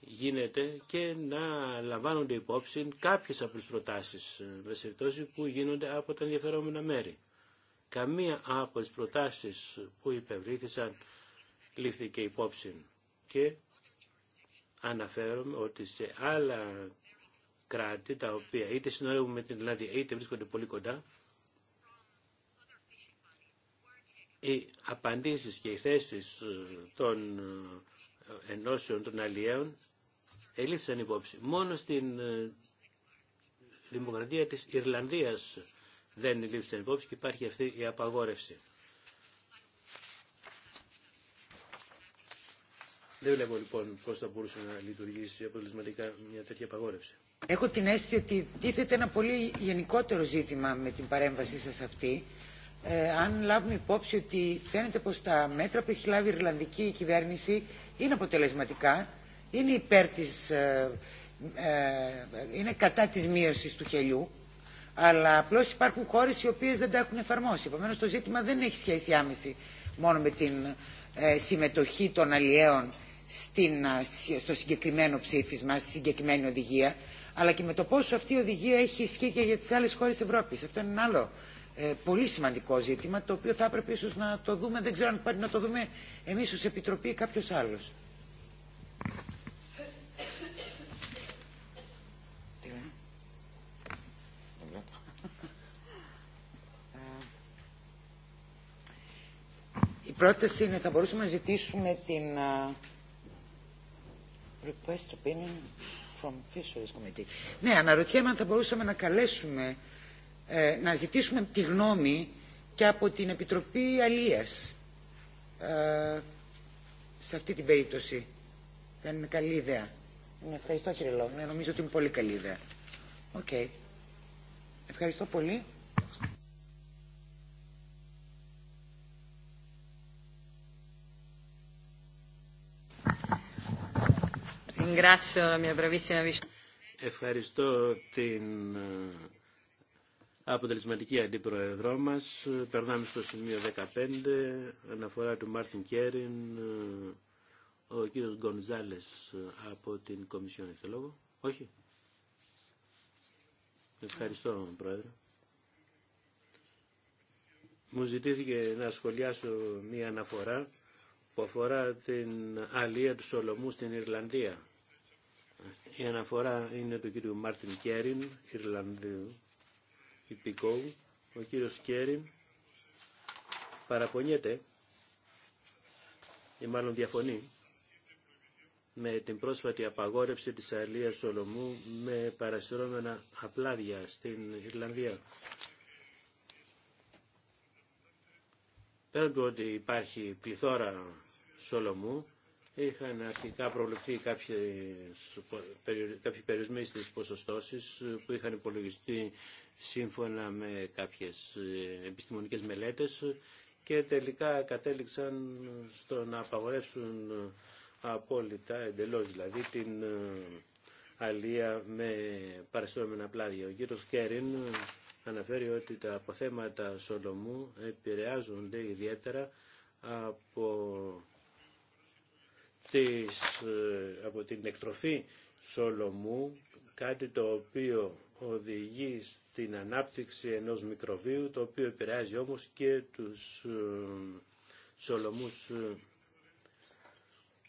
γίνεται και να λαμβάνονται υπόψη κάποιες από τις προτάσεις ε, σε που γίνονται από τα ενδιαφερόμενα μέρη. Καμία από τις προτάσεις που υπευρύθησαν λήφθηκε υπόψη και αναφέρομαι ότι σε άλλα κράτη τα οποία είτε συνορεύουν με την Ελλάδα είτε βρίσκονται πολύ κοντά οι απαντήσεις και οι θέσεις ε, των ε, ενώσεων των αλλιέων ελήφθησαν υπόψη. Μόνο στην ε, δημοκρατία της Ιρλανδίας δεν ελήφθησαν υπόψη και υπάρχει αυτή η απαγόρευση. Δεν βλέπω λοιπόν πώ θα μπορούσε να λειτουργήσει αποτελεσματικά μια τέτοια απαγόρευση. Έχω την αίσθηση ότι τίθεται ένα πολύ γενικότερο ζήτημα με την παρέμβασή σα αυτή ε, αν λάβουμε υπόψη ότι φαίνεται πως τα μέτρα που έχει λάβει η Ιρλανδική κυβέρνηση είναι αποτελεσματικά, είναι υπέρ της, ε, ε, είναι κατά της μείωσης του χελιού, αλλά απλώς υπάρχουν χώρες οι οποίες δεν τα έχουν εφαρμόσει. Επομένω, το ζήτημα δεν έχει σχέση άμεση μόνο με την συμμετοχή των αλλιέων στην, στο συγκεκριμένο ψήφισμα, στη συγκεκριμένη οδηγία, αλλά και με το πόσο αυτή η οδηγία έχει ισχύ και για τις άλλες χώρες Ευρώπης. Αυτό είναι ένα άλλο ε, πολύ σημαντικό ζήτημα το οποίο θα έπρεπε ίσως να το δούμε δεν ξέρω αν υπάρχει να το δούμε εμείς ως Επιτροπή ή κάποιος άλλος. Η πρόταση είναι θα μπορούσαμε να ζητήσουμε την request opinion from Fisheries Committee. Ναι, αναρωτιέμαι αν θα μπορούσαμε να καλέσουμε ε, να ζητήσουμε τη γνώμη και από την Επιτροπή Αλίας ε, σε αυτή την περίπτωση. Δεν είναι καλή ιδέα. Ναι, ευχαριστώ κύριε Ναι, Νομίζω ότι είναι πολύ καλή ιδέα. Οκ. Ευχαριστώ πολύ. Ευχαριστώ την ε, αποτελεσματική αντιπροεδρό μας. Περνάμε στο σημείο 15, αναφορά του Μάρτιν Κέριν, ο κύριος Γκονζάλες από την Κομισιόν. Έχετε λόγο. Όχι. Ευχαριστώ, Πρόεδρε. Μου ζητήθηκε να σχολιάσω μία αναφορά που αφορά την αλία του Σολομού στην Ιρλανδία. Η αναφορά είναι του κύριου Μάρτιν Κέριν, Ιρλανδίου, ο κύριος Κέριν παραπονιέται ή μάλλον διαφωνεί με την πρόσφατη απαγόρευση της αλίας Σολομού με παρασυρώμενα απλάδια στην Ιρλανδία. Πέραν του ότι υπάρχει πληθώρα Σολομού, Είχαν αρχικά προβλεφθεί κάποιοι περιορισμοί στις ποσοστώσεις που είχαν υπολογιστεί σύμφωνα με κάποιες ε, επιστημονικές μελέτες και τελικά κατέληξαν στο να απαγορεύσουν απόλυτα, εντελώς δηλαδή, την ε, αλία με παραστρώμενα πλάδια. Ο κύριος Κέριν αναφέρει ότι τα αποθέματα Σολομού επηρεάζονται ιδιαίτερα από της, ε, από την εκτροφή Σολομού, κάτι το οποίο οδηγεί στην ανάπτυξη ενός μικροβίου, το οποίο επηρεάζει όμως και τους ε, Σολομούς ε,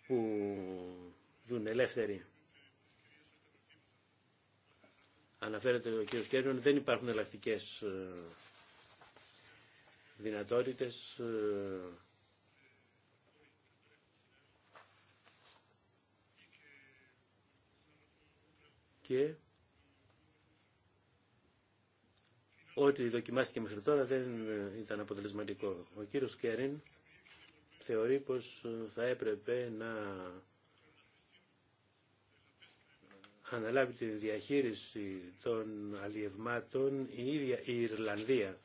που ζουν ελεύθεροι. Αναφέρεται ο κ. Κέρνιον, δεν υπάρχουν ελλακτικές δυνατότητες και ό,τι δοκιμάστηκε μέχρι τώρα δεν ήταν αποτελεσματικό. Ο κύριος Κέριν θεωρεί πως θα έπρεπε να αναλάβει τη διαχείριση των αλλιευμάτων η ίδια η Ιρλανδία.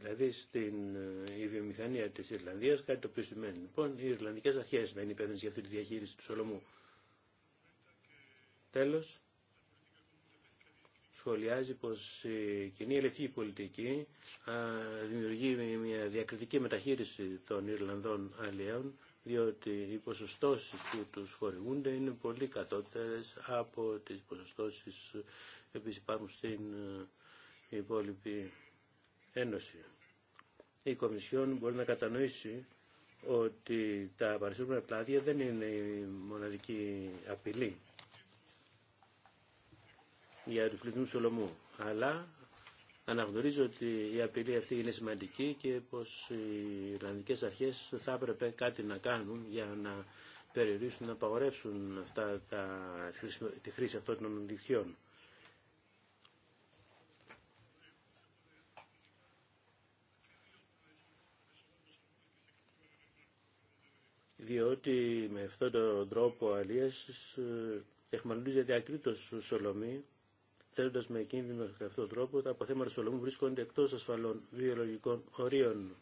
Δηλαδή στην ε, η βιομηχανία της Ιρλανδίας, κάτι το οποίο σημαίνει λοιπόν οι Ιρλανδικές αρχές δεν είναι για αυτή τη διαχείριση του Σολομού. Τέλος, σχολιάζει πως η κοινή ελευθερική πολιτική δημιουργεί μια διακριτική μεταχείριση των Ιρλανδών αλλιέων, διότι οι ποσοστώσεις που τους χορηγούνται είναι πολύ κατώτερες από τις ποσοστώσεις που υπάρχουν στην υπόλοιπη Ένωση. Η Κομισιόν μπορεί να κατανοήσει ότι τα παρασύρματα πλάδια δεν είναι η μοναδική απειλή για του πληθυσμού Σολομού. Αλλά αναγνωρίζω ότι η απειλή αυτή είναι σημαντική και πως οι Ιρλανδικέ αρχέ θα έπρεπε κάτι να κάνουν για να περιορίσουν, να απαγορεύσουν αυτά τα, τη χρήση αυτών των δικτυών. διότι με αυτόν τον τρόπο αλίας ε, εχμαλούζεται ακρίτως Σολομή στέλνοντας με κίνδυνο κατά αυτόν τον τρόπο τα αποθέματα του Σολομού βρίσκονται εκτό ασφαλών βιολογικών ορίων,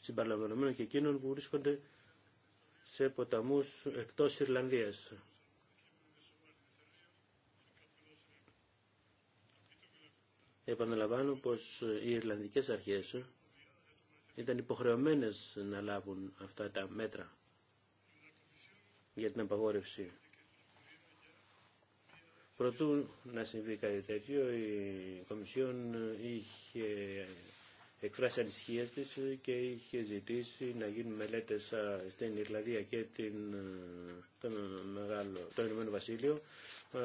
συμπαραλαμβανομένων και εκείνων που βρίσκονται σε ποταμού εκτό Ιρλανδία. Επαναλαμβάνω πως οι Ιρλανδικές αρχές ήταν υποχρεωμένες να λάβουν αυτά τα μέτρα για την απαγόρευση Προτού να συμβεί κάτι τέτοιο, η Κομισιόν είχε εκφράσει ανησυχία τη και είχε ζητήσει να γίνουν μελέτε στην Ιρλανδία και την, ε, το, μεγάλο, το Ηνωμένο Βασίλειο.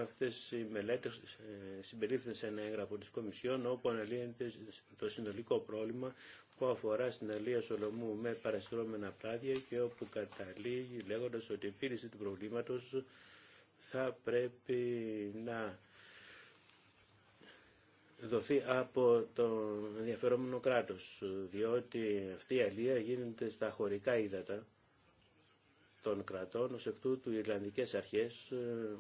Αυτέ οι μελέτε συμπερίφθησαν σε ένα έγγραφο τη Κομισιόν όπου αναλύεται το συνολικό πρόβλημα που αφορά στην αλία Σολομού με παρασυρώμενα πλάδια και όπου καταλήγει λέγοντα ότι η επίλυση του προβλήματο θα πρέπει να δοθεί από το ενδιαφερόμενο κράτος, διότι αυτή η αλία γίνεται στα χωρικά ύδατα των κρατών, ως εκ τούτου οι Ιρλανδικές αρχές ε,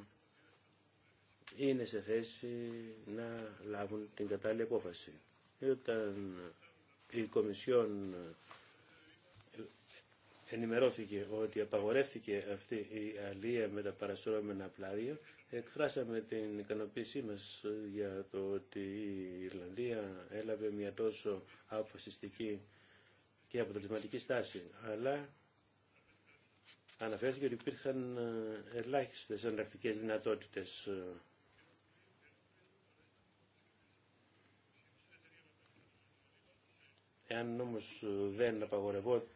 είναι σε θέση να λάβουν την κατάλληλη απόφαση. Όταν η Κομισιόν ενημερώθηκε ότι απαγορεύτηκε αυτή η αλία με τα παρασυρώμενα πλάδια. Εκφράσαμε την ικανοποίησή μας για το ότι η Ιρλανδία έλαβε μια τόσο αποφασιστική και αποτελεσματική στάση. Αλλά αναφέρθηκε ότι υπήρχαν ε, ελάχιστες εναλλακτικές δυνατότητες ε, Εάν όμως ε, δεν απαγορευόταν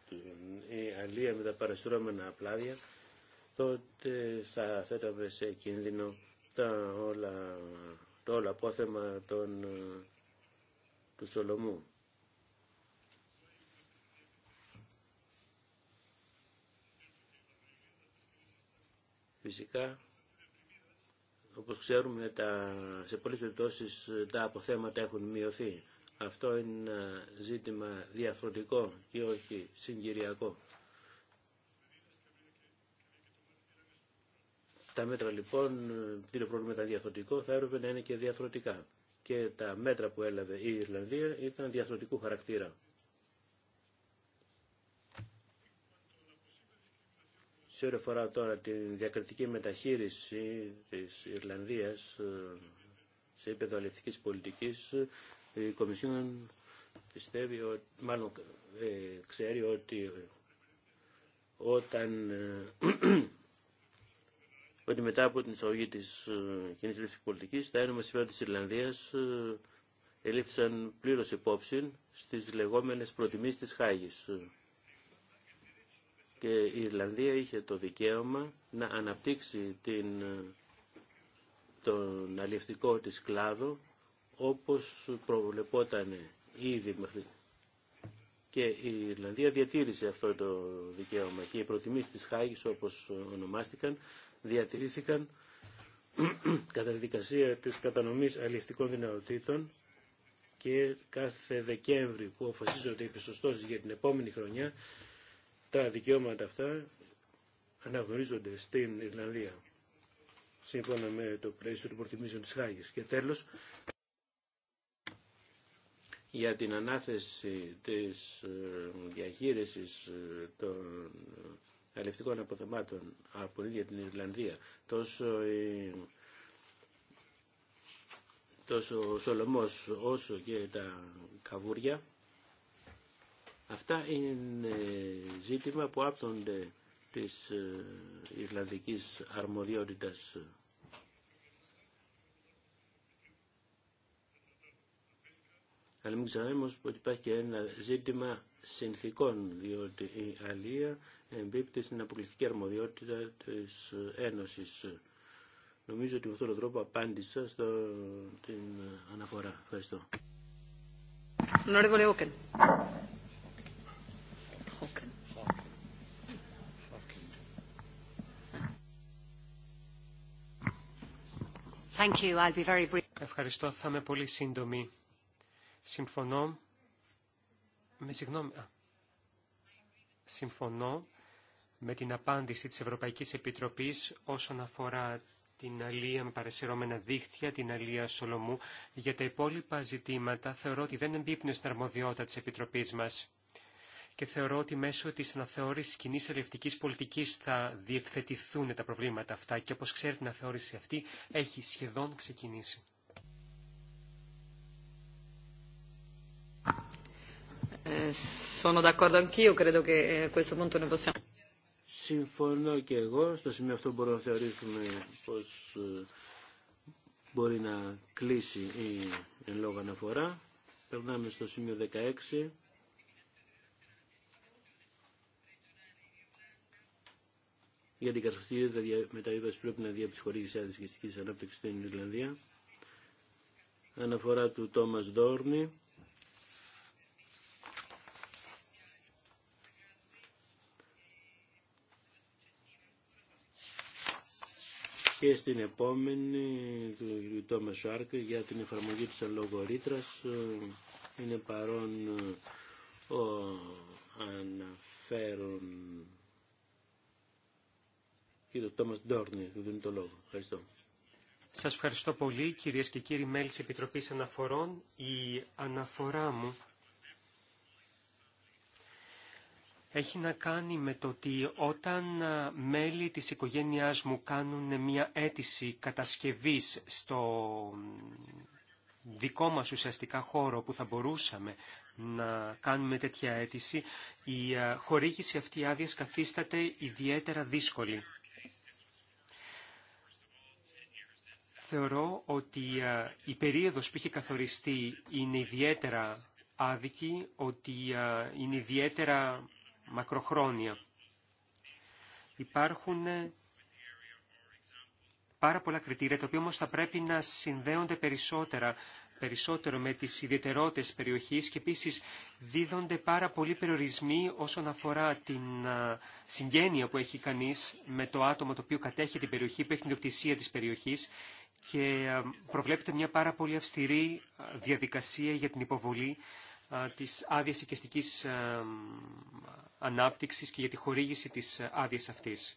η ε, αλία με τα παραστρώμενα πλάδια, τότε θα θέταμε σε κίνδυνο τα όλα, το όλο απόθεμα των, ε, του Σολομού. Φυσικά, όπως ξέρουμε, τα, σε πολλές περιπτώσεις τα αποθέματα έχουν μειωθεί. Αυτό είναι ένα ζήτημα διαφορετικό και όχι συγκυριακό. Τα μέτρα λοιπόν, είναι πρόβλημα διαφορετικό, θα έπρεπε να είναι και διαφορετικά. Και τα μέτρα που έλαβε η Ιρλανδία ήταν διαφορετικού χαρακτήρα. Σε ό,τι αφορά τώρα τη διακριτική μεταχείριση της Ιρλανδίας ε, σε επίπεδο αληθικής πολιτικής, η Κομισιόν πιστεύει ότι, μάλλον ε, ξέρει ότι όταν ε, ότι μετά από την εισαγωγή της ε, κοινής λήψης πολιτικής τα ένομα συμφέροντα της Ιρλανδίας ελήφθησαν πλήρως υπόψη στις λεγόμενες προτιμήσεις της Χάγης. Και η Ιρλανδία είχε το δικαίωμα να αναπτύξει την, τον αλληλευτικό της κλάδο όπως προβλεπόταν ήδη μέχρι και η Ιρλανδία διατήρησε αυτό το δικαίωμα και οι προτιμήσεις της Χάγης όπως ονομάστηκαν διατηρήθηκαν κατά τη δικασία της κατανομής αλληλευτικών δυνατοτήτων και κάθε Δεκέμβρη που αποφασίζονται οι πιστοστός για την επόμενη χρονιά τα δικαιώματα αυτά αναγνωρίζονται στην Ιρλανδία σύμφωνα με το πλαίσιο των προτιμήσεων της Χάγης. Και τέλος, για την ανάθεση της ε, διαχείρισης ε, των αλευτικών αποθεμάτων από την ίδια την Ιρλανδία, τόσο, τόσο ο Σολομός όσο και τα καβούρια, αυτά είναι ζήτημα που άπτονται της ε, Ιρλανδικής αρμοδιότητας Αλλά μην ξεχνάμε όμως ότι υπάρχει και ένα ζήτημα συνθήκων, διότι η Αλία εμπίπτει στην αποκλειστική αρμοδιότητα της Ένωσης. Νομίζω ότι με αυτόν τον τρόπο απάντησα στο, την αναφορά. Ευχαριστώ. Ευχαριστώ. Θα είμαι πολύ σύντομη. Συμφωνώ με συγγνώμη. με την απάντηση της Ευρωπαϊκής Επιτροπής όσον αφορά την αλία με παρεσυρώμενα δίχτυα, την αλία Σολομού. Για τα υπόλοιπα ζητήματα θεωρώ ότι δεν εμπίπνουν στην αρμοδιότητα της Επιτροπής μας και θεωρώ ότι μέσω της αναθεώρησης κοινή ελευτικής πολιτικής θα διευθετηθούν τα προβλήματα αυτά και όπως ξέρετε την αναθεώρηση αυτή έχει σχεδόν ξεκινήσει. Συμφωνώ και εγώ. Στο σημείο αυτό μπορούμε να θεωρήσουμε πως ε, μπορεί να κλείσει η εν λόγω αναφορά. Περνάμε στο σημείο 16. Για την τα μεταβίβαση πρέπει να δει τη χορήγηση ανάπτυξη στην Ιρλανδία. Αναφορά του Τόμας Ντόρνη και στην επόμενη του Τόμα Σουάρκ για την εφαρμογή της αλλογορήτρας ε, είναι παρόν ε, ο αναφέρον κύριο Τόμας Ντόρνη που δίνει το λόγο. Ευχαριστώ. Σας ευχαριστώ πολύ κυρίες και κύριοι μέλη της Επιτροπής Αναφορών. Η αναφορά μου έχει να κάνει με το ότι όταν μέλη της οικογένειάς μου κάνουν μια αίτηση κατασκευής στο δικό μας ουσιαστικά χώρο που θα μπορούσαμε να κάνουμε τέτοια αίτηση, η χορήγηση αυτή άδεια καθίσταται ιδιαίτερα δύσκολη. Θεωρώ ότι η περίοδος που είχε καθοριστεί είναι ιδιαίτερα άδικη, ότι είναι ιδιαίτερα μακροχρόνια. Υπάρχουν ε, πάρα πολλά κριτήρια, τα οποία όμως θα πρέπει να συνδέονται περισσότερα περισσότερο με τις ιδιαιτερότητες περιοχής και επίσης δίδονται πάρα πολλοί περιορισμοί όσον αφορά την ε, συγγένεια που έχει κανείς με το άτομο το οποίο κατέχει την περιοχή, που έχει την της περιοχής και ε, προβλέπεται μια πάρα πολύ αυστηρή διαδικασία για την υποβολή της άδειας οικιστικής ε, ανάπτυξης και για τη χορήγηση της άδειας αυτής.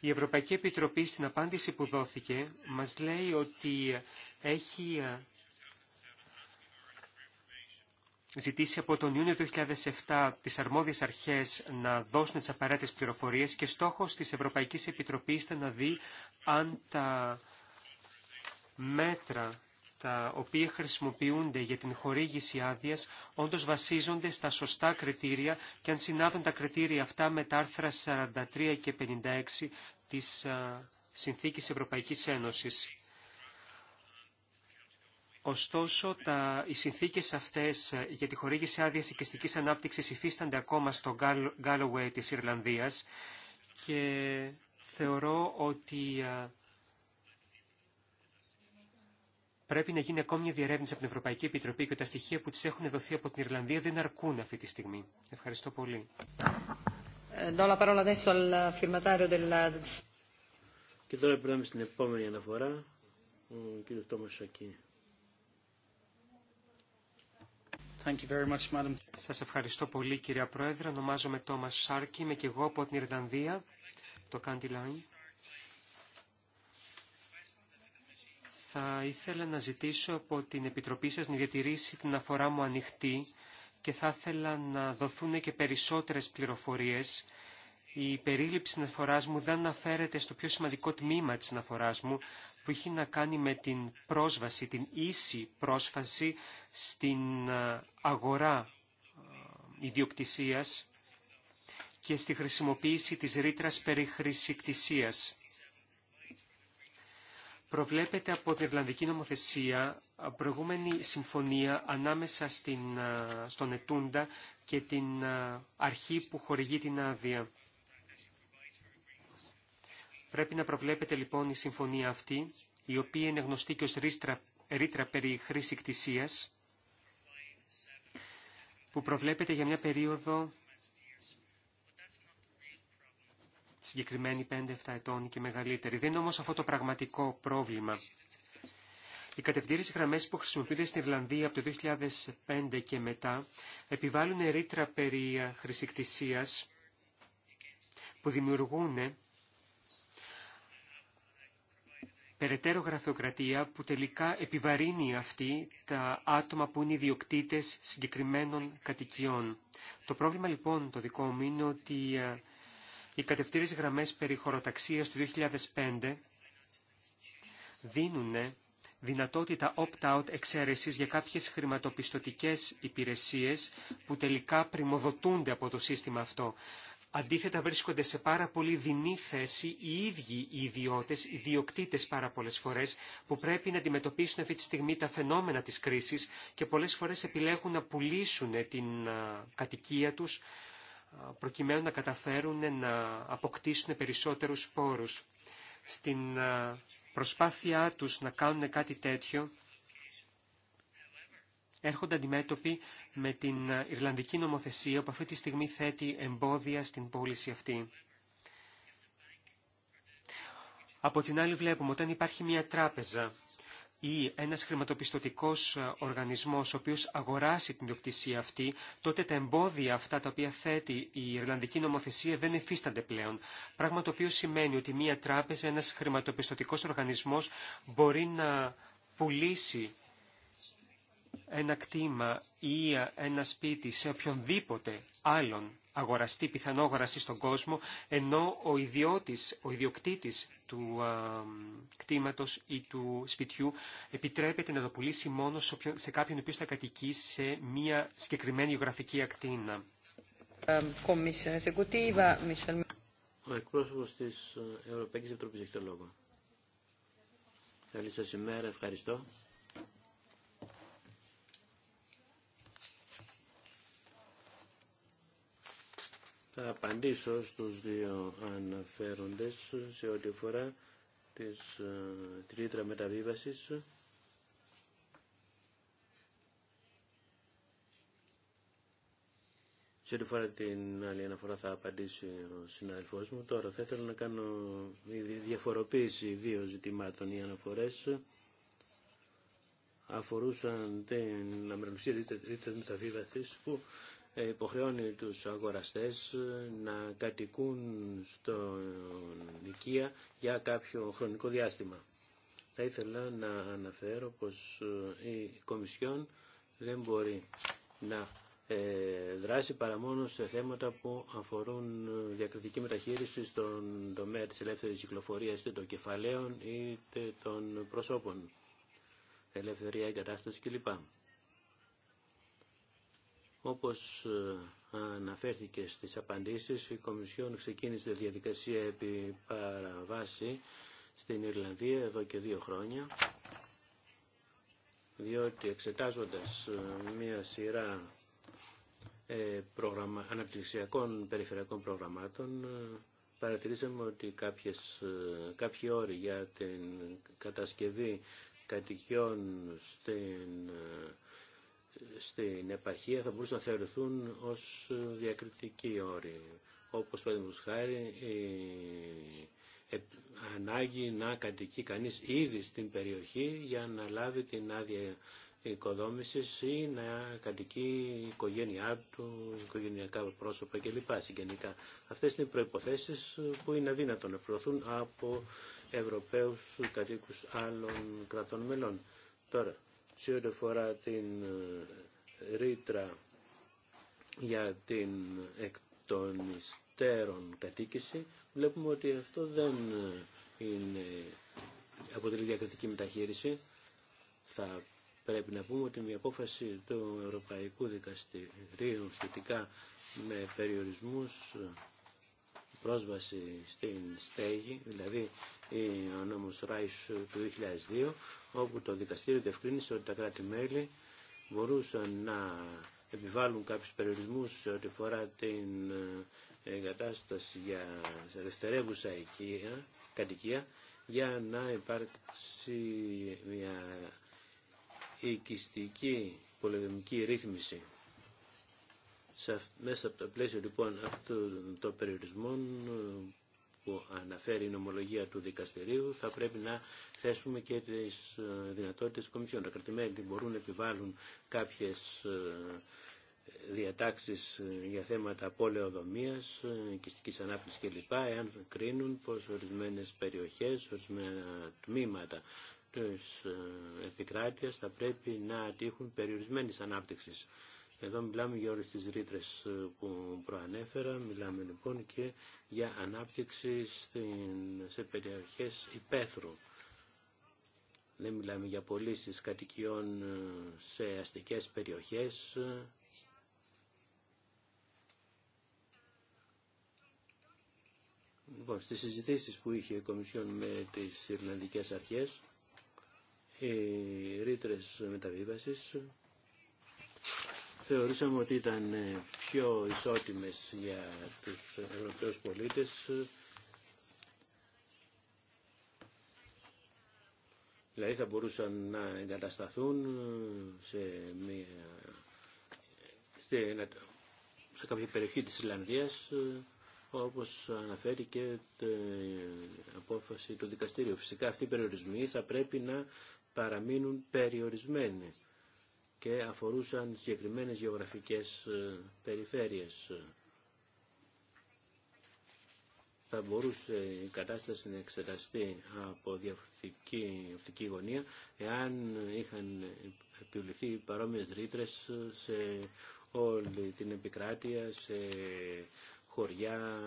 Η Ευρωπαϊκή Επιτροπή στην απάντηση που δόθηκε μας λέει ότι έχει ε, ζητήσει από τον Ιούνιο 2007 τις αρμόδιες αρχές να δώσουν τις απαραίτητες πληροφορίες και στόχος της Ευρωπαϊκής Επιτροπής ήταν να δει αν τα μέτρα τα οποία χρησιμοποιούνται για την χορήγηση άδεια όντω βασίζονται στα σωστά κριτήρια και αν συνάδουν τα κριτήρια αυτά με τα άρθρα 43 και 56 της Συνθήκης Ευρωπαϊκής Ένωσης. Ωστόσο, τα, οι συνθήκες αυτές για τη χορήγηση άδειας οικιστικής ανάπτυξης υφίστανται ακόμα στο Galloway της Ιρλανδίας και θεωρώ ότι Πρέπει να γίνει ακόμη μια διερεύνηση από την Ευρωπαϊκή Επιτροπή και τα στοιχεία που τη έχουν δοθεί από την Ιρλανδία δεν αρκούν αυτή τη στιγμή. Ευχαριστώ πολύ. Ε, και τώρα περνάμε στην επόμενη αναφορά, ο κ. Τόμα Σακίνη. Thank Σας ευχαριστώ πολύ κυρία Πρόεδρε. Ονομάζομαι Τόμας Σάρκη, είμαι και εγώ από την Ιρλανδία, το Candy Line. Θα ήθελα να ζητήσω από την Επιτροπή σας να διατηρήσει την αφορά μου ανοιχτή και θα ήθελα να δοθούν και περισσότερες πληροφορίες. Η περίληψη της αναφοράς μου δεν αναφέρεται στο πιο σημαντικό τμήμα της αναφοράς μου που έχει να κάνει με την πρόσβαση, την ίση πρόσβαση στην ε, αγορά ε, ιδιοκτησίας και στη χρησιμοποίηση της ρήτρας περί προβλέπεται από την Ιρλανδική νομοθεσία προηγούμενη συμφωνία ανάμεσα στην, στον Ετούντα και την αρχή που χορηγεί την άδεια. Πρέπει να προβλέπεται λοιπόν η συμφωνία αυτή, η οποία είναι γνωστή και ως ρήτρα, ρήτρα περί χρήση κτησίας, που προβλέπεται για μια περίοδο συγκεκριμένοι 5-7 ετών και μεγαλύτεροι. Δεν είναι όμως αυτό το πραγματικό πρόβλημα. Οι κατευθύνσει γραμμέ που χρησιμοποιούνται στην Ιρλανδία από το 2005 και μετά επιβάλλουν ρήτρα περί ε, χρησικτησίας που δημιουργούν ε, περαιτέρω γραφειοκρατία που τελικά επιβαρύνει αυτή τα άτομα που είναι ιδιοκτήτες συγκεκριμένων κατοικιών. Το πρόβλημα λοιπόν το δικό μου είναι ότι ε, οι κατευθύνες γραμμές περί χωροταξίας του 2005 δίνουν δυνατότητα opt-out εξαίρεσης για κάποιες χρηματοπιστωτικές υπηρεσίες που τελικά πρημοδοτούνται από το σύστημα αυτό. Αντίθετα βρίσκονται σε πάρα πολύ δεινή θέση οι ίδιοι οι ιδιώτες, οι διοκτήτες πάρα πολλές φορές, που πρέπει να αντιμετωπίσουν αυτή τη στιγμή τα φαινόμενα της κρίσης και πολλές φορές επιλέγουν να πουλήσουν την κατοικία τους προκειμένου να καταφέρουν να αποκτήσουν περισσότερους πόρους. Στην προσπάθειά τους να κάνουν κάτι τέτοιο, έρχονται αντιμέτωποι με την Ιρλανδική νομοθεσία που αυτή τη στιγμή θέτει εμπόδια στην πώληση αυτή. Από την άλλη βλέπουμε όταν υπάρχει μια τράπεζα ή ένας χρηματοπιστωτικός ε, οργανισμός ο οποίος αγοράσει την ιδιοκτησία αυτή, τότε τα εμπόδια αυτά τα οποία θέτει η ενας χρηματοπιστωτικος οργανισμος ο οποιος αγορασει την διοκτησια αυτη τοτε νομοθεσία δεν εφίστανται πλέον. Πράγμα το οποίο σημαίνει ότι μία τράπεζα, ένας χρηματοπιστωτικός οργανισμός μπορεί να πουλήσει ένα κτήμα ή ε, ένα σπίτι σε οποιονδήποτε άλλον αγοραστή, πιθανό αγοραστή στον κόσμο, ενώ ο ιδιώτης, ο ιδιοκτήτης του α, κτήματος ή του σπιτιού επιτρέπεται να το πουλήσει μόνο σε, κάποιον ο οποίος θα κατοικεί σε μια συγκεκριμένη γεωγραφική ακτίνα. Ε, ο εκπρόσωπος της ε, Ευρωπαϊκής Επιτροπής έχει το λόγο. Καλή σας ημέρα, ευχαριστώ. Θα απαντήσω στους δύο αναφέροντες σε ό,τι αφορά ε, της τρίτρα μεταβίβασης. Σε ό,τι φορά την άλλη αναφορά θα απαντήσει ο συναδελφός μου. Τώρα θα ήθελα να κάνω διαφοροποίηση δύο ζητημάτων. ή αναφορές αφορούσαν την αμεροληψία της μεταβίβασης που ε, υποχρεώνει τους αγοραστές ε, να κατοικούν στο οικία για κάποιο χρονικό διάστημα. Θα ήθελα να αναφέρω πως ε, η Κομισιόν δεν μπορεί να δράσει παρά μόνο σε θέματα που αφορούν διακριτική μεταχείριση στον τομέα της ελεύθερης κυκλοφορίας είτε των κεφαλαίων είτε των προσώπων, ελευθερία εγκατάσταση κλπ. Όπως ε, αναφέρθηκε στις απαντήσεις, η Κομισιόν ξεκίνησε διαδικασία επί παραβάση στην Ιρλανδία εδώ και δύο χρόνια, διότι εξετάζοντας ε, μία σειρά ε, προγραμμα... αναπτυξιακών περιφερειακών προγραμμάτων, παρατηρήσαμε ότι κάποιες, κάποιοι όροι για την κατασκευή κατοικιών στην στην επαρχία θα μπορούσαν να θεωρηθούν ως διακριτικοί όροι. Όπως παραδείγματο χάρη η ανάγκη να κατοικεί κανείς ήδη στην περιοχή για να λάβει την άδεια οικοδόμησης ή να κατοικεί η οικογένειά του, οικογενειακά πρόσωπα κλπ. Συγγενικά. Αυτές είναι οι προϋποθέσεις που είναι αδύνατο να προωθούν από Ευρωπαίους κατοίκους άλλων κρατών μελών. Τώρα, σε ό,τι αφορά την ρήτρα για την εκ των υστέρων κατοίκηση, βλέπουμε ότι αυτό δεν είναι αποτελεί διακριτική μεταχείριση. Θα πρέπει να πούμε ότι η απόφαση του Ευρωπαϊκού Δικαστηρίου σχετικά με περιορισμούς πρόσβαση στην στέγη, δηλαδή ο νόμος Ράις του 2002, όπου το δικαστήριο διευκρίνησε ότι τα κράτη-μέλη μπορούσαν να επιβάλλουν κάποιους περιορισμούς σε ό,τι φορά την ε, εγκατάσταση για ελευθερεύουσα οικία, κατοικία για να υπάρξει μια οικιστική πολεμική ρύθμιση. μέσα από το πλαίσιο λοιπόν αυτού των περιορισμών αναφέρει η νομολογία του δικαστηρίου θα πρέπει να θέσουμε και τις ε, δυνατότητες της Κομισιόν. Τα κρατημέλη μπορούν να επιβάλλουν κάποιες ε, διατάξεις ε, για θέματα πόλεοδομίας, οικιστικής ανάπτυξης κλπ. εάν κρίνουν πως ορισμένες περιοχές, ορισμένα τμήματα της επικράτειας θα πρέπει να τύχουν περιορισμένης ανάπτυξης. Εδώ μιλάμε για όλες τις ρήτρε ε, που προανέφερα, μιλάμε λοιπόν και για ανάπτυξη σε περιοχές υπαίθρου. Δεν μιλάμε για πωλήσει κατοικιών ε, σε αστικές περιοχές. Λοιπόν, στις συζητήσεις που είχε η Κομισιόν με τις Ιρλανδικές Αρχές, οι ρήτρε μεταβίβασης θεωρήσαμε ότι ήταν ε, πιο ισότιμες για τους Ευρωπαίους πολίτες. Δηλαδή θα μπορούσαν να εγκατασταθούν ε, σε, μια, σε, σε κάποια περιοχή της Ισλανδίας ε, όπως αναφέρει και η απόφαση του δικαστήριου. Φυσικά αυτοί οι περιορισμοί θα πρέπει να παραμείνουν περιορισμένοι και αφορούσαν συγκεκριμένες γεωγραφικές ε, περιφέρειες. Θα μπορούσε η κατάσταση να εξεταστεί από διαφορετική οπτική γωνία εάν είχαν επιβληθεί παρόμοιες ρήτρε ε, σε όλη την επικράτεια, σε χωριά,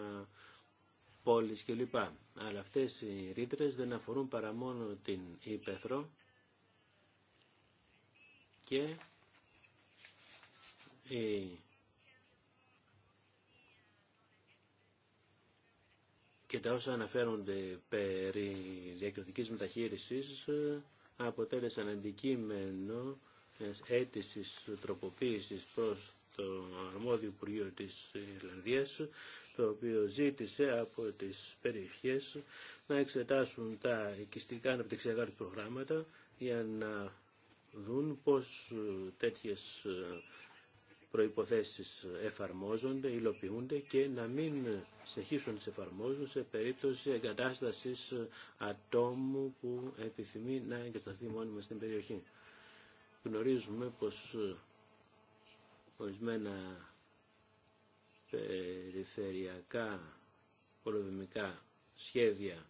πόλεις κλπ. Αλλά αυτές οι ρήτρε δεν αφορούν παρά μόνο την Ήπεθρο και ε, και τα όσα αναφέρονται περί διακριτικής μεταχείρισης ε, αποτέλεσαν αντικείμενο αίτηση τροποποίησης προς το αρμόδιο Υπουργείο της Ιρλανδίας, το οποίο ζήτησε από τις περιοχές να εξετάσουν τα οικιστικά αναπτυξιακά προγράμματα για να δουν πως ε, τέτοιες ε, προϋποθέσεις εφαρμόζονται, υλοποιούνται και να μην συνεχίσουν τις εφαρμόζουν σε περίπτωση εγκατάστασης ε, ατόμου που επιθυμεί να εγκατασταθεί μόνιμα στην περιοχή. Γνωρίζουμε πως ορισμένα περιφερειακά πολεμικά σχέδια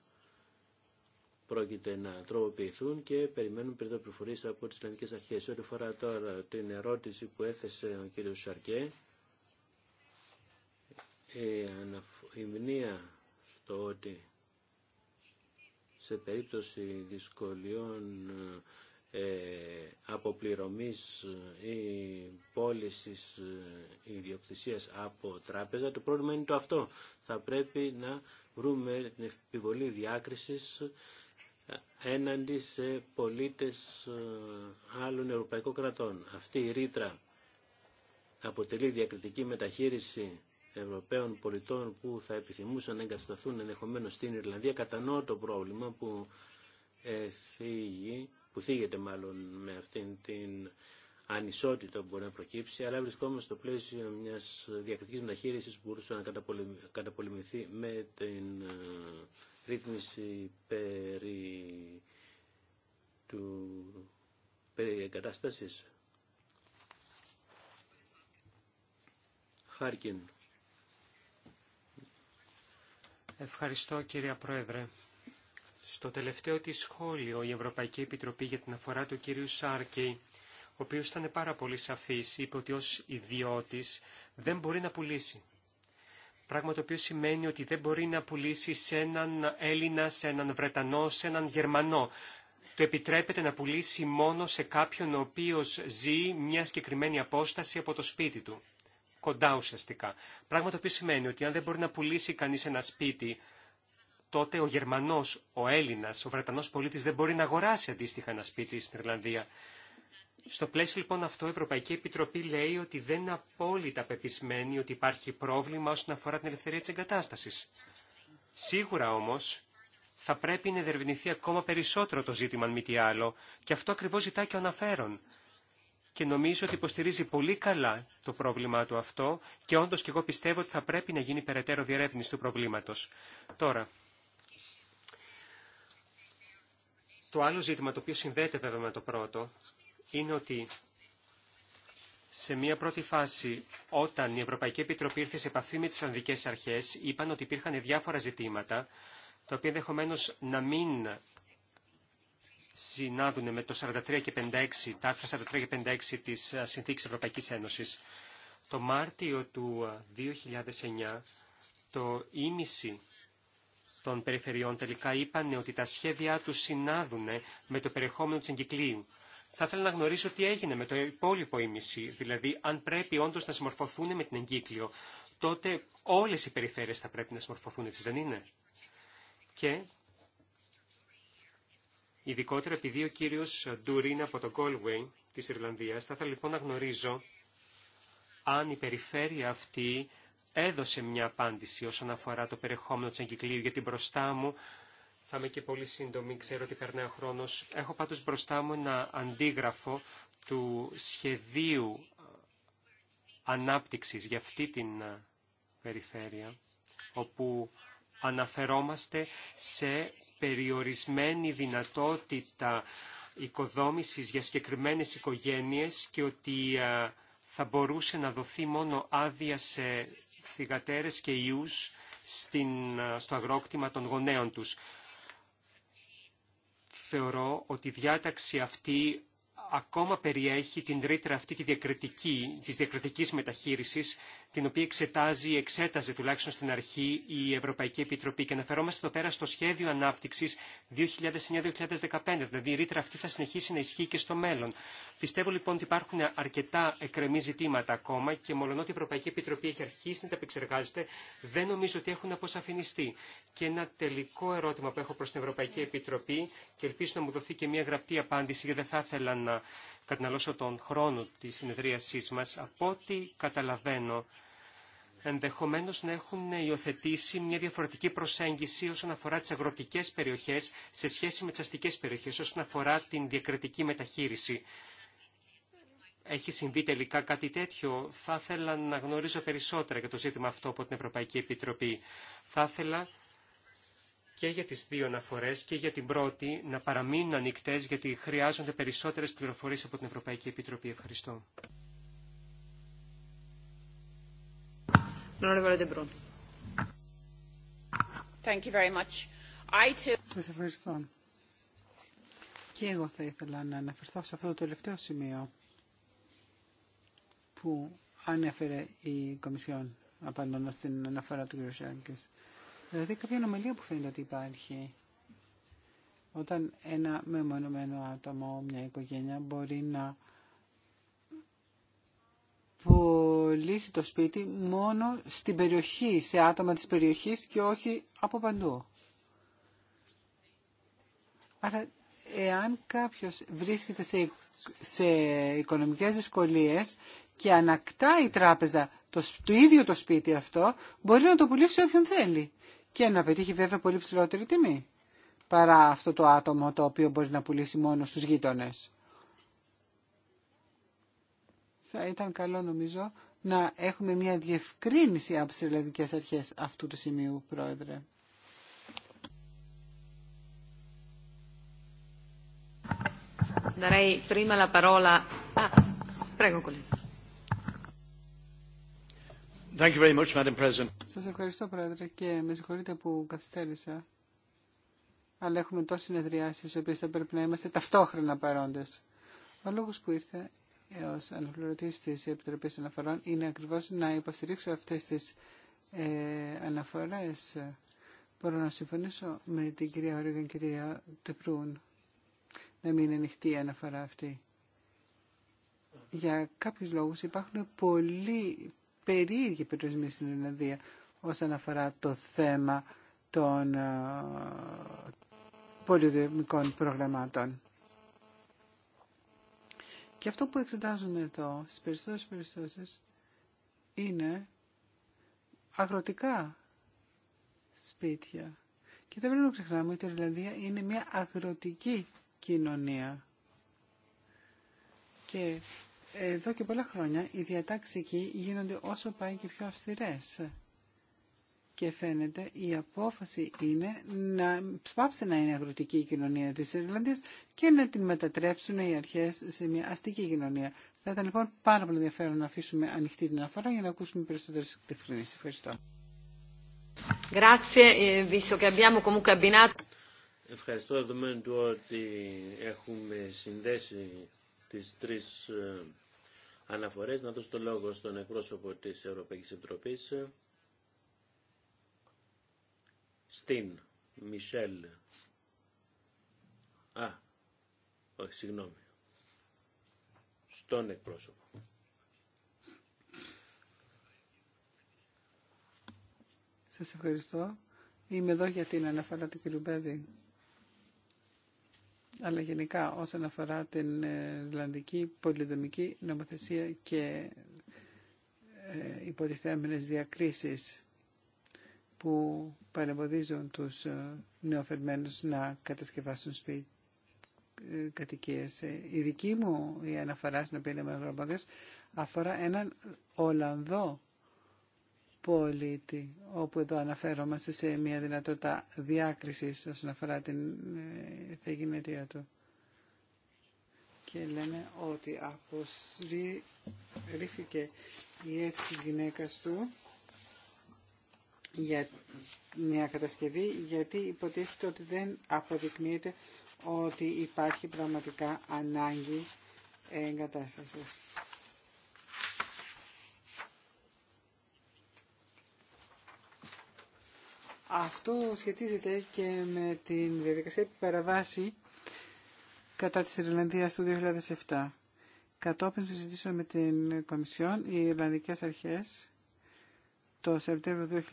πρόκειται να τροποποιηθούν και περιμένουν πριν πληροφορίες από τις ελληνικές Αρχές. Ό,τι φορά τώρα την ερώτηση που έθεσε ο κ. Σαρκέ, η μνήα στο ότι σε περίπτωση δυσκολιών ε, αποπληρωμής ή πώλησης ε, ιδιοκτησίας από τράπεζα. Το πρόβλημα είναι το αυτό. Θα πρέπει να βρούμε την επιβολή διάκρισης έναντι σε πολίτες ε, άλλων ευρωπαϊκών κρατών. Αυτή η ρήτρα αποτελεί διακριτική μεταχείριση Ευρωπαίων πολιτών που θα επιθυμούσαν να εγκατασταθούν ενδεχομένω στην Ιρλανδία. Κατανοώ το πρόβλημα που, ε, που θίγεται μάλλον με αυτήν την ανισότητα που μπορεί να προκύψει, αλλά βρισκόμαστε στο πλαίσιο μιας διακριτικής μεταχείρισης που μπορούσε να καταπολεμηθεί με την ε, ρύθμιση περί, του, περί εγκατάστασης. Χάρκιν. Ευχαριστώ κυρία Πρόεδρε. Στο τελευταίο της σχόλιο η Ευρωπαϊκή Επιτροπή για την αφορά του κύριου Σάρκη, ο οποίος ήταν πάρα πολύ σαφής, είπε ότι ως ιδιώτης δεν μπορεί να πουλήσει. Πράγμα το οποίο σημαίνει ότι δεν μπορεί να πουλήσει σε έναν Έλληνα, σε έναν Βρετανό, σε έναν Γερμανό. Το επιτρέπεται να πουλήσει μόνο σε κάποιον ο οποίος ζει μια συγκεκριμένη απόσταση από το σπίτι του. Κοντά ουσιαστικά. Πράγμα το οποίο σημαίνει ότι αν δεν μπορεί να πουλήσει κανείς ένα σπίτι, τότε ο Γερμανός, ο Έλληνας, ο Βρετανός πολίτης δεν μπορεί να αγοράσει αντίστοιχα ένα σπίτι στην Ιρλανδία. Στο πλαίσιο λοιπόν αυτό η Ευρωπαϊκή Επιτροπή λέει ότι δεν είναι απόλυτα πεπισμένη ότι υπάρχει πρόβλημα όσον αφορά την ελευθερία τη εγκατάσταση. Σίγουρα όμω, θα πρέπει να δερβηνηθεί ακόμα περισσότερο το ζήτημα αν μη τι άλλο και αυτό ακριβώ ζητά και ο αναφέρον. Και νομίζω ότι υποστηρίζει πολύ καλά το πρόβλημά του αυτό και όντω και εγώ πιστεύω ότι θα πρέπει να γίνει περαιτέρω διερεύνηση του προβλήματο. Τώρα, το άλλο ζήτημα το οποίο συνδέεται βέβαια με το πρώτο είναι ότι σε μια πρώτη φάση, όταν η Ευρωπαϊκή Επιτροπή ήρθε σε επαφή με τι Ισλανδικέ Αρχές, είπαν ότι υπήρχαν διάφορα ζητήματα, τα οποία ενδεχομένω να μην συνάδουν με το 43 και 56, τα άρθρα 43 και 56 της ε, Συνθήκης Ευρωπαϊκής Ένωσης. Το Μάρτιο του 2009, ε, το ίμιση των περιφερειών τελικά είπαν ότι τα σχέδιά του συνάδουν με το περιεχόμενο της εγκυκλίου. Θα ήθελα να γνωρίσω τι έγινε με το υπόλοιπο ήμιση, e δηλαδή αν πρέπει όντω να συμμορφωθούν με την εγκύκλιο. Τότε όλε οι περιφέρειε θα πρέπει να συμμορφωθούν, έτσι δεν είναι. Και ειδικότερα επειδή ο κύριο Ντούρι είναι από το Galway τη Ιρλανδία, θα ήθελα λοιπόν να γνωρίζω αν η περιφέρεια αυτή έδωσε μια απάντηση όσον αφορά το περιεχόμενο της εγκυκλίου, την μπροστά μου θα είμαι και πολύ σύντομη, ξέρω ότι περνάει ο χρόνος. Έχω πάντως μπροστά μου ένα αντίγραφο του σχεδίου ε, ανάπτυξης για αυτή την ε, περιφέρεια, όπου αναφερόμαστε σε περιορισμένη δυνατότητα οικοδόμησης για συγκεκριμένες οικογένειες και ότι ε, θα μπορούσε να δοθεί μόνο άδεια σε θυγατέρες και ιούς στην, στο αγρόκτημα των γονέων τους θεωρώ ότι η διάταξη αυτή ακόμα περιέχει την ρήτρα αυτή τη διακριτική, της διακριτικής μεταχείρισης την οποία εξετάζει, εξέταζε τουλάχιστον στην αρχή η Ευρωπαϊκή Επιτροπή. Και αναφερόμαστε εδώ πέρα στο σχέδιο ανάπτυξη 2009-2015. Δηλαδή η ρήτρα αυτή θα συνεχίσει να ισχύει και στο μέλλον. Πιστεύω λοιπόν ότι υπάρχουν αρκετά εκρεμή ζητήματα ακόμα και μολονότι η Ευρωπαϊκή Επιτροπή έχει αρχίσει να τα επεξεργάζεται, δεν νομίζω ότι έχουν αποσαφινιστεί. Και ένα τελικό ερώτημα που έχω προ την Ευρωπαϊκή Επιτροπή και ελπίζω να μου δοθεί και μια γραπτή απάντηση, γιατί δεν θα ήθελα να καταναλώσω τον χρόνο της συνεδρίασής μας, από ό,τι καταλαβαίνω, ενδεχομένως να έχουν υιοθετήσει μια διαφορετική προσέγγιση όσον αφορά τις αγροτικές περιοχές σε σχέση με τις αστικές περιοχές, όσον αφορά την διακριτική μεταχείριση. Έχει συμβεί τελικά κάτι τέτοιο. Θα ήθελα να γνωρίζω περισσότερα για το ζήτημα αυτό από την Ευρωπαϊκή Επιτροπή. Θα ήθελα και για τις δύο αναφορές και για την πρώτη να παραμείνουν ανοιχτέ γιατί χρειάζονται περισσότερες πληροφορίες από την Ευρωπαϊκή Επιτροπή. Ευχαριστώ. Thank you very much. I too... Σας ευχαριστώ. Και εγώ θα ήθελα να αναφερθώ σε αυτό το τελευταίο σημείο που ανέφερε η Κομισιόν απαντώντας στην αναφορά του κ. Δηλαδή κάποια ανομαλία που φαίνεται ότι υπάρχει. Όταν ένα μεμονωμένο άτομο, μια οικογένεια μπορεί να πουλήσει το σπίτι μόνο στην περιοχή, σε άτομα της περιοχής και όχι από παντού. Άρα, εάν κάποιος βρίσκεται σε, σε οικονομικές δυσκολίες και ανακτά η τράπεζα το, το ίδιο το σπίτι αυτό, μπορεί να το πουλήσει όποιον θέλει και να πετύχει βέβαια πολύ ψηλότερη τιμή παρά αυτό το άτομο το οποίο μπορεί να πουλήσει μόνο στους γείτονες. Θα ήταν καλό νομίζω να έχουμε μια διευκρίνηση από τις ελληνικές αρχές αυτού του σημείου, Πρόεδρε. Darei prima la parola. Ah, prego, Thank Σας ευχαριστώ, Πρόεδρε, και με συγχωρείτε που καθυστέρησα. Αλλά έχουμε τόσες συνεδριάσεις, στις οποίες θα πρέπει να είμαστε ταυτόχρονα παρόντες. Ο λόγος που ήρθε ως αναπληρωτής της Επιτροπής Αναφορών είναι ακριβώς να υποστηρίξω αυτές τις ε, αναφορές. Μπορώ να συμφωνήσω με την κυρία Ρίγαν και την κυρία Τεπρούν να μην είναι ανοιχτή η αναφορά αυτή. Για κάποιους λόγους υπάρχουν πολλοί περίεργη περιορισμή στην Ιρλανδία όσον αφορά το θέμα των ε, πολυδομικών προγραμμάτων. Και αυτό που εξετάζουμε εδώ στις περισσότερες περιπτώσει είναι αγροτικά σπίτια. Και δεν πρέπει να ξεχνάμε ότι η Ιρλανδία είναι μια αγροτική κοινωνία. Και εδώ και πολλά χρόνια οι διατάξεις εκεί γίνονται όσο πάει και πιο αυστηρές. Και φαίνεται η απόφαση είναι να σπάψει να είναι αγροτική η κοινωνία της Ιρλανδίας και να την μετατρέψουν οι αρχές σε μια αστική κοινωνία. Θα ήταν λοιπόν πάρα πολύ ενδιαφέρον να αφήσουμε ανοιχτή την αφορά για να ακούσουμε περισσότερες διευκρινήσεις. Ευχαριστώ. Ε, Ευχαριστώ δεδομένου ότι έχουμε συνδέσει τις τρεις ε, αναφορές. Να δώσω το λόγο στον εκπρόσωπο της Ευρωπαϊκής Επιτροπής, στην Μισελ. Α, όχι, συγγνώμη. Στον εκπρόσωπο. Σας ευχαριστώ. Είμαι εδώ για την αναφορά του κ. Μπέβη αλλά γενικά όσον αφορά την ε, Ιρλανδική πολυδομική νομοθεσία και ε, υποτιθέμενες διακρίσεις που παρεμποδίζουν τους ε, νεοφερμένους να κατασκευάσουν σπίτι κατοικίες. Η δική μου η αναφορά στην οποία είμαι αφορά έναν Ολλανδό πολίτη, όπου εδώ αναφέρομαστε σε μια δυνατότητα διάκρισης όσον αφορά την ε, θεγημερία του. Και λέμε ότι αποσρίφηκε η αίτηση τη γυναίκας του για μια κατασκευή, γιατί υποτίθεται ότι δεν αποδεικνύεται ότι υπάρχει πραγματικά ανάγκη εγκατάστασης. Αυτό σχετίζεται και με την διαδικασία που παραβάσει κατά της Ιρλανδίας του 2007. Κατόπιν συζητήσεων με την Κομισιόν, οι Ιρλανδικές αρχές το Σεπτέμβριο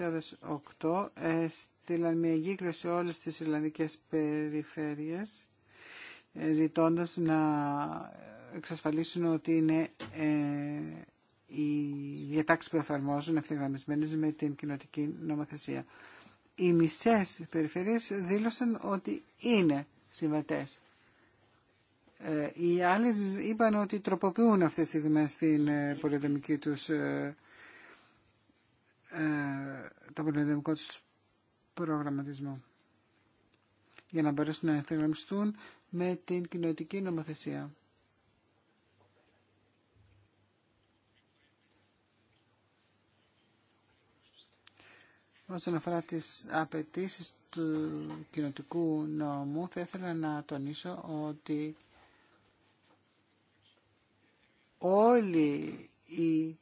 2008 έστειλαν μια εγκύκλωση σε όλες τις Ιρλανδικές περιφέρειες ε, ζητώντας να εξασφαλίσουν ότι είναι ε, οι διατάξεις που εφαρμόζουν ευθυγραμμισμένες με την κοινοτική νομοθεσία οι μισές περιφερειές δήλωσαν ότι είναι συμβατές. Ε, οι άλλες είπαν ότι τροποποιούν αυτές τις στιγμές την ε, τους, ε, το πολεμικό τους προγραμματισμό για να μπορέσουν να ευθυγραμμιστούν με την κοινωτική νομοθεσία. Όσον αφορά τις απαιτήσει του κοινοτικού νόμου, θα ήθελα να τονίσω ότι όλοι οι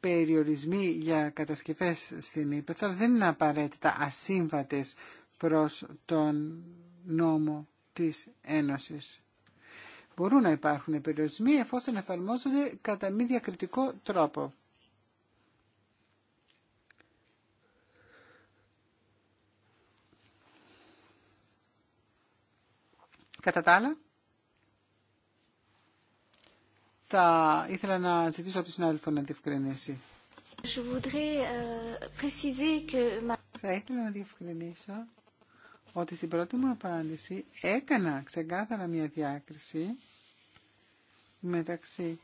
περιορισμοί για κατασκευές στην Ήπεθρο δεν είναι απαραίτητα ασύμβατες προς τον νόμο της Ένωσης. Μπορούν να υπάρχουν περιορισμοί εφόσον εφαρμόζονται κατά μη διακριτικό τρόπο. Κατά τα άλλα, θα ήθελα να ζητήσω από τη συνάδελφο να διευκρινίσει. Euh, θα ήθελα να διευκρινίσω ότι στην πρώτη μου απάντηση έκανα ξεκάθαρα μια διάκριση μεταξύ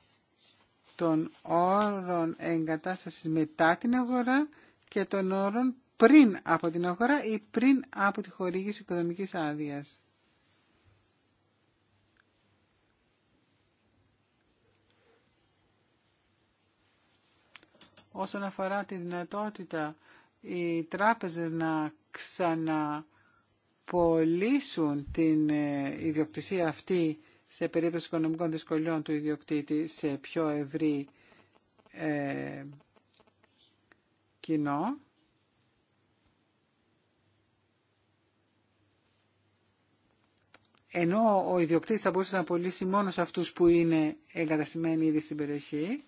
των όρων εγκατάστασης μετά την αγορά και των όρων πριν από την αγορά ή πριν από τη χορήγηση οικοδομικής άδειας. όσον αφορά τη δυνατότητα οι τράπεζες να ξαναπολύσουν την ε, ιδιοκτησία αυτή σε περίπτωση οικονομικών δυσκολιών του ιδιοκτήτη σε πιο ευρύ ε, κοινό. Ενώ ο ιδιοκτήτης θα μπορούσε να πωλήσει μόνο σε αυτούς που είναι εγκαταστημένοι ήδη στην περιοχή.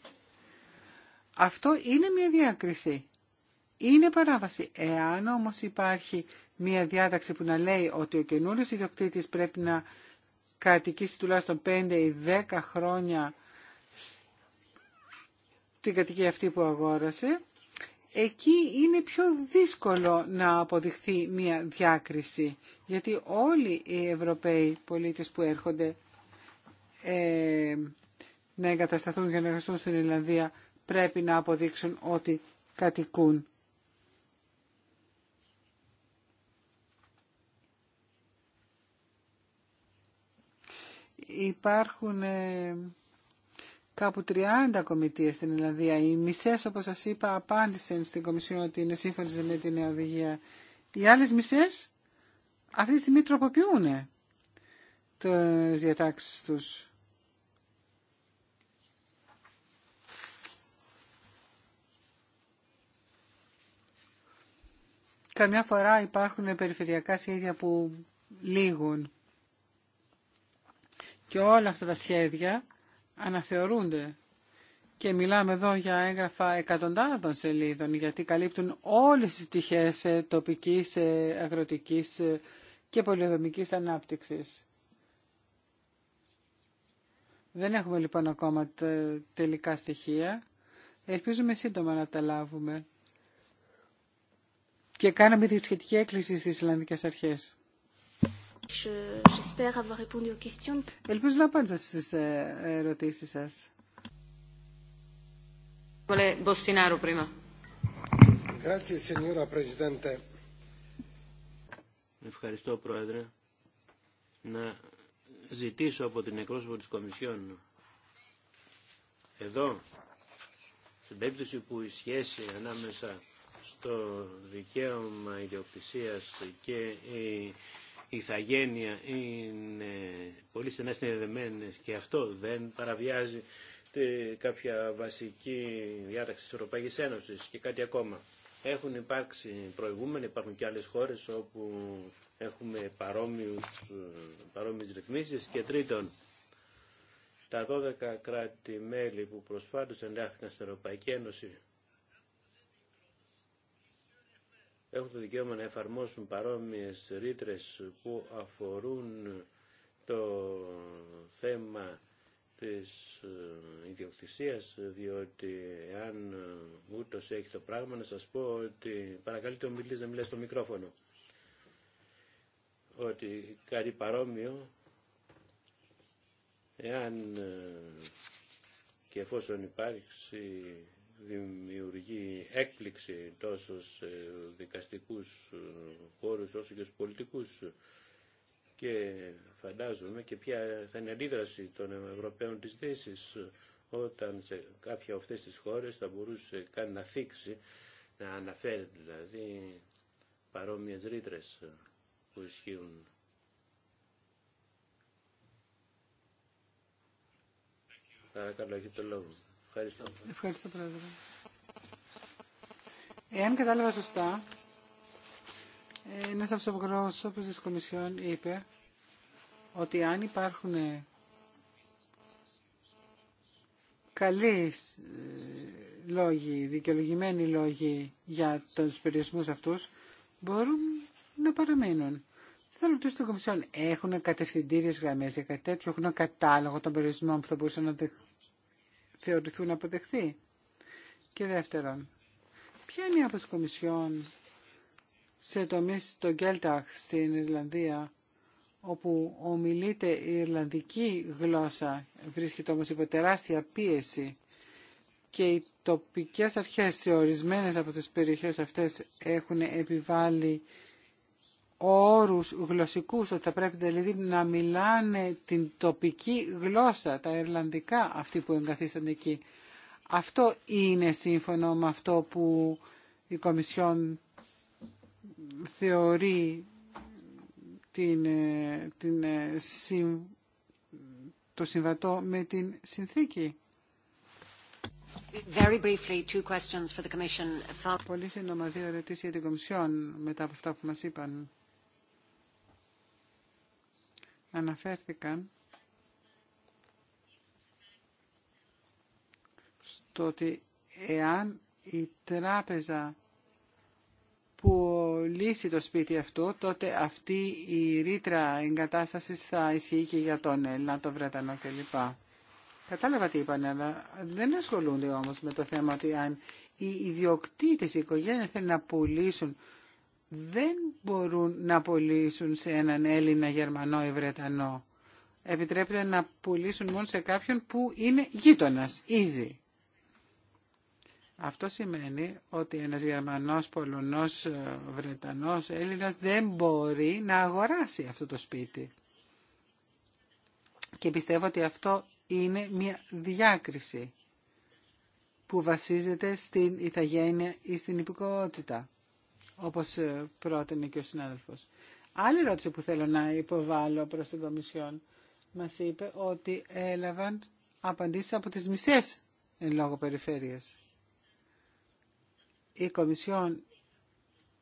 Αυτό είναι μια διάκριση. Είναι παράβαση. Εάν όμως υπάρχει μια διάταξη που να λέει ότι ο καινούριος ιδιοκτήτης πρέπει να κατοικήσει τουλάχιστον 5 ή 10 χρόνια την κατοικία αυτή που αγόρασε, εκεί είναι πιο δύσκολο να αποδειχθεί μια διάκριση, γιατί όλοι οι Ευρωπαίοι πολίτες που έρχονται ε, να εγκατασταθούν για να εργαστούν στην Ιρλανδία πρέπει να αποδείξουν ότι κατοικούν. Υπάρχουν ε, κάπου 30 κομιτείες στην Ελλανδία. Οι μισές, όπως σας είπα, απάντησαν στην Κομισιόν ότι είναι σύμφωνες με την νέα οδηγία. Οι άλλες μισές αυτή τη στιγμή τροποποιούν τις διατάξεις τους. Καμιά φορά υπάρχουν περιφερειακά σχέδια που λήγουν. Και όλα αυτά τα σχέδια αναθεωρούνται. Και μιλάμε εδώ για έγγραφα εκατοντάδων σελίδων, γιατί καλύπτουν όλες τις πτυχές ε, τοπικής, ε, αγροτικής ε, και πολυοδομικής ανάπτυξης. Δεν έχουμε λοιπόν ακόμα τελικά στοιχεία. Ελπίζουμε σύντομα να τα λάβουμε και κάναμε τη σχετική έκκληση στις Ισλανδικές αρχές. Ελπίζω να απάντησα στις ε, ερωτήσεις σας. Ευχαριστώ, Πρόεδρε. Να ζητήσω από την εκπρόσωπο της Κομισιόν εδώ, στην περίπτωση που η σχέση ανάμεσα το δικαίωμα ιδιοκτησίας και η ηθαγένεια είναι πολύ στενά συνδεδεμένες και αυτό δεν παραβιάζει κάποια βασική διάταξη της Ευρωπαϊκής Ένωσης και κάτι ακόμα. Έχουν υπάρξει προηγούμενοι, υπάρχουν και άλλες χώρες όπου έχουμε παρόμοιους, παρόμοιες ρυθμίσεις και τρίτον τα 12 κράτη-μέλη που προσφάτως εντάχθηκαν στην Ευρωπαϊκή Ένωση έχουν το δικαίωμα να εφαρμόσουν παρόμοιες ρήτρε που αφορούν το θέμα της ε, ιδιοκτησίας διότι εάν ε, ούτως έχει το πράγμα να σας πω ότι Παρακαλείτε ο μιλής να μιλάει στο μικρόφωνο ότι κάτι παρόμοιο εάν ε, και εφόσον υπάρξει δημιουργεί έκπληξη τόσο σε δικαστικούς ε, χώρους όσο και στους πολιτικούς και φαντάζομαι και ποια θα είναι η αντίδραση των Ευρωπαίων της Δύσης ε, όταν σε κάποια αυτές τις χώρες θα μπορούσε καν να θίξει, να αναφέρει δηλαδή παρόμοιες ρήτρε που ισχύουν. Παρακαλώ, έχετε το λόγο. Ευχαριστώ. Πρόεδρε. Εάν κατάλαβα σωστά, ένα από του εκπρόσωπου της Κομισιόν είπε ότι αν υπάρχουν ε, καλοί ε, λόγοι, δικαιολογημένοι λόγοι για του περιορισμού αυτούς, μπορούν να παραμείνουν. Θα ρωτήσω στον Κομισιόν, έχουν κατευθυντήριε γραμμές για κάτι τέτοιο, έχουν κατάλογο των περιορισμών που θα μπορούσαν να θεωρηθούν αποδεχθεί. Και δεύτερον, ποια είναι η άποψη Κομισιόν σε τομεί στο Γκέλταχ στην Ιρλανδία, όπου ομιλείται η Ιρλανδική γλώσσα, βρίσκεται όμως υπό τεράστια πίεση και οι τοπικές αρχές σε ορισμένες από τις περιοχές αυτές έχουν επιβάλει όρους γλωσσικούς, ότι θα πρέπει δηλαδή να μιλάνε την τοπική γλώσσα, τα Ιρλανδικά, αυτοί που εγκαθίσταν εκεί. Αυτό είναι σύμφωνο με αυτό που η Κομισιόν θεωρεί την, ε, την, ε, το συμβατό με την συνθήκη. Very briefly, two questions for the Commission. Πολύ σύντομα δύο ερωτήσει για την Κομισιόν μετά από αυτά που μας είπαν αναφέρθηκαν στο ότι εάν η τράπεζα πουλήσει το σπίτι αυτό, τότε αυτή η ρήτρα εγκατάσταση θα ισχύει και για τον Έλληνα, τον Βρετανό κλπ. Κατάλαβα τι είπαν, αλλά δεν ασχολούνται όμως με το θέμα ότι αν οι ιδιοκτήτες, οι οικογένειες θέλουν να πουλήσουν δεν μπορούν να πουλήσουν σε έναν Έλληνα, Γερμανό ή Βρετανό. Επιτρέπεται να πουλήσουν μόνο σε κάποιον που είναι γείτονας ήδη. Αυτό σημαίνει ότι ένας Γερμανός, Πολωνός, ε, Βρετανός, Έλληνας δεν μπορεί να αγοράσει αυτό το σπίτι. Και πιστεύω ότι αυτό είναι μια διάκριση που βασίζεται στην ηθαγένεια ή στην υπηκότητα όπως ε, πρότεινε και ο συνάδελφος. Άλλη ερώτηση που θέλω να υποβάλω προς την Κομισιόν μας είπε ότι έλαβαν απαντήσεις από τις μισές εν λόγω περιφέρειας. Η Κομισιόν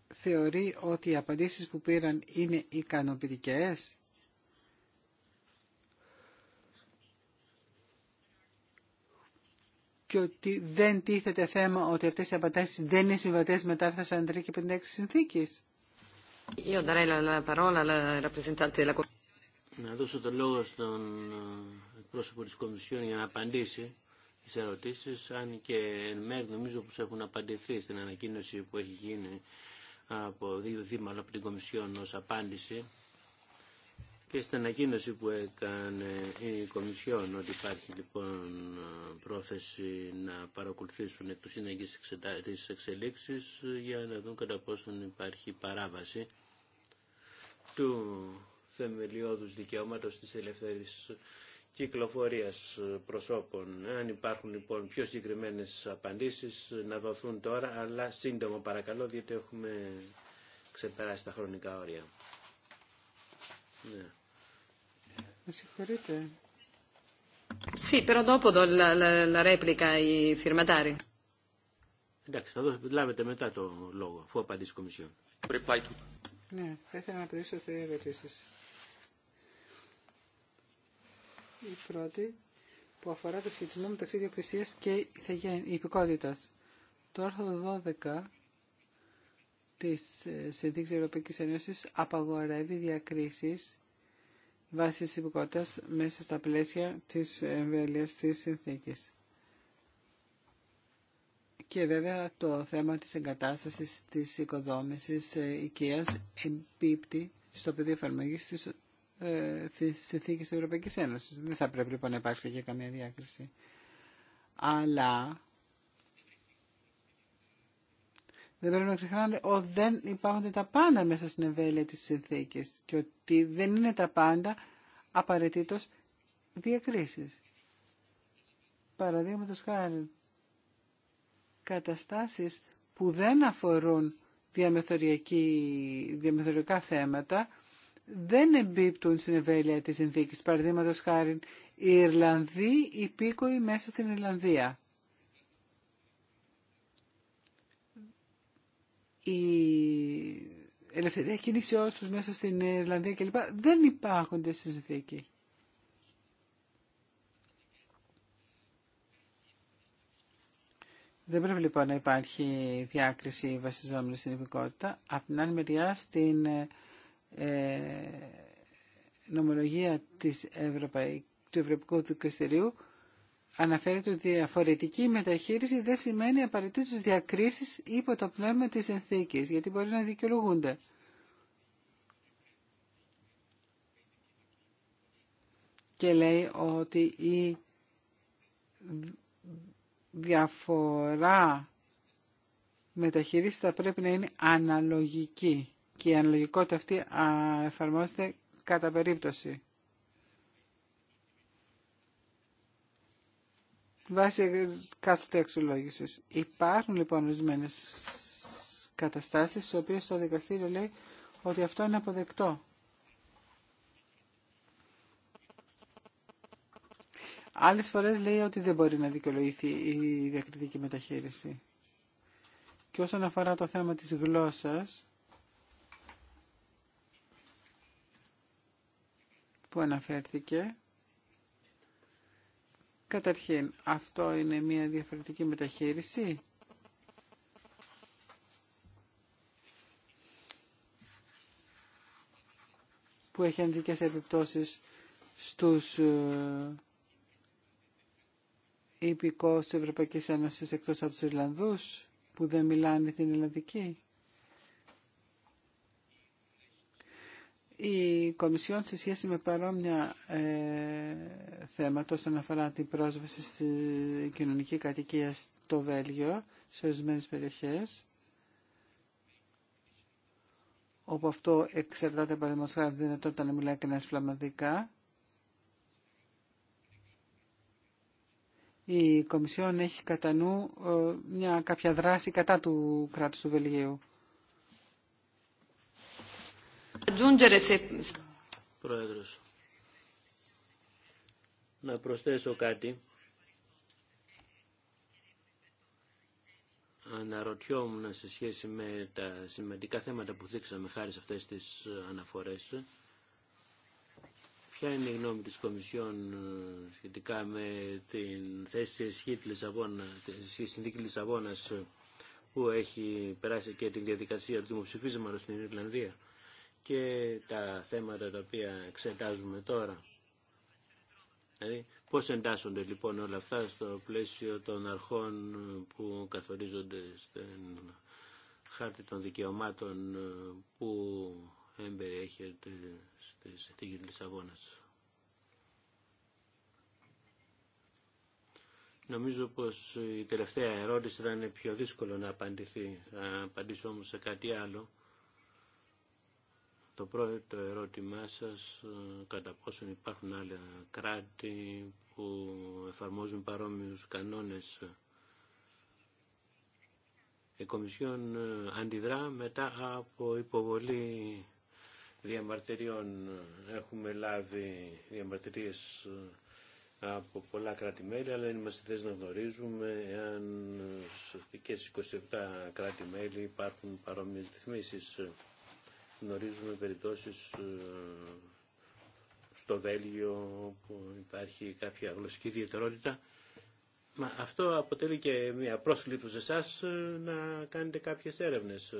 θεωρεί ότι οι απαντήσεις που πήραν είναι ικανοποιητικές. και ότι δεν τίθεται θέμα ότι αυτές οι απαντάσεις δεν είναι συμβατές με τα άρθρα 43 και 56 συνθήκης. Να δώσω το λόγο στον ε, εκπρόσωπο της Κομισιόν για να απαντήσει τις ερωτήσεις, αν και εν μέρει νομίζω πως έχουν απαντηθεί στην ανακοίνωση που έχει γίνει από δύο δήμα από την Κομισιόν ως απάντηση και στην ανακοίνωση που έκανε η Κομισιόν ότι υπάρχει λοιπόν πρόθεση να παρακολουθήσουν εκ του εξελίξεις για να δουν κατά πόσον υπάρχει παράβαση του θεμελιώδους δικαιώματος της ελευθερής κυκλοφορίας προσώπων. Αν υπάρχουν λοιπόν πιο συγκεκριμένες απαντήσεις να δοθούν τώρα, αλλά σύντομα παρακαλώ, διότι έχουμε ξεπεράσει τα χρονικά όρια. Ναι. Με συγχωρείτε. Sì, però dopo do la, la, la replica ai firmatari. Εντάξει, θα λάβετε μετά το λόγο, αφού απαντήσει η Κομισιόν. Ναι, θα ήθελα να απαντήσω σε ερωτήσει. Η πρώτη που αφορά το σχετισμό μεταξύ διοκτησία και υπηκότητα. Το άρθρο 12 της ε, Συνθήκης Ευρωπαϊκής Ένωσης απαγορεύει διακρίσεις βάσει της μέσα στα πλαίσια της εμβέλειας της συνθήκης. Και βέβαια το θέμα της εγκατάστασης της οικοδόμησης ε, οικίας εμπίπτει στο πεδίο εφαρμογή της ε, συνθήκης της Ευρωπαϊκής Ένωσης. Δεν θα πρέπει λοιπόν να υπάρξει και καμία διάκριση. Αλλά Δεν πρέπει να ξεχνάμε ότι δεν υπάρχουν τα πάντα μέσα στην ευέλεια της συνθήκης και ότι δεν είναι τα πάντα απαραίτητο διακρίσεις. Παραδείγματο χάρη, καταστάσεις που δεν αφορούν διαμεθοριακά θέματα δεν εμπίπτουν στην ευέλεια της συνθήκης. Παραδείγματο χάρη, οι Ιρλανδοί υπήκοοι μέσα στην Ιρλανδία. η ελευθερία κίνηση τους μέσα στην Ιρλανδία κλπ. δεν υπάρχουν στη συνθήκη. Δεν πρέπει λοιπόν να υπάρχει διάκριση βασιζόμενη στην υπηκότητα. Από την άλλη μεριά στην ε, νομολογία της Ευρωπαϊκής του Ευρωπαϊκού Δικαστηρίου αναφέρεται ότι διαφορετική μεταχείριση δεν σημαίνει απαραίτητο διακρίσεις υπό το πνεύμα τη συνθηκη γιατί μπορεί να δικαιολογούνται. Και λέει ότι η διαφορά μεταχείριση θα πρέπει να είναι αναλογική και η αναλογικότητα αυτή εφαρμόζεται κατά περίπτωση. βάσει κάστοτε αξιολόγηση. Υπάρχουν λοιπόν ορισμένε καταστάσεις στι οποίε το δικαστήριο λέει ότι αυτό είναι αποδεκτό. Άλλες φορές λέει ότι δεν μπορεί να δικαιολογηθεί η διακριτική μεταχείριση. Και όσον αφορά το θέμα της γλώσσας, που αναφέρθηκε, Καταρχήν, αυτό είναι μια διαφορετική μεταχείριση. που έχει αντικές επιπτώσεις στους ε, υπηκόους της Ευρωπαϊκής Ένωσης εκτός από τους Ιρλανδούς που δεν μιλάνε την ελληνική. η Κομισιόν σε σχέση με παρόμοια ε, θέματα όσον αφορά την πρόσβαση στη κοινωνική κατοικία στο Βέλγιο, σε ορισμένε περιοχέ, όπου αυτό εξαρτάται παραδείγματο χάρη δυνατότητα να μιλάει κανένα φλαμαδικά. Η Κομισιόν έχει κατά νου ε, μια, κάποια δράση κατά του κράτους του Βελγίου. Πρόεδρος, να προσθέσω κάτι. Αναρωτιόμουν σε σχέση με τα σημαντικά θέματα που δείξαμε χάρη σε αυτές τις αναφορές. Ποια είναι η γνώμη της Κομισιόν ε, σχετικά με την θέση τη της συνθήκη Λισαβόνας που έχει περάσει και την διαδικασία του δημοψηφίσματος στην Ιρλανδία και τα θέματα τα οποία εξετάζουμε τώρα. Δηλαδή, πώς εντάσσονται λοιπόν όλα αυτά στο πλαίσιο των αρχών που καθορίζονται στην χάρτη των δικαιωμάτων που εμπεριέχεται στη συνθήκη της Λισαβόνας. Νομίζω πως η τελευταία ερώτηση θα είναι πιο δύσκολο να απαντηθεί. Θα απαντήσω όμως σε κάτι άλλο το πρώτο ερώτημά σας, ε, κατά πόσον υπάρχουν άλλα κράτη που εφαρμόζουν παρόμοιους κανόνες. Η Κομισιόν ε, αντιδρά μετά από υποβολή διαμαρτυριών. Έχουμε λάβει διαμαρτυρίες ε, από πολλά κράτη-μέλη, αλλά είμαστε θέσεις να γνωρίζουμε εάν στις 27 κράτη-μέλη υπάρχουν παρόμοιες ρυθμίσεις. Γνωρίζουμε περιπτώσεις ε, στο Βέλγιο που υπάρχει κάποια γλωσσική ιδιαιτερότητα. Μα αυτό αποτελεί και μια πρόσκληση σε εσάς ε, να κάνετε κάποιες έρευνες.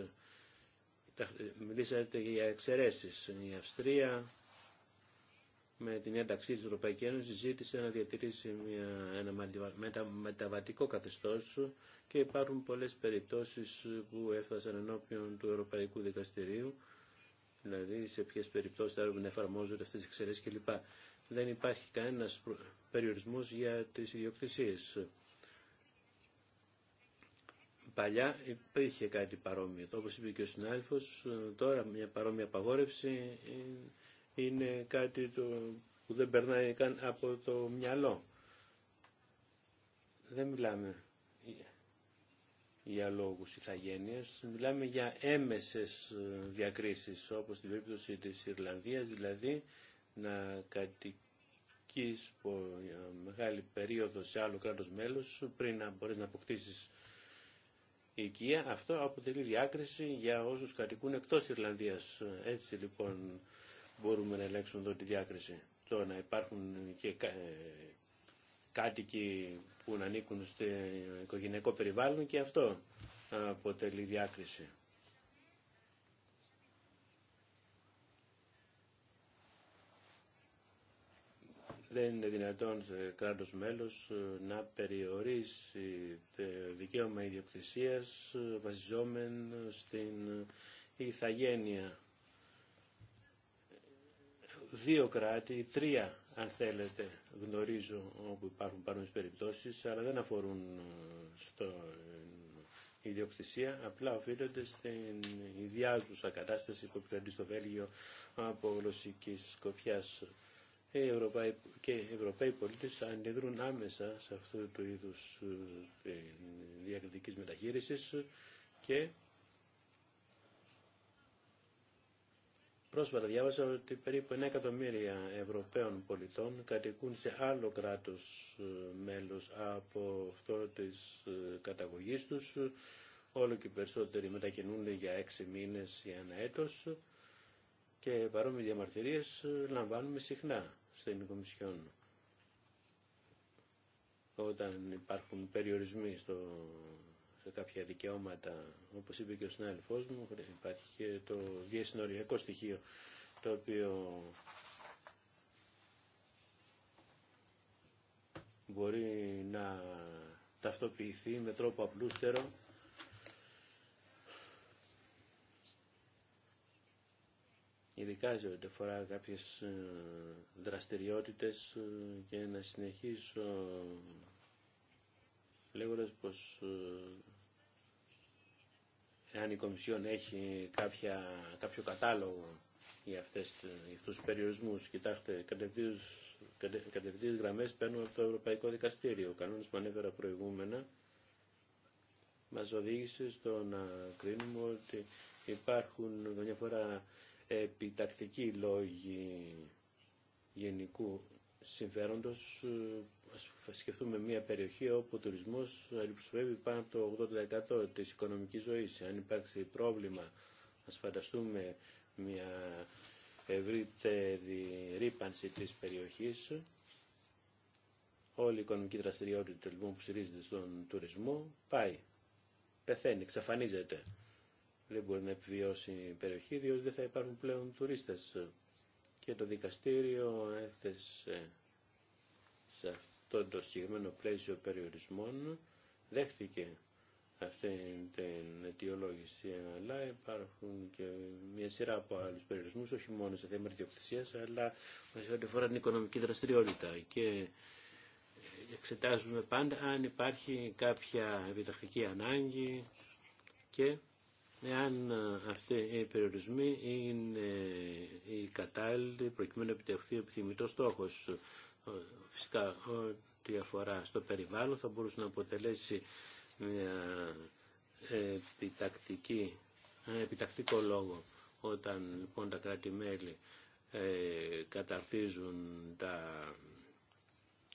Ε, μιλήσατε για εξαιρέσεις. Η Αυστρία με την ένταξή της Ευρωπαϊκής Ένωσης ζήτησε να διατηρήσει μια, ένα μεταβατικό καθεστώς και υπάρχουν πολλές περιπτώσεις που έφτασαν ενώπιον του Ευρωπαϊκού Δικαστηρίου δηλαδή σε ποιες περιπτώσεις θα έπρεπε να εφαρμόζονται αυτές οι εξαιρέσεις κλπ. Δεν υπάρχει κανένας περιορισμός για τις ιδιοκτησίες. Παλιά υπήρχε κάτι παρόμοιο. Όπως είπε και ο συνάδελφος, τώρα μια παρόμοια απαγόρευση είναι κάτι το που δεν περνάει καν από το μυαλό. Δεν μιλάμε για λόγους ηθαγένειας. Μιλάμε για έμεσες ε, διακρίσεις, όπως στην περίπτωση της Ιρλανδία, δηλαδή να κατοικείς μεγάλη περίοδο σε άλλο κράτος μέλος πριν να μπορείς να αποκτήσεις οικία. Αυτό αποτελεί διάκριση για όσους κατοικούν εκτός Ιρλανδίας. Έτσι λοιπόν μπορούμε να ελέγξουμε εδώ τη διάκριση. Το να υπάρχουν και ε, κάτοικοι που να ανήκουν στο οικογενειακό περιβάλλον και αυτό αποτελεί διάκριση. Δεν είναι δυνατόν σε κράτος μέλος ε, να περιορίσει το δικαίωμα ιδιοκτησίας ε, βασιζόμενο στην ηθαγένεια. Δύο κράτη, τρία αν θέλετε, γνωρίζω όπου υπάρχουν παρόμοιε περιπτώσεις, αλλά δεν αφορούν ε, στο ε, ιδιοκτησία, απλά οφείλονται στην ιδιάζουσα κατάσταση που επικρατεί στο Βέλγιο από γλωσσική σκοπιά. οι Ευρωπαίοι, και οι Ευρωπαίοι πολίτες αντιδρούν άμεσα σε αυτού του είδους ε, διακριτικής μεταχείρισης και Πρόσφατα διάβασα ότι περίπου 9 εκατομμύρια Ευρωπαίων πολιτών κατοικούν σε άλλο κράτος ε, μέλος από αυτό της ε, καταγωγής τους. Όλο και περισσότεροι μετακινούνται για 6 μήνες ή ένα έτος και παρόμοιες διαμαρτυρίες ε, λαμβάνουμε συχνά στην Κομισιόν όταν υπάρχουν περιορισμοί στο κάποια δικαιώματα, όπως είπε και ο συνάδελφός μου, υπάρχει και το διασυνοριακό στοιχείο το οποίο μπορεί να ταυτοποιηθεί με τρόπο απλούστερο ειδικά σε ό,τι αφορά κάποιες ε, δραστηριότητες ε, και να συνεχίσω λέγοντας πως ε, εάν η Κομισιόν έχει κάποια, κάποιο κατάλογο για, αυτές, για αυτούς τους περιορισμούς. Κοιτάξτε, κατευθύνες γραμμές παίρνουμε από το Ευρωπαϊκό Δικαστήριο. Ο κανόνας που ανέφερα προηγούμενα μας οδήγησε στο να κρίνουμε ότι υπάρχουν μια φορά επιτακτικοί λόγοι γενικού συμφέροντος σκεφτούμε μια περιοχή όπου ο τουρισμός αντιπροσωπεύει πάνω από το 80% της οικονομικής ζωής. Αν υπάρξει πρόβλημα, ας φανταστούμε μια ευρύτερη ρήπανση της περιοχής, όλη η οικονομική δραστηριότητα που στηρίζεται στον τουρισμό πάει, πεθαίνει, εξαφανίζεται. Δεν μπορεί να επιβιώσει η περιοχή διότι δεν θα υπάρχουν πλέον τουρίστες. Και το δικαστήριο έθεσε σε αυτό το συγκεκριμένο πλαίσιο περιορισμών δέχθηκε αυτή την αιτιολόγηση, αλλά υπάρχουν και μια σειρά από άλλου περιορισμού, όχι μόνο σε θέμα ιδιοκτησία, αλλά σε ό,τι αφορά την οικονομική δραστηριότητα. Και εξετάζουμε πάντα αν υπάρχει κάποια επιτακτική ανάγκη και αν αυτοί οι περιορισμοί είναι οι κατάλληλοι προκειμένου να επιτευχθεί ο επιθυμητό στόχο. Φυσικά, ό,τι αφορά στο περιβάλλον θα μπορούσε να αποτελέσει μια ε, επιτακτική, επιτακτικό λόγο όταν λοιπόν τα κράτη-μέλη ε, καταρτίζουν τα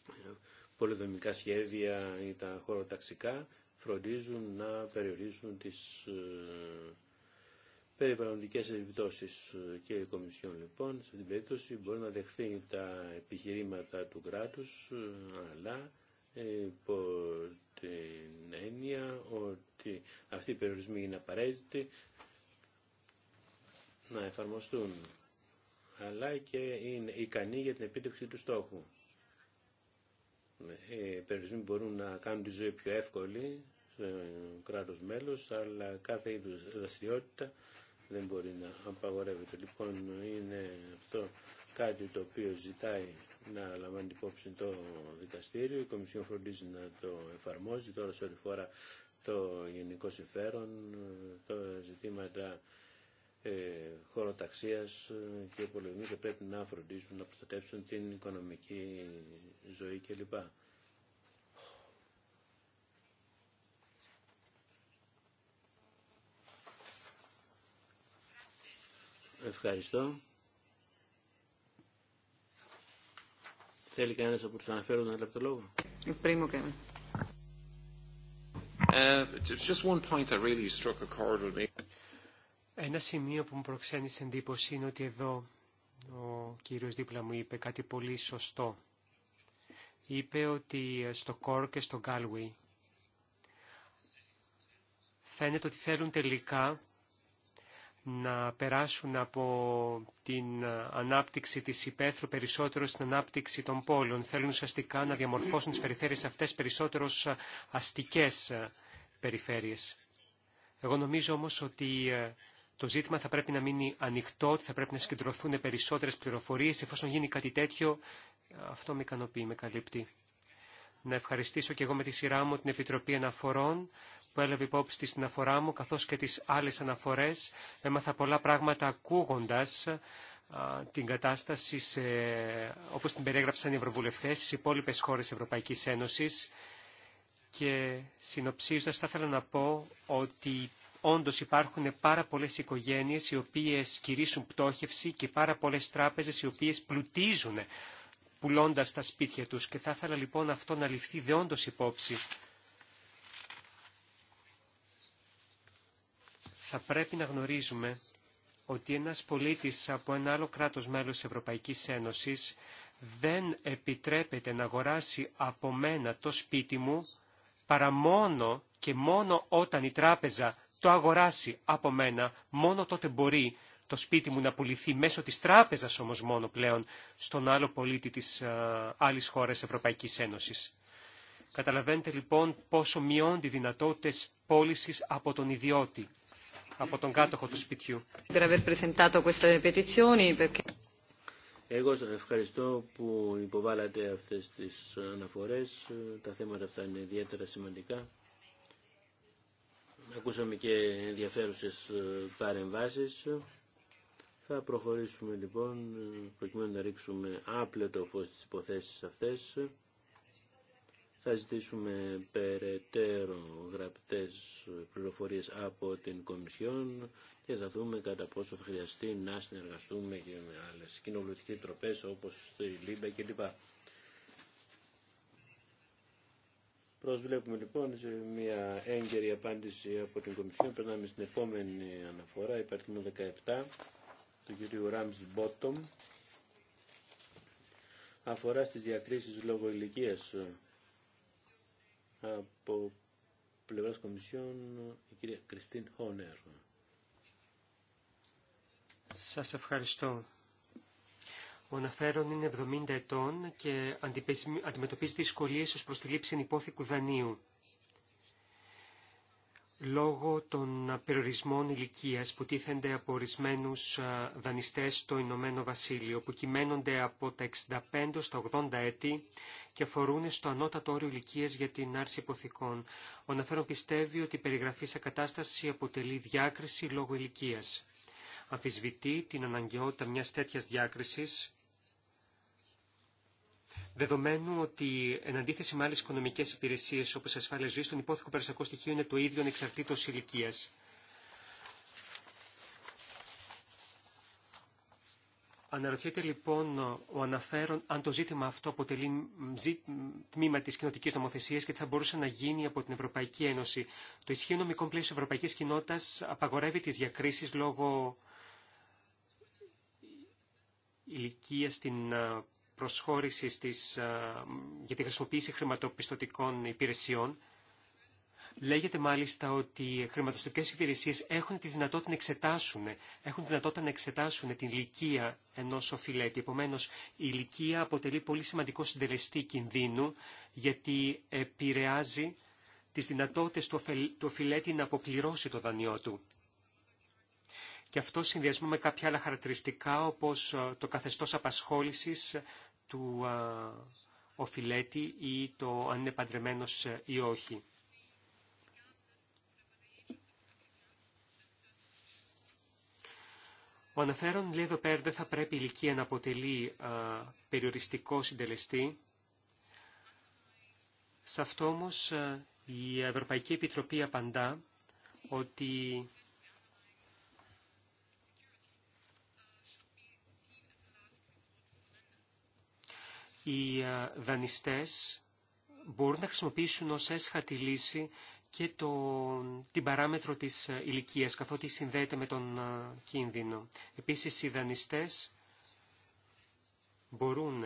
ε, πολυδομικά σχέδια ή τα χωροταξικά φροντίζουν να περιορίσουν τις Περιβαλλοντικέ επιπτώσει ε, και η Κομισιόν λοιπόν σε την περίπτωση μπορεί να δεχθεί τα επιχειρήματα του κράτους ε, αλλά ε, υπό την έννοια ότι αυτοί οι περιορισμοί είναι απαραίτητοι να εφαρμοστούν αλλά και είναι ικανοί για την επίτευξη του στόχου. Οι περιορισμοί μπορούν να κάνουν τη ζωή πιο εύκολη σε κράτος μέλος αλλά κάθε είδους δραστηριότητα δεν μπορεί να απαγορεύεται. Λοιπόν, είναι αυτό κάτι το οποίο ζητάει να λαμβάνει υπόψη το δικαστήριο. Η Κομισιόν φροντίζει να το εφαρμόζει. Τώρα, σε όλη φορά το γενικό συμφέρον, τα ζητήματα ε, χωροταξίας και πολεμίου και πρέπει να φροντίζουν να προστατεύσουν την οικονομική ζωή κλπ. Ευχαριστώ. Θέλει κανένας από τους αναφέροντα να λάβει το λόγο. Ένα σημείο που μου προξένησε εντύπωση είναι ότι εδώ ο κύριος δίπλα μου είπε κάτι πολύ σωστό. Είπε ότι ε, στο Κόρ και στο Γκάλουι φαίνεται ότι θέλουν τελικά να περάσουν από την ανάπτυξη της υπαίθρου περισσότερο στην ανάπτυξη των πόλων. Θέλουν ουσιαστικά να διαμορφώσουν τις περιφέρειες αυτές περισσότερο αστικές περιφέρειες. Εγώ νομίζω όμως ότι ε, το ζήτημα θα πρέπει να μείνει ανοιχτό, ότι θα πρέπει να συγκεντρωθούν περισσότερες πληροφορίες. Εφόσον γίνει κάτι τέτοιο, ε, αυτό με ικανοποιεί, με καλύπτει να ευχαριστήσω και εγώ με τη σειρά μου την Επιτροπή Αναφορών που έλαβε υπόψη της αναφορά μου καθώς και τις άλλες αναφορές. Έμαθα πολλά πράγματα ακούγοντας την κατάσταση σε, όπως την περιέγραψαν οι ευρωβουλευτές στις υπόλοιπες χώρες Ευρωπαϊκής Ένωσης και συνοψίζοντας θα ήθελα να πω ότι όντως υπάρχουν πάρα πολλές οικογένειες οι οποίες κηρύσουν πτώχευση και πάρα πολλές τράπεζες οι οποίες πλουτίζουν πουλώντας τα σπίτια τους και θα ήθελα λοιπόν αυτό να ληφθεί δεόντω υπόψη. Θα πρέπει να γνωρίζουμε ότι ένας πολίτης από ένα άλλο κράτος μέλος Ευρωπαϊκής Ένωσης δεν επιτρέπεται να αγοράσει από μένα το σπίτι μου παρά μόνο και μόνο όταν η τράπεζα το αγοράσει από μένα, μόνο τότε μπορεί το σπίτι μου να πουληθεί μέσω της τράπεζας όμως μόνο πλέον στον άλλο πολίτη της ε, άλλης χώρας Ευρωπαϊκής Ένωσης. Καταλαβαίνετε λοιπόν πόσο μειώνται οι δυνατότητες πώληση από τον ιδιώτη, από τον κάτοχο του σπιτιού. Εγώ σας ευχαριστώ που υποβάλατε αυτές τις αναφορές. Τα θέματα αυτά είναι ιδιαίτερα σημαντικά. Ακούσαμε και ενδιαφέρουσες ε, παρεμβάσεις. Θα προχωρήσουμε λοιπόν προκειμένου να ρίξουμε άπλετο φως στις υποθέσεις αυτές. Θα ζητήσουμε περαιτέρω γραπτές πληροφορίες από την Κομισιόν και θα δούμε κατά πόσο θα χρειαστεί να συνεργαστούμε και με άλλες κοινοβουλευτικές τροπές όπως η ΛΥΜΠΑ κλπ. Προσβλέπουμε λοιπόν σε μια έγκαιρη απάντηση από την Κομισιόν. Περνάμε στην επόμενη αναφορά, υπάρχει 17 του κυρίου Ράμς Μπότομ αφορά στις διακρίσεις λόγω ηλικίας από πλευράς Κομισιόν η κυρία Κριστίν Χόνερ. Σας ευχαριστώ. Ο αναφέρον είναι 70 ετών και αντιμετωπίζει δυσκολίες ως προς τη λήψη ενυπόθηκου δανείου λόγω των περιορισμών ηλικία που τίθενται από ορισμένου δανειστέ στο Ηνωμένο Βασίλειο, που κυμαίνονται από τα 65 στα 80 έτη και αφορούν στο ανώτατο όριο ηλικία για την άρση υποθηκών. Ο Ναφέρον πιστεύει ότι η περιγραφή σε κατάσταση αποτελεί διάκριση λόγω ηλικία. Αμφισβητεί την αναγκαιότητα μια τέτοια διάκριση Δεδομένου ότι, εν αντίθεση με άλλε οικονομικέ υπηρεσίε όπω ασφάλεια ζωή, τον υπόθηκο περιστατικό στοιχείο είναι το ίδιο ανεξαρτήτω ηλικία. Αναρωτιέται λοιπόν ο αναφέρον αν το ζήτημα αυτό αποτελεί τμήμα τη κοινοτική νομοθεσία και τι θα μπορούσε να γίνει από την Ευρωπαϊκή Ένωση. Το ισχύον νομικό πλαίσιο Ευρωπαϊκή Κοινότητα απαγορεύει τι διακρίσει λόγω ηλικία στην Προσχώρηση της, για τη χρησιμοποίηση χρηματοπιστωτικών υπηρεσιών. Λέγεται μάλιστα ότι οι χρηματοστοτικέ υπηρεσίε έχουν τη δυνατότητα να εξετάσουν, έχουν τη δυνατότητα να εξετάσουν την ηλικία ενό οφειλέτη. Επομένω, η ηλικία αποτελεί πολύ σημαντικό συντελεστή κινδύνου, γιατί επηρεάζει τι δυνατότητε του οφειλέτη να αποκληρώσει το δανειό του. Και αυτό συνδυασμό με κάποια άλλα χαρακτηριστικά όπως το καθεστώς απασχόλησης του οφηλέτη ή το αν είναι παντρεμένος ε, ή όχι. Ο αναφέρον λέει εδώ πέρα δεν θα πρέπει η ηλικία να αποτελεί περιοριστικό συντελεστή. Σε αυτό όμως η Ευρωπαϊκή Επιτροπή απαντά ότι οι ε, δανειστές μπορούν να χρησιμοποιήσουν ως έσχατη λύση και το, την παράμετρο της ε, ηλικίας, καθότι συνδέεται με τον ε, κίνδυνο. Επίσης, οι δανειστές μπορούν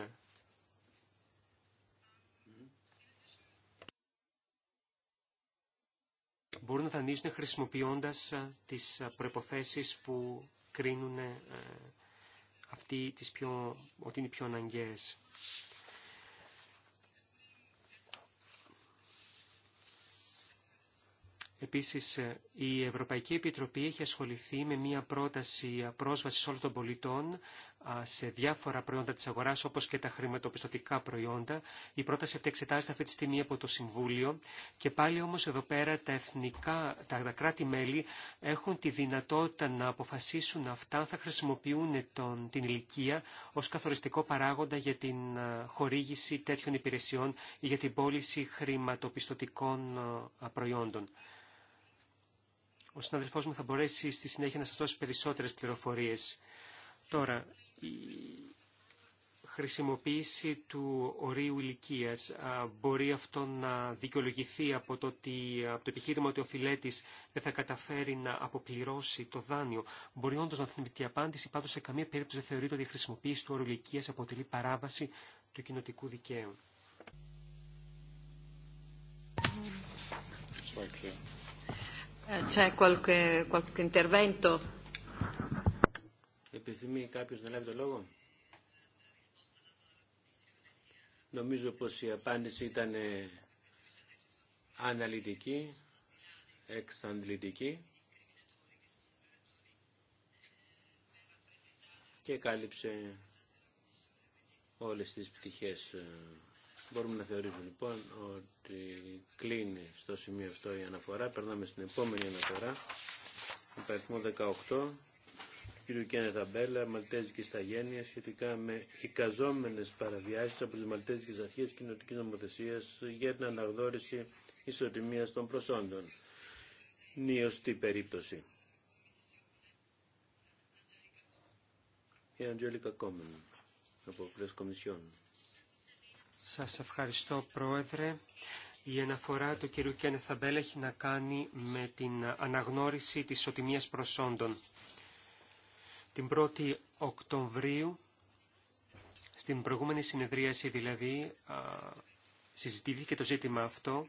μπορούν να δανείσουν χρησιμοποιώντας τις προϋποθέσεις που κρίνουν αυτοί τις πιο, ότι είναι οι πιο αναγκαίες. Επίσης, ε, η Ευρωπαϊκή Επιτροπή έχει ασχοληθεί με μια πρόταση πρόσβασης όλων των πολιτών σε διάφορα προϊόντα της αγοράς, όπως και τα χρηματοπιστωτικά προϊόντα. Η πρόταση αυτή εξετάζεται αυτή τη στιγμή από το Συμβούλιο και πάλι όμως εδώ πέρα τα εθνικά, τα κράτη-μέλη έχουν τη δυνατότητα να αποφασίσουν αυτά θα χρησιμοποιούν τον, την ηλικία ως καθοριστικό παράγοντα για την ε, χορήγηση τέτοιων υπηρεσιών ή για την πώληση χρηματοπιστωτικών ε, προϊόντων ο συναδελφός μου θα μπορέσει στη συνέχεια να σας δώσει περισσότερες πληροφορίες. Τώρα, η χρησιμοποίηση του ορίου ηλικία μπορεί αυτό να δικαιολογηθεί από το, ότι, από το επιχείρημα ότι ο φιλέτης δεν θα καταφέρει να αποπληρώσει το δάνειο. Μπορεί όντως να θυμηθεί απάντηση, πάντως σε καμία περίπτωση δεν θεωρείται ότι η χρησιμοποίηση του ορίου ηλικία αποτελεί παράβαση του κοινοτικού δικαίου. Ε, Επιθυμεί να λάβει το λόγο. Νομίζω πως η απάντηση ήταν ε, αναλυτική, εξαντλητική και κάλυψε όλες τις πτυχές. Ε. Μπορούμε να θεωρήσουμε λοιπόν ότι ότι κλείνει στο σημείο αυτό η αναφορά. Περνάμε στην επόμενη αναφορά, υπαριθμό 18, Κύριο κ. Κένεθα Μαλτέζικη Σταγένεια, σχετικά με εικαζόμενε παραβιάσει από τι Μαλτέζικε Αρχέ Κοινοτική Νομοθεσία για την αναγνώριση ισοτιμία των προσόντων. Νιωστή περίπτωση. Η Αντζέλικα Κόμεν από πλευρά Κομισιόν. Σας ευχαριστώ Πρόεδρε. Η αναφορά του κυρίου Κένεθα Αμπέλ έχει να κάνει με την αναγνώριση της σωτημίας προσόντων. Την 1η Οκτωβρίου, στην προηγούμενη συνεδρίαση δηλαδή, συζητήθηκε το ζήτημα αυτό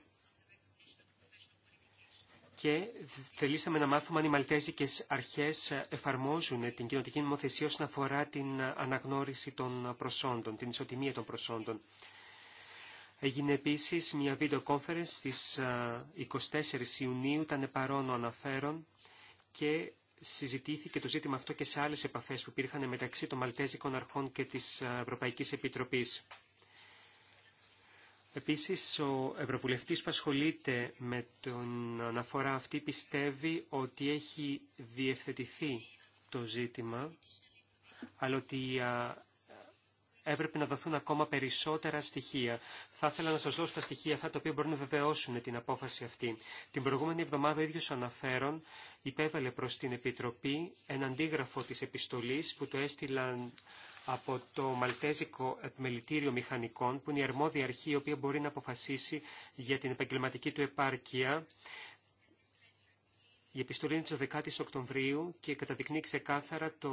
και θελήσαμε να μάθουμε αν οι μαλτέζικες αρχές εφαρμόζουν την κοινοτική νομοθεσία όσον αφορά την αναγνώριση των προσόντων, την ισοτιμία των προσόντων. Έγινε επίσης μια βίντεο conference στις 24 ε, Ιουνίου, ήταν παρόν ο αναφέρον και συζητήθηκε το ζήτημα αυτό και σε άλλες επαφές που υπήρχαν μεταξύ των Μαλτέζικων Αρχών και της ε, Ευρωπαϊκής Επιτροπής. Επίσης, ο Ευρωβουλευτής που ασχολείται με τον αναφορά αυτή πιστεύει ότι έχει διευθετηθεί το ζήτημα, αλλά ότι ε, έπρεπε να δοθούν ακόμα περισσότερα στοιχεία. Θα ήθελα να σα δώσω τα στοιχεία αυτά τα οποία μπορούν να βεβαιώσουν την απόφαση αυτή. Την προηγούμενη εβδομάδα ο ίδιο ο αναφέρον υπέβαλε προ την Επιτροπή ένα αντίγραφο τη επιστολή που το έστειλαν από το Μαλτέζικο Επιμελητήριο Μηχανικών, που είναι η αρμόδια αρχή η οποία μπορεί να αποφασίσει για την επαγγελματική του επάρκεια. Η επιστολή είναι της 12 Οκτωβρίου και καταδεικνύει ξεκάθαρα το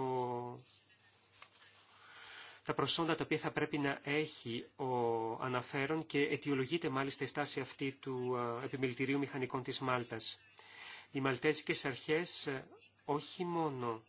τα προσόντα τα οποία θα πρέπει να έχει ο αναφέρον και αιτιολογείται μάλιστα η στάση αυτή του ε, Επιμελητηρίου Μηχανικών της Μάλτας. Οι Μαλτέζικες αρχές ε, όχι μόνο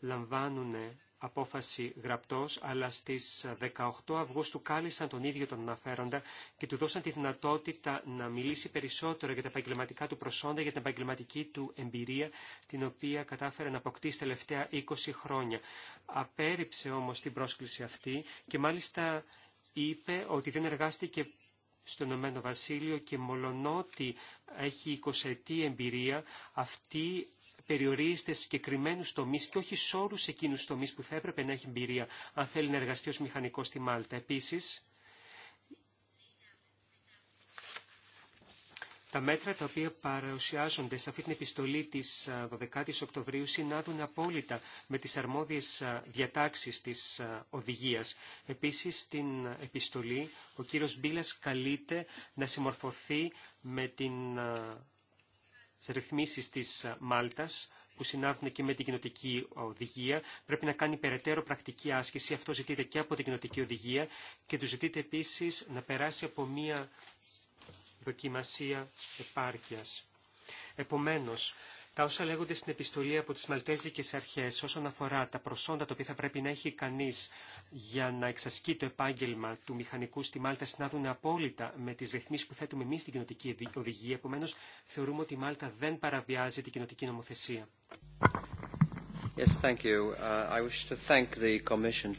λαμβάνουν απόφαση γραπτός, αλλά στις 18 Αυγούστου κάλεσαν τον ίδιο τον αναφέροντα και του δώσαν τη δυνατότητα να μιλήσει περισσότερο για τα επαγγελματικά του προσόντα, για την επαγγελματική του εμπειρία, την οποία κατάφερε να αποκτήσει τελευταία 20 χρόνια. Απέριψε όμως την πρόσκληση αυτή και μάλιστα είπε ότι δεν εργάστηκε στο Ηνωμένο Βασίλειο και μολονότι έχει 20 ετή εμπειρία, αυτή περιορίζεται σε συγκεκριμένου τομεί και όχι σε όλου εκείνου τομεί που θα έπρεπε να έχει εμπειρία αν θέλει να εργαστεί ω μηχανικό στη Μάλτα. Επίση, Τα μέτρα τα οποία παρουσιάζονται σε αυτή την επιστολή της 12 η Οκτωβρίου συνάδουν απόλυτα με τις αρμόδιες διατάξεις της οδηγίας. Επίσης, στην επιστολή ο κύριος Μπίλας καλείται να συμμορφωθεί με την σε ρυθμίσεις της Μάλτας που συνάδουν και με την κοινοτική οδηγία. Πρέπει να κάνει περαιτέρω πρακτική άσκηση. Αυτό ζητείται και από την κοινοτική οδηγία και του ζητείται επίσης να περάσει από μία δοκιμασία επάρκειας. Επομένως, τα όσα λέγονται στην επιστολή από τις Μαλτέζικες Αρχές όσον αφορά τα προσόντα τα οποία θα πρέπει να έχει κανείς για να εξασκεί το επάγγελμα του μηχανικού στη Μάλτα συνάδουν απόλυτα με τις ρυθμίσεις που θέτουμε εμείς στην κοινοτική οδηγία. Επομένως, θεωρούμε ότι η Μάλτα δεν παραβιάζει την κοινοτική νομοθεσία. Yes, thank you. Uh, I wish to thank the Commission.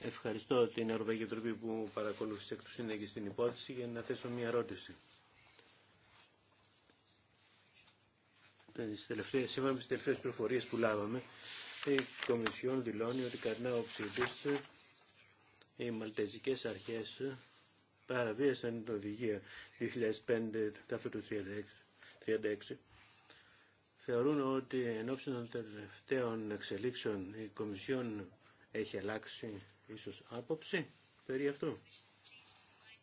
Ευχαριστώ την Ευρωπαϊκή Επιτροπή που παρακολούθησε εκ του στην υπόθεση για να θέσω μια ερώτηση. Ε, σύμφωνα με τι τελευταίε προφορίες που λάβαμε, η Κομισιόν δηλώνει ότι κατά την άποψή οι μαλτεζικέ αρχέ παραβίασαν την οδηγία 2005-36. Θεωρούν ότι εν ώψη των τελευταίων εξελίξεων η Κομισιόν έχει αλλάξει ίσως άποψη περί αυτού.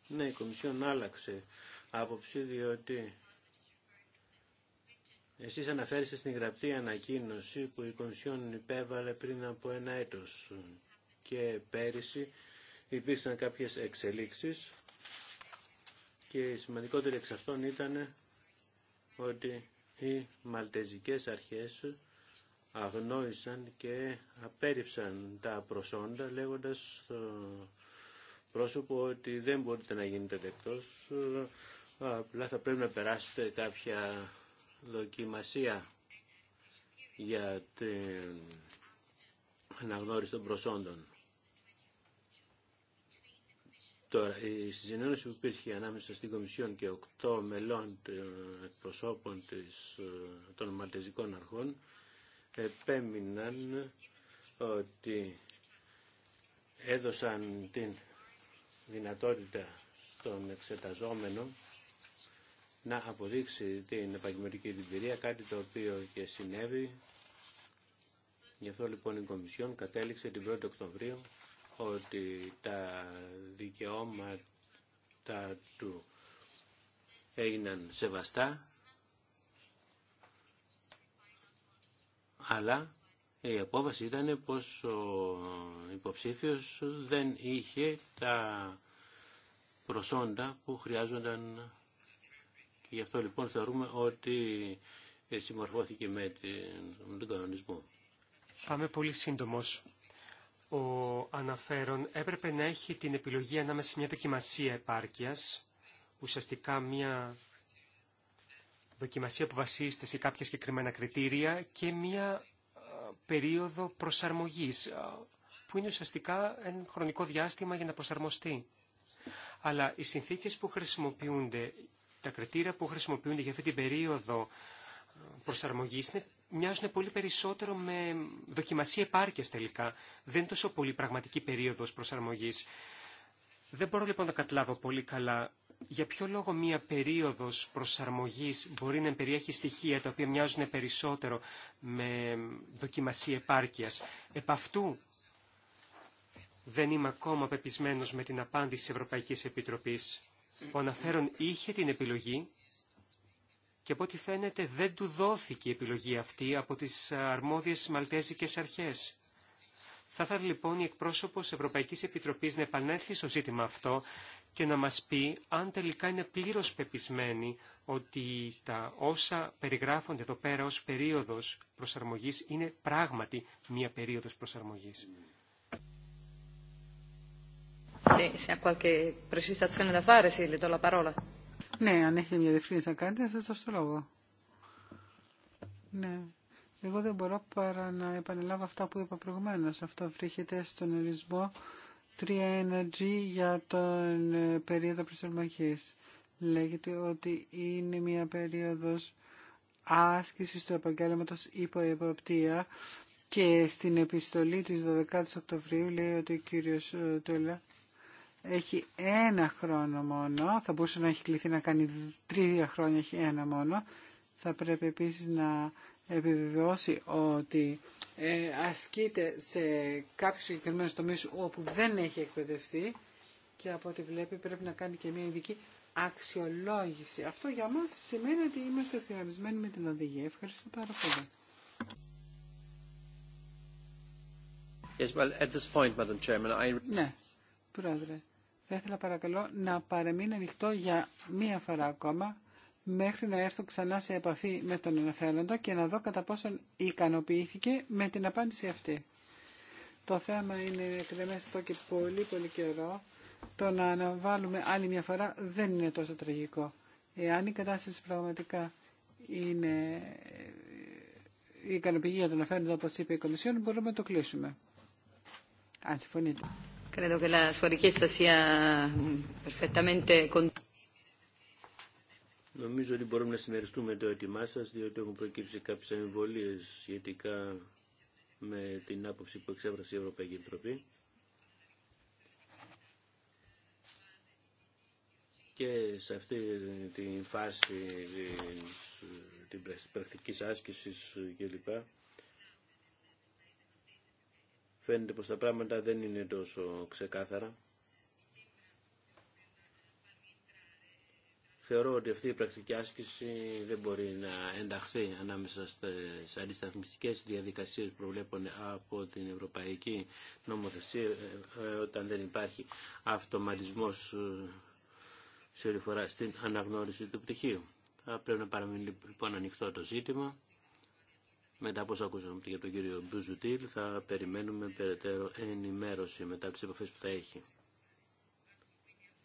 Ναι, η Κομισιόν άλλαξε άποψη διότι εσείς αναφέρεστε στην γραπτή ανακοίνωση που η Κομισιόν υπέβαλε πριν από ένα έτος και πέρυσι υπήρξαν κάποιες εξελίξεις και η σημαντικότερη εξ αυτών ήταν ότι οι μαλτεζικές αρχές αγνόησαν και απέριψαν τα προσόντα λέγοντας στο πρόσωπο ότι δεν μπορείτε να γίνετε δεκτός απλά θα πρέπει να περάσετε κάποια δοκιμασία για την αναγνώριση των προσόντων. Τώρα, η συνεννόηση που υπήρχε ανάμεσα στην Κομισιόν και οκτώ μελών εκπροσώπων της, των μαλτεζικών αρχών επέμειναν ότι έδωσαν την δυνατότητα στον εξεταζόμενο να αποδείξει την επαγγελματική εμπειρία, κάτι το οποίο και συνέβη. Γι' αυτό λοιπόν η Κομισιόν κατέληξε την 1η Οκτωβρίου ότι τα δικαιώματα του έγιναν σεβαστά, αλλά η απόφαση ήταν πως ο υποψήφιος δεν είχε τα προσόντα που χρειάζονταν Γι' αυτό λοιπόν θεωρούμε ότι ε, συμμορφώθηκε με τον κανονισμό. Θα είμαι πολύ σύντομος. Ο αναφέρον έπρεπε να έχει την επιλογή ανάμεσα σε μια δοκιμασία επάρκειας, ουσιαστικά μια δοκιμασία που βασίζεται σε κάποια συγκεκριμένα κριτήρια και μια ε, περίοδο προσαρμογής, ε, που είναι ουσιαστικά ένα χρονικό διάστημα για να προσαρμοστεί. Αλλά οι συνθήκες που χρησιμοποιούνται τα κριτήρια που χρησιμοποιούνται για αυτή την περίοδο ε, προσαρμογής μοιάζουν πολύ περισσότερο με δοκιμασία επάρκεια τελικά. Δεν είναι τόσο πολύ πραγματική περίοδο προσαρμογής. Δεν μπορώ λοιπόν να καταλάβω πολύ καλά για ποιο λόγο μία περίοδος προσαρμογής μπορεί να περιέχει στοιχεία τα οποία μοιάζουν περισσότερο με δοκιμασία επάρκεια. Επ' αυτού δεν είμαι ακόμα πεπισμένος με την απάντηση της Ευρωπαϊκής Επιτροπής. Ο αναφέρον είχε την επιλογή και από ό,τι φαίνεται δεν του δόθηκε η επιλογή αυτή από τις αρμόδιες μαλτέζικες αρχές. Θα ήθελα λοιπόν η εκπρόσωπος Ευρωπαϊκής Επιτροπής να επανέλθει στο ζήτημα αυτό και να μας πει αν τελικά είναι πλήρως πεπισμένη ότι τα όσα περιγράφονται εδώ πέρα ως περίοδος προσαρμογής είναι πράγματι μία περίοδος προσαρμογής. Ναι, αν έχετε μια διευκρίνηση να κάνετε, σας το λόγο. Ναι. Εγώ δεν μπορώ παρά να επανελάβω αυτά που είπα προηγουμένως. Αυτό βρίσκεται στον ορισμό 3NG για τον ε, περίοδο προσαρμογής. Λέγεται ότι είναι μια περίοδος άσκησης του επαγγέλματος υπό υποπτία και στην επιστολή της 12 Οκτωβρίου λέει ότι ο κύριος ε, Τουλά έχει ένα χρόνο μόνο, θα μπορούσε να έχει κληθεί να κάνει τρία χρόνια, έχει ένα μόνο. Θα πρέπει επίσης να επιβεβαιώσει ότι ε, ασκείται σε κάποιους συγκεκριμένους τομείς όπου δεν έχει εκπαιδευτεί και από ό,τι βλέπει πρέπει να κάνει και μια ειδική αξιολόγηση. Αυτό για μας σημαίνει ότι είμαστε ευθυγραμμισμένοι με την οδηγία. Ευχαριστώ πάρα πολύ. Yes, well, at this point, Madam Chairman, I... Ναι, πρόεδρε. Θα ήθελα παρακαλώ να παραμείνει ανοιχτό για μία φορά ακόμα μέχρι να έρθω ξανά σε επαφή με τον αναφέροντα και να δω κατά πόσον ικανοποιήθηκε με την απάντηση αυτή. Το θέμα είναι εκδεμές εδώ και πολύ πολύ καιρό. Το να αναβάλουμε άλλη μια φορά δεν είναι τόσο τραγικό. Εάν η κατάσταση πραγματικά είναι ε, ικανοποιητική για τον αναφέροντα όπως είπε η Κομισιόν μπορούμε να το κλείσουμε. Αν συμφωνείτε. Mm, Νομίζω ότι μπορούμε να συμμεριστούμε το έτοιμά σα, διότι έχουν προκύψει κάποιε αμφιβολίε σχετικά με την άποψη που εξέφρασε η Ευρωπαϊκή Επιτροπή. Και σε αυτή τη φάση της, της πρακτικής άσκησης κλπ φαίνεται πως τα πράγματα δεν είναι τόσο ξεκάθαρα. Θεωρώ ότι αυτή η πρακτική άσκηση δεν μπορεί να ενταχθεί ανάμεσα στις αντισταθμιστικές διαδικασίες που προβλέπουν από την Ευρωπαϊκή Νομοθεσία ε, ε, όταν δεν υπάρχει αυτοματισμός ε, σε όλη φορά στην αναγνώριση του πτυχίου. Θα πρέπει να παραμείνει λοιπόν ανοιχτό το ζήτημα μετά από ακούσαμε για τον κύριο Μπουζουτήλ θα περιμένουμε περαιτέρω ενημέρωση μετά τι επαφέ που θα έχει.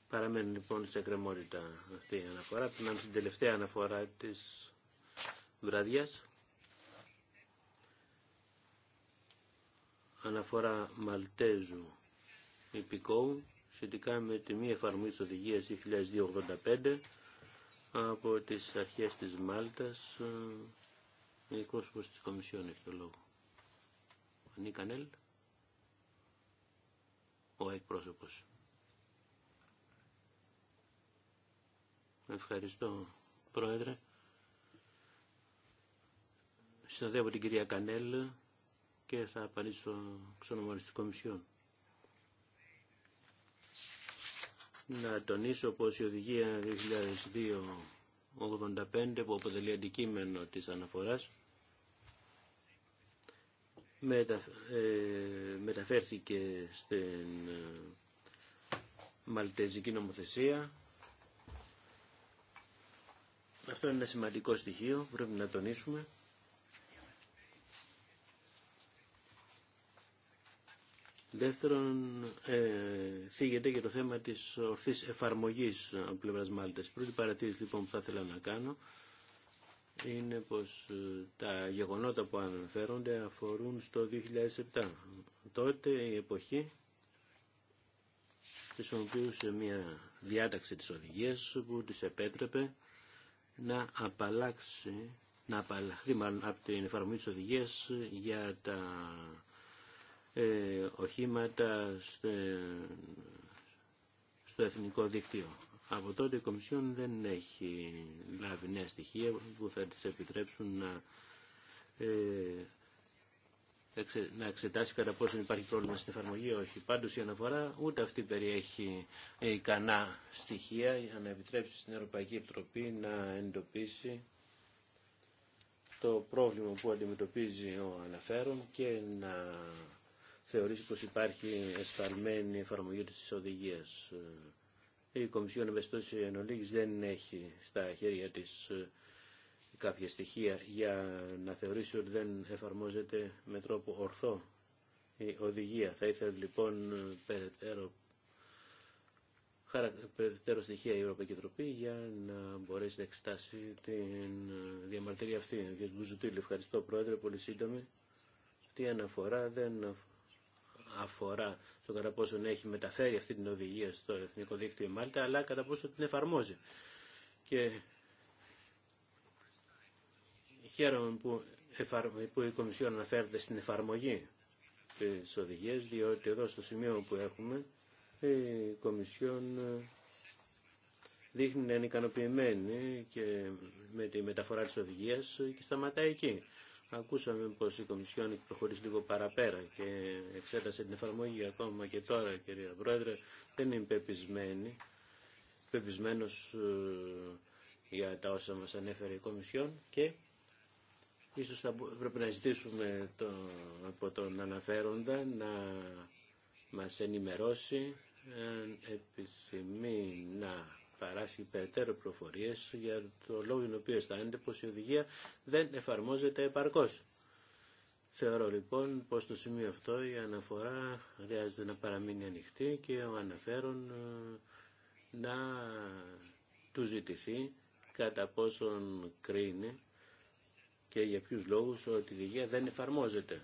Παραμένει λοιπόν σε κρεμότητα αυτή η αναφορά. Περνάμε στην τελευταία αναφορά της βραδιάς. Αναφορά Μαλτέζου υπηκόου σχετικά με τη μη εφαρμογή της οδηγίας 2085 από τις αρχές της Μάλτας είναι εκπρόσωπο τη Κομισιόν έχει το λόγο. Ο Κανέλ, ο εκπρόσωπο. Ευχαριστώ, Πρόεδρε. Συνοδεύω την κυρία Κανέλ και θα απαντήσω ξενομόλης της Κομισιόν. Να τονίσω πως η οδηγία 2002 85 που αποτελεί αντικείμενο της αναφοράς μετα, ε, μεταφέρθηκε στην ε, Μαλτεζική νομοθεσία. Αυτό είναι ένα σημαντικό στοιχείο, πρέπει να τονίσουμε. Δεύτερον, ε, θίγεται και το θέμα της ορθής εφαρμογής από πλευράς Μάλτας. Η πρώτη παρατήρηση λοιπόν που θα ήθελα να κάνω είναι πως ε, τα γεγονότα που αναφέρονται αφορούν στο 2007. Τότε η εποχή χρησιμοποιούσε μια διάταξη της οδηγίας που της επέτρεπε να απαλλάξει να απαλλαχθεί από την εφαρμογή της οδηγίας για τα ε, οχήματα στο εθνικό δίκτυο. Από τότε η Κομισιόν δεν έχει λάβει νέα στοιχεία που θα της επιτρέψουν να, ε, να εξετάσει κατά πόσο υπάρχει πρόβλημα στην εφαρμογή όχι. Πάντως η αναφορά ούτε αυτή περιέχει ικανά στοιχεία για να επιτρέψει στην Ευρωπαϊκή Επιτροπή να εντοπίσει το πρόβλημα που αντιμετωπίζει ο αναφέρον και να θεωρήσει πως υπάρχει εσφαλμένη εφαρμογή της οδηγίας. Ε, η Κομισιόν εν Ενολίγης δεν έχει στα χέρια της ε, κάποια στοιχεία για να θεωρήσει ότι δεν εφαρμόζεται με τρόπο ορθό η οδηγία. Θα ήθελα λοιπόν ε, περαιτέρω περαιτέρω στοιχεία η Ευρωπαϊκή για να μπορέσει να εξετάσει την διαμαρτυρία αυτή. ευχαριστώ Πρόεδρε, πολύ σύντομη. Τι αναφορά δεν αφορά το κατά πόσο έχει μεταφέρει αυτή την οδηγία στο Εθνικό Δίκτυο Μάλτα, αλλά κατά πόσο την εφαρμόζει. Και χαίρομαι που, που η Κομισιόν αναφέρεται στην εφαρμογή της οδηγίας, διότι εδώ στο σημείο που έχουμε η Κομισιόν ε, δείχνει να είναι ικανοποιημένη και με τη μεταφορά της οδηγίας και σταματάει εκεί. Ακούσαμε πως η Κομισιόν έχει προχωρήσει λίγο παραπέρα και εξέτασε την εφαρμογή ακόμα και τώρα, κυρία Πρόεδρε. Δεν είμαι πεπισμένη, ε, για τα όσα μας ανέφερε η Κομισιόν και ίσως θα πρέπει να ζητήσουμε το, από τον αναφέροντα να μας ενημερώσει αν επισημείνα. να παράσχει περαιτέρω προφορίες για το λόγο τον οποίο αισθάνεται πω η οδηγία δεν εφαρμόζεται επαρκώς. Θεωρώ λοιπόν πως στο σημείο αυτό η αναφορά χρειάζεται να παραμείνει ανοιχτή και ο αναφέρον ε, να του ζητηθεί κατά πόσον κρίνει και για ποιους λόγους ότι η οδηγία δεν εφαρμόζεται.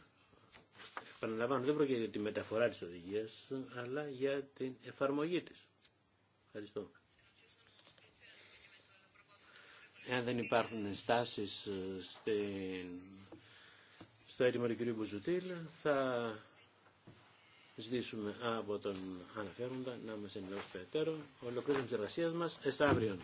Παναλαμβάνω, δεν πρόκειται για τη μεταφορά της οδηγίας, αλλά για την εφαρμογή της. Ευχαριστώ. Εάν δεν υπάρχουν ενστάσεις ε, στο έτοιμο του κ. Μπουζουτήλ, θα ζητήσουμε από τον αναφέροντα να μας ενημερώσει περαιτέρω. Ολοκλήρωση της εργασίας μας, εσάβριον.